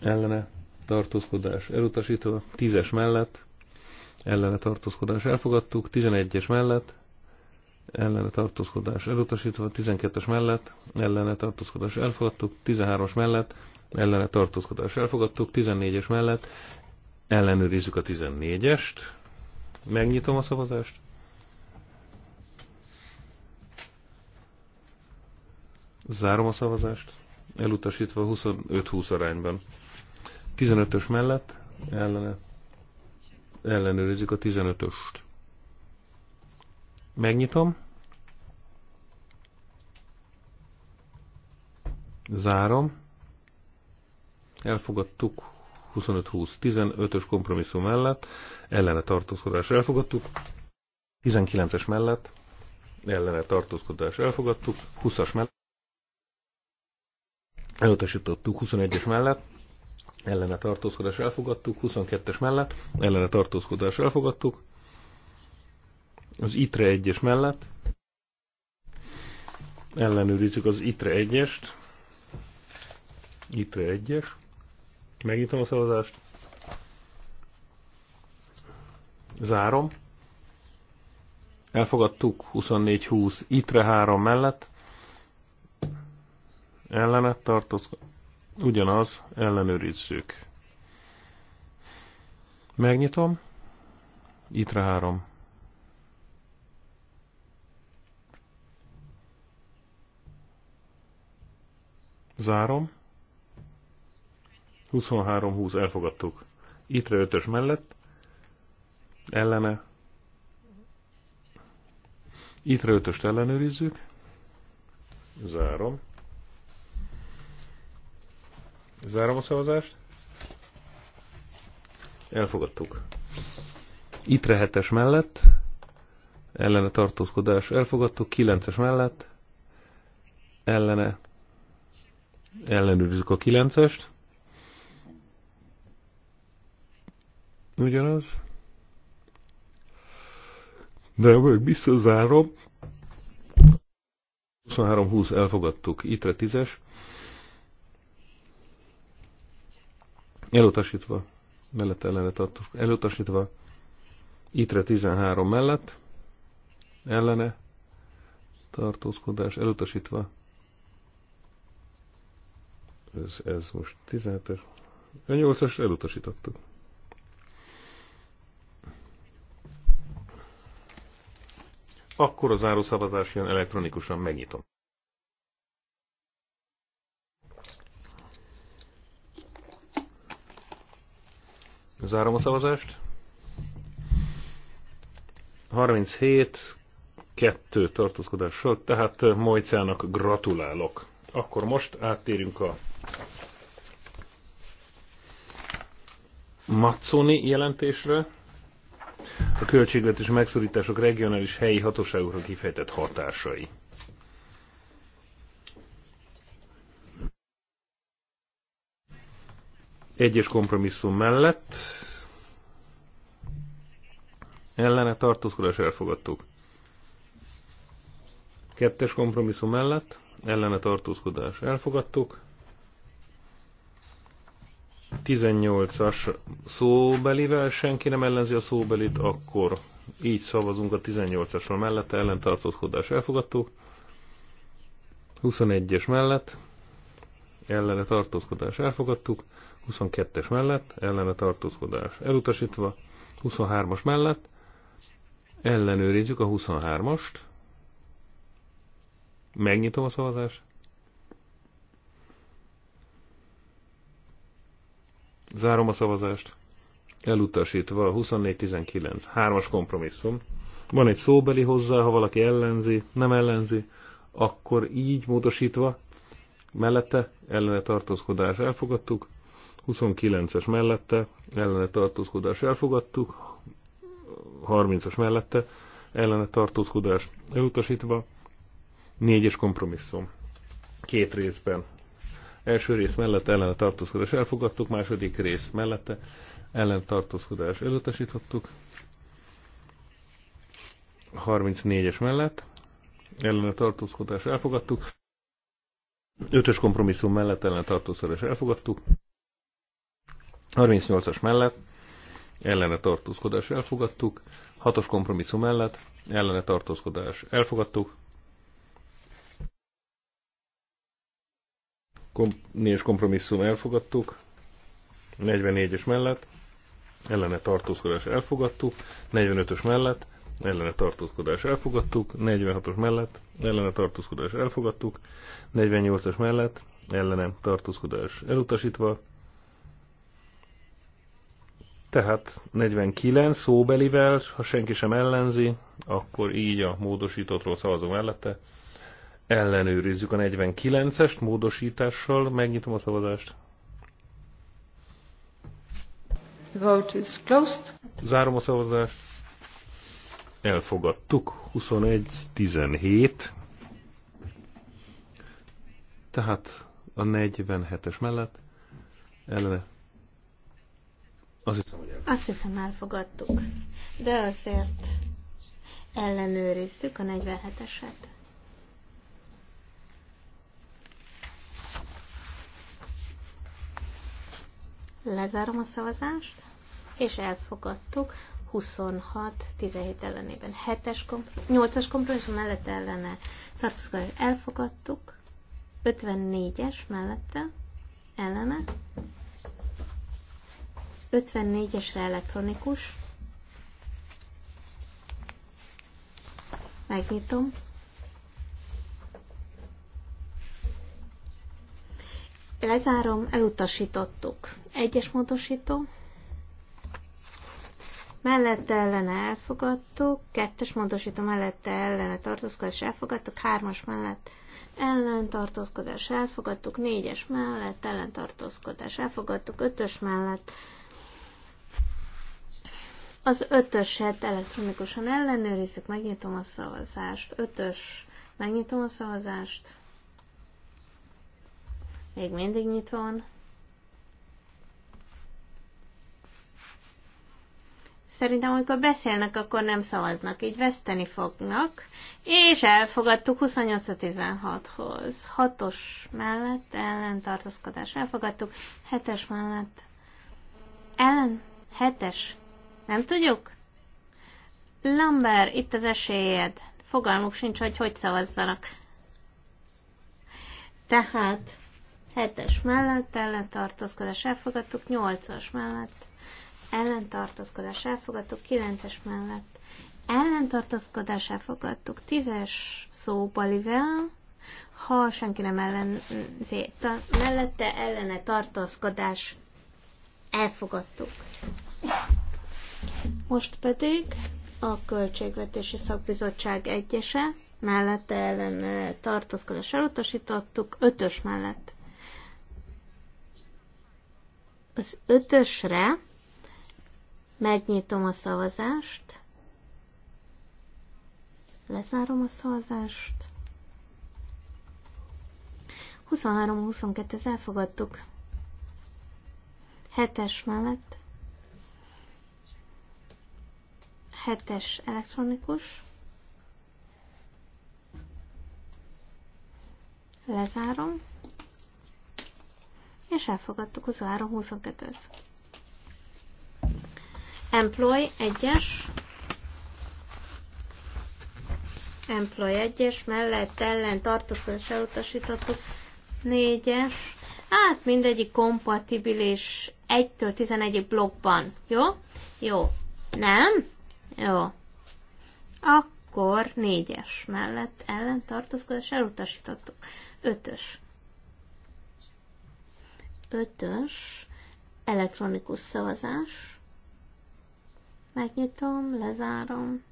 ellene tartózkodás elutasítva, tízes mellett, ellene tartózkodás elfogadtuk, tizenegyes mellett, ellene tartózkodás elutasítva, 12-es mellett ellene tartózkodás elfogadtuk, 13-as mellett ellene tartózkodás elfogadtuk, 14-es mellett ellenőrizzük a 14-est, megnyitom a szavazást, zárom a szavazást, elutasítva 25-20 arányban. 15-ös mellett ellene ellenőrizzük a 15-öst. Megnyitom. Zárom. Elfogadtuk 25-20-15-ös kompromisszum mellett, ellene tartózkodás elfogadtuk, 19-es mellett, ellene tartózkodás elfogadtuk, 20-as mellett, elutasítottuk 21-es mellett, ellene tartózkodás elfogadtuk, 22-es mellett, ellene tartózkodás elfogadtuk, az ITRE 1 mellett. Ellenőrizzük az ITRE 1-est. ITRE 1-es. Megnyitom a szavazást. Zárom. Elfogadtuk 24-20 ITRE 3 mellett. Ellenet tartózkodik. Ugyanaz, ellenőrizzük. Megnyitom. Itt három. Zárom. 23-20 elfogadtuk. Itre 5-ös mellett. Ellene. Itre 5-öst ellenőrizzük. Zárom. Zárom a szavazást. Elfogadtuk. Itre 7-es mellett. Ellene tartózkodás elfogadtuk. 9-es mellett. Ellene ellenőrizzük a 9-est. Ugyanaz. De vagyok biztos zárom. 23-20 elfogadtuk. Itre 10-es. Elutasítva. Mellett ellenet adtuk. Elutasítva. Itre 13 mellett. Ellene. Tartózkodás elutasítva ez, ez most 17-es. A 8-as elutasítottuk. Akkor a zárószavazás jön elektronikusan, megnyitom. Zárom a szavazást. 37, 2 tartózkodással, tehát Mojcának gratulálok. Akkor most áttérünk a Mazzoni jelentésre, a költségvetés megszorítások regionális helyi hatóságokra kifejtett hatásai. Egyes kompromisszum mellett ellene tartózkodás elfogadtuk. Kettes kompromisszum mellett ellene tartózkodás elfogadtuk. 18-as szóbelivel senki nem ellenzi a szóbelit, akkor így szavazunk a 18-asról mellette, ellentartózkodás elfogadtuk. 21-es mellett ellene tartózkodás elfogadtuk, 22-es mellett ellene tartózkodás elutasítva, 23-as mellett ellenőrizzük a 23-ast, megnyitom a szavazást, Zárom a szavazást. Elutasítva 24-19. Hármas kompromisszum. Van egy szóbeli hozzá, ha valaki ellenzi, nem ellenzi, akkor így módosítva mellette ellene tartózkodás elfogadtuk, 29-es mellette ellene tartózkodás elfogadtuk, 30-as mellette ellene tartózkodás elutasítva, 4-es kompromisszum. Két részben. Első rész mellett ellen tartózkodás elfogadtuk, második rész mellette ellen tartózkodás elutasítottuk. 34-es mellett ellen tartózkodás elfogadtuk. 5-ös kompromisszum mellett ellen tartózkodás elfogadtuk. 38-as mellett ellene tartózkodás elfogadtuk, 6-os kompromisszum mellett ellene tartózkodás elfogadtuk, Kom es kompromisszum elfogadtuk, 44-es mellett, ellene tartózkodás elfogadtuk, 45-ös mellett, ellene tartózkodás elfogadtuk, 46-os mellett, ellene tartózkodás elfogadtuk, 48-as mellett, ellene tartózkodás elutasítva, tehát 49 szóbelivel, ha senki sem ellenzi, akkor így a módosítottról szavazom mellette, ellenőrizzük a 49-est módosítással. Megnyitom a szavazást. The vote is closed. Zárom a szavazást. Elfogadtuk. 21-17. Tehát a 47-es mellett ellene. Azt hiszem, hogy Azt hiszem elfogadtuk. De azért ellenőrizzük a 47-eset. Lezárom a szavazást, és elfogadtuk 26-17 ellenében. 7-es kompromisszum, 8-as kompromisszum mellett ellene tartózkodás elfogadtuk, 54-es mellette ellene, 54 es elektronikus, megnyitom, Lezárom, elutasítottuk. Egyes módosító. Mellette ellene elfogadtuk, kettes módosító mellette ellene tartózkodás elfogadtuk, hármas mellett ellen tartózkodás elfogadtuk, négyes mellett ellen tartózkodás elfogadtuk, ötös mellett az ötöset elektronikusan ellenőrizzük, megnyitom a szavazást, ötös, megnyitom a szavazást, még mindig nyitva van. Szerintem, amikor beszélnek, akkor nem szavaznak, így veszteni fognak. És elfogadtuk 28-16-hoz. 6-os mellett ellentartózkodás elfogadtuk, 7-es mellett ellen, 7-es. Nem tudjuk? Lamber, itt az esélyed. Fogalmuk sincs, hogy hogy szavazzanak. Tehát 7-es mellett ellentartózkodás elfogadtuk, 8-as mellett ellentartózkodás elfogadtuk, 9-es mellett ellentartózkodás elfogadtuk, 10-es szóbalivel, ha senki nem ellenzi, mellette ellene tartózkodás elfogadtuk. Most pedig a Költségvetési Szakbizottság egyese, mellette ellen tartózkodás elutasítottuk, ötös mellett az ötösre megnyitom a szavazást, lezárom a szavazást. 23-22-t elfogadtuk. Hetes mellett. Hetes elektronikus. Lezárom és elfogadtuk 23-22-höz. Employ 1-es, Employ 1-es, mellett ellen tartózkodás elutasítottuk, 4-es, hát mindegyik kompatibilis 1-től 11-ig blokkban, jó? Jó. Nem? Jó. Akkor 4-es mellett ellen tartózkodás elutasítottuk. 5-ös ötös elektronikus szavazás. Megnyitom, lezárom.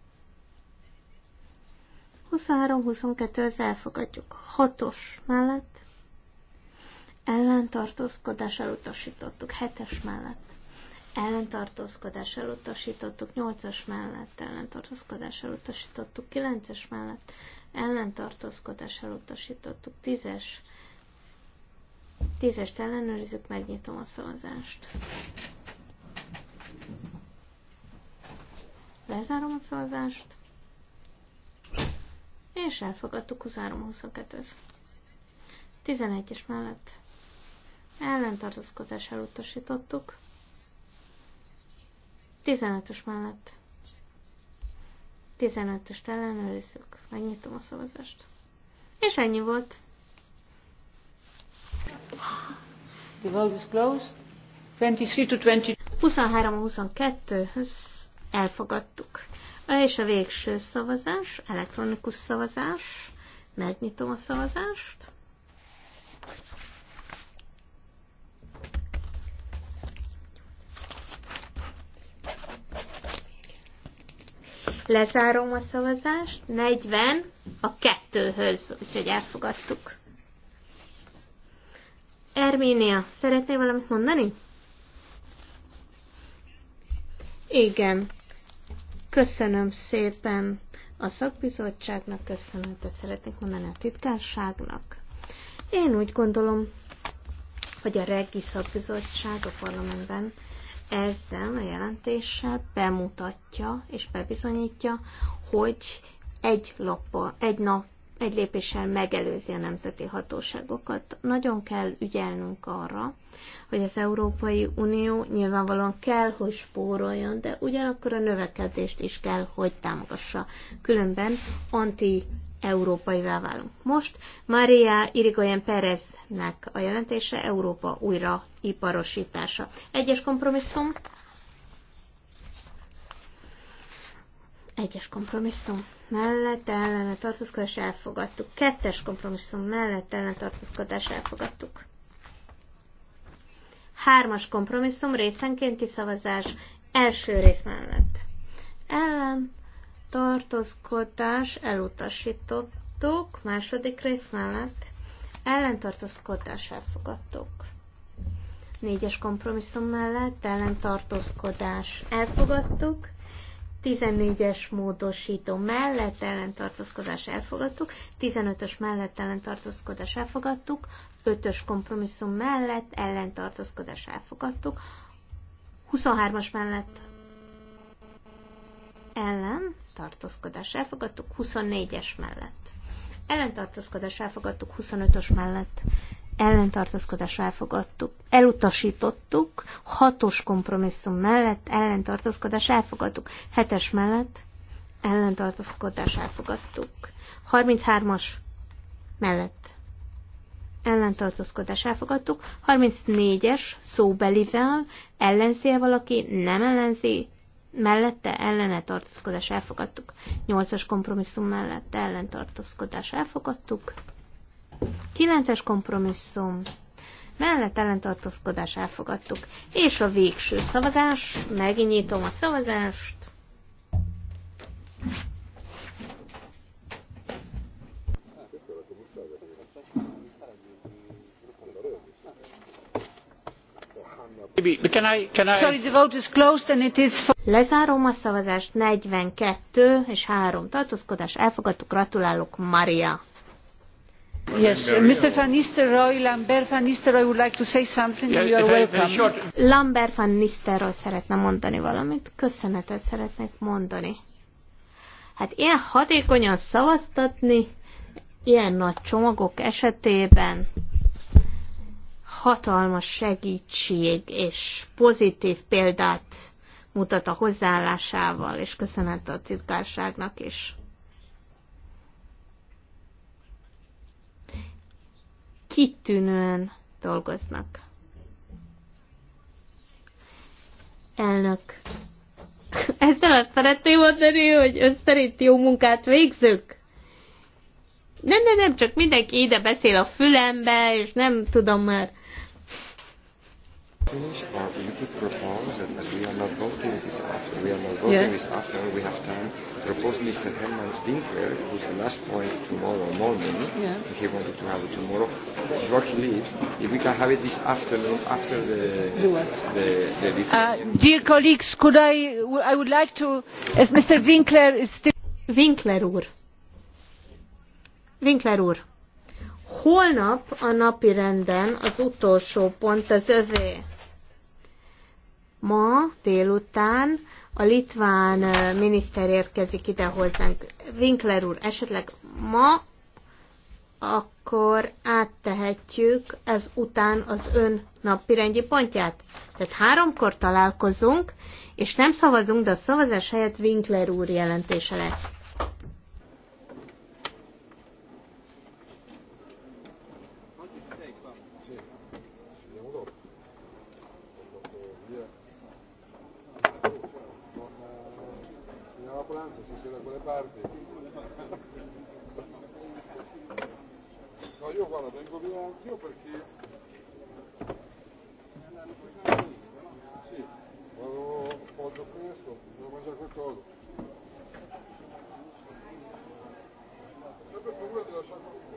23-22, az elfogadjuk. 6-os mellett. Ellentartózkodás elutasítottuk. 7-es mellett. Ellentartózkodás elutasítottuk. 8-as mellett. Ellentartózkodás elutasítottuk. 9-es mellett. Ellentartózkodás elutasítottuk. 10-es Tízest ellenőrizzük, megnyitom a szavazást. Lezárom a szavazást. És elfogadtuk 23-22-höz. 11-es mellett ellentartózkodás elutasítottuk. 15-ös mellett 15-öst ellenőrizzük. Megnyitom a szavazást. És ennyi volt. The vote is closed. 23 22 elfogadtuk. És a végső szavazás, elektronikus szavazás. Megnyitom a szavazást. Lezárom a szavazást. 40 a kettőhöz, úgyhogy elfogadtuk. Erménia, szeretnél valamit mondani? Igen. Köszönöm szépen a szakbizottságnak, köszönetet szeretnék mondani a titkárságnak. Én úgy gondolom, hogy a Regi Szakbizottság a parlamentben ezzel a jelentéssel bemutatja és bebizonyítja, hogy egy, lappa, egy nap egy lépéssel megelőzi a nemzeti hatóságokat. Nagyon kell ügyelnünk arra, hogy az Európai Unió nyilvánvalóan kell, hogy spóroljon, de ugyanakkor a növekedést is kell, hogy támogassa. Különben anti európaivá válunk. Most Maria Irigoyen Pereznek a jelentése Európa újra iparosítása. Egyes kompromisszum Egyes kompromisszum mellett ellene tartózkodás elfogadtuk. Kettes kompromisszum mellett ellene tartózkodás elfogadtuk. Hármas kompromisszum részenkénti szavazás első rész mellett. Ellen tartózkodás elutasítottuk második rész mellett. tartózkodás elfogadtuk. Négyes kompromisszum mellett ellen tartózkodás elfogadtuk. 14-es módosító mellett ellentartozkodás elfogadtuk, 15-ös mellett ellentartozkodás elfogadtuk, 5-ös kompromisszum mellett ellentartozkodás elfogadtuk, 23-as mellett ellen tartózkodás elfogadtuk, 24-es mellett ellentartózkodás elfogadtuk, 25-ös mellett ellentartózkodásra elfogadtuk. Elutasítottuk, hatos kompromisszum mellett ellentartózkodás elfogadtuk. Hetes mellett ellentartózkodás elfogadtuk. 33-as mellett ellentartózkodás elfogadtuk. 34-es szóbelivel ellenzi -e valaki, nem ellenzi, mellette ellene tartózkodás elfogadtuk. 8-as kompromisszum mellett ellentartózkodás elfogadtuk. Kilences kompromisszum, mellett ellentartózkodás elfogadtuk. És a végső szavazás, megnyitom a szavazást. Lezárom a szavazást, 42 és 3 tartózkodás, elfogadtuk, gratulálok, Maria. Mr. Van Nistelrooy, Lambert Van nistelrooij would like to say something. Yeah, you are welcome. Lambert Van Nistelrooy szeretne mondani valamit. Köszönetet szeretnék mondani. Hát ilyen hatékonyan szavaztatni, ilyen nagy csomagok esetében hatalmas segítség és pozitív példát mutat a hozzáállásával, és köszönet a titkárságnak is. kitűnően dolgoznak. Elnök. Ezt nem azt szeretném mondani, hogy ön szerint jó munkát végzünk? Nem, nem, nem, csak mindenki ide beszél a fülembe, és nem tudom már finish, or you could propose, that we are not voting this after, we are not voting yeah. this after, we have time, propose Mr. Herman Winkler, who's the last point tomorrow morning, yeah. if he wanted to have it tomorrow, before he leaves, if we can have it this afternoon after the... Do what? The, the, this uh, dear colleagues, could I, I would like to, as Mr. Winkler is still... Winkler úr. Winkler úr. Holnap a napi renden az utolsó pont az övé. Ma délután a litván miniszter érkezik ide hozzánk. Winkler úr, esetleg ma, akkor áttehetjük ez után az ön napirendi pontját. Tehát háromkor találkozunk, és nem szavazunk, de a szavazás helyett Winkler úr jelentése lesz. tardi. No, io guarda, vengo via anch'io perché... Sì, vado, poggio questo, devo mangiare qualcosa. Sempre paura di lasciare qualcosa.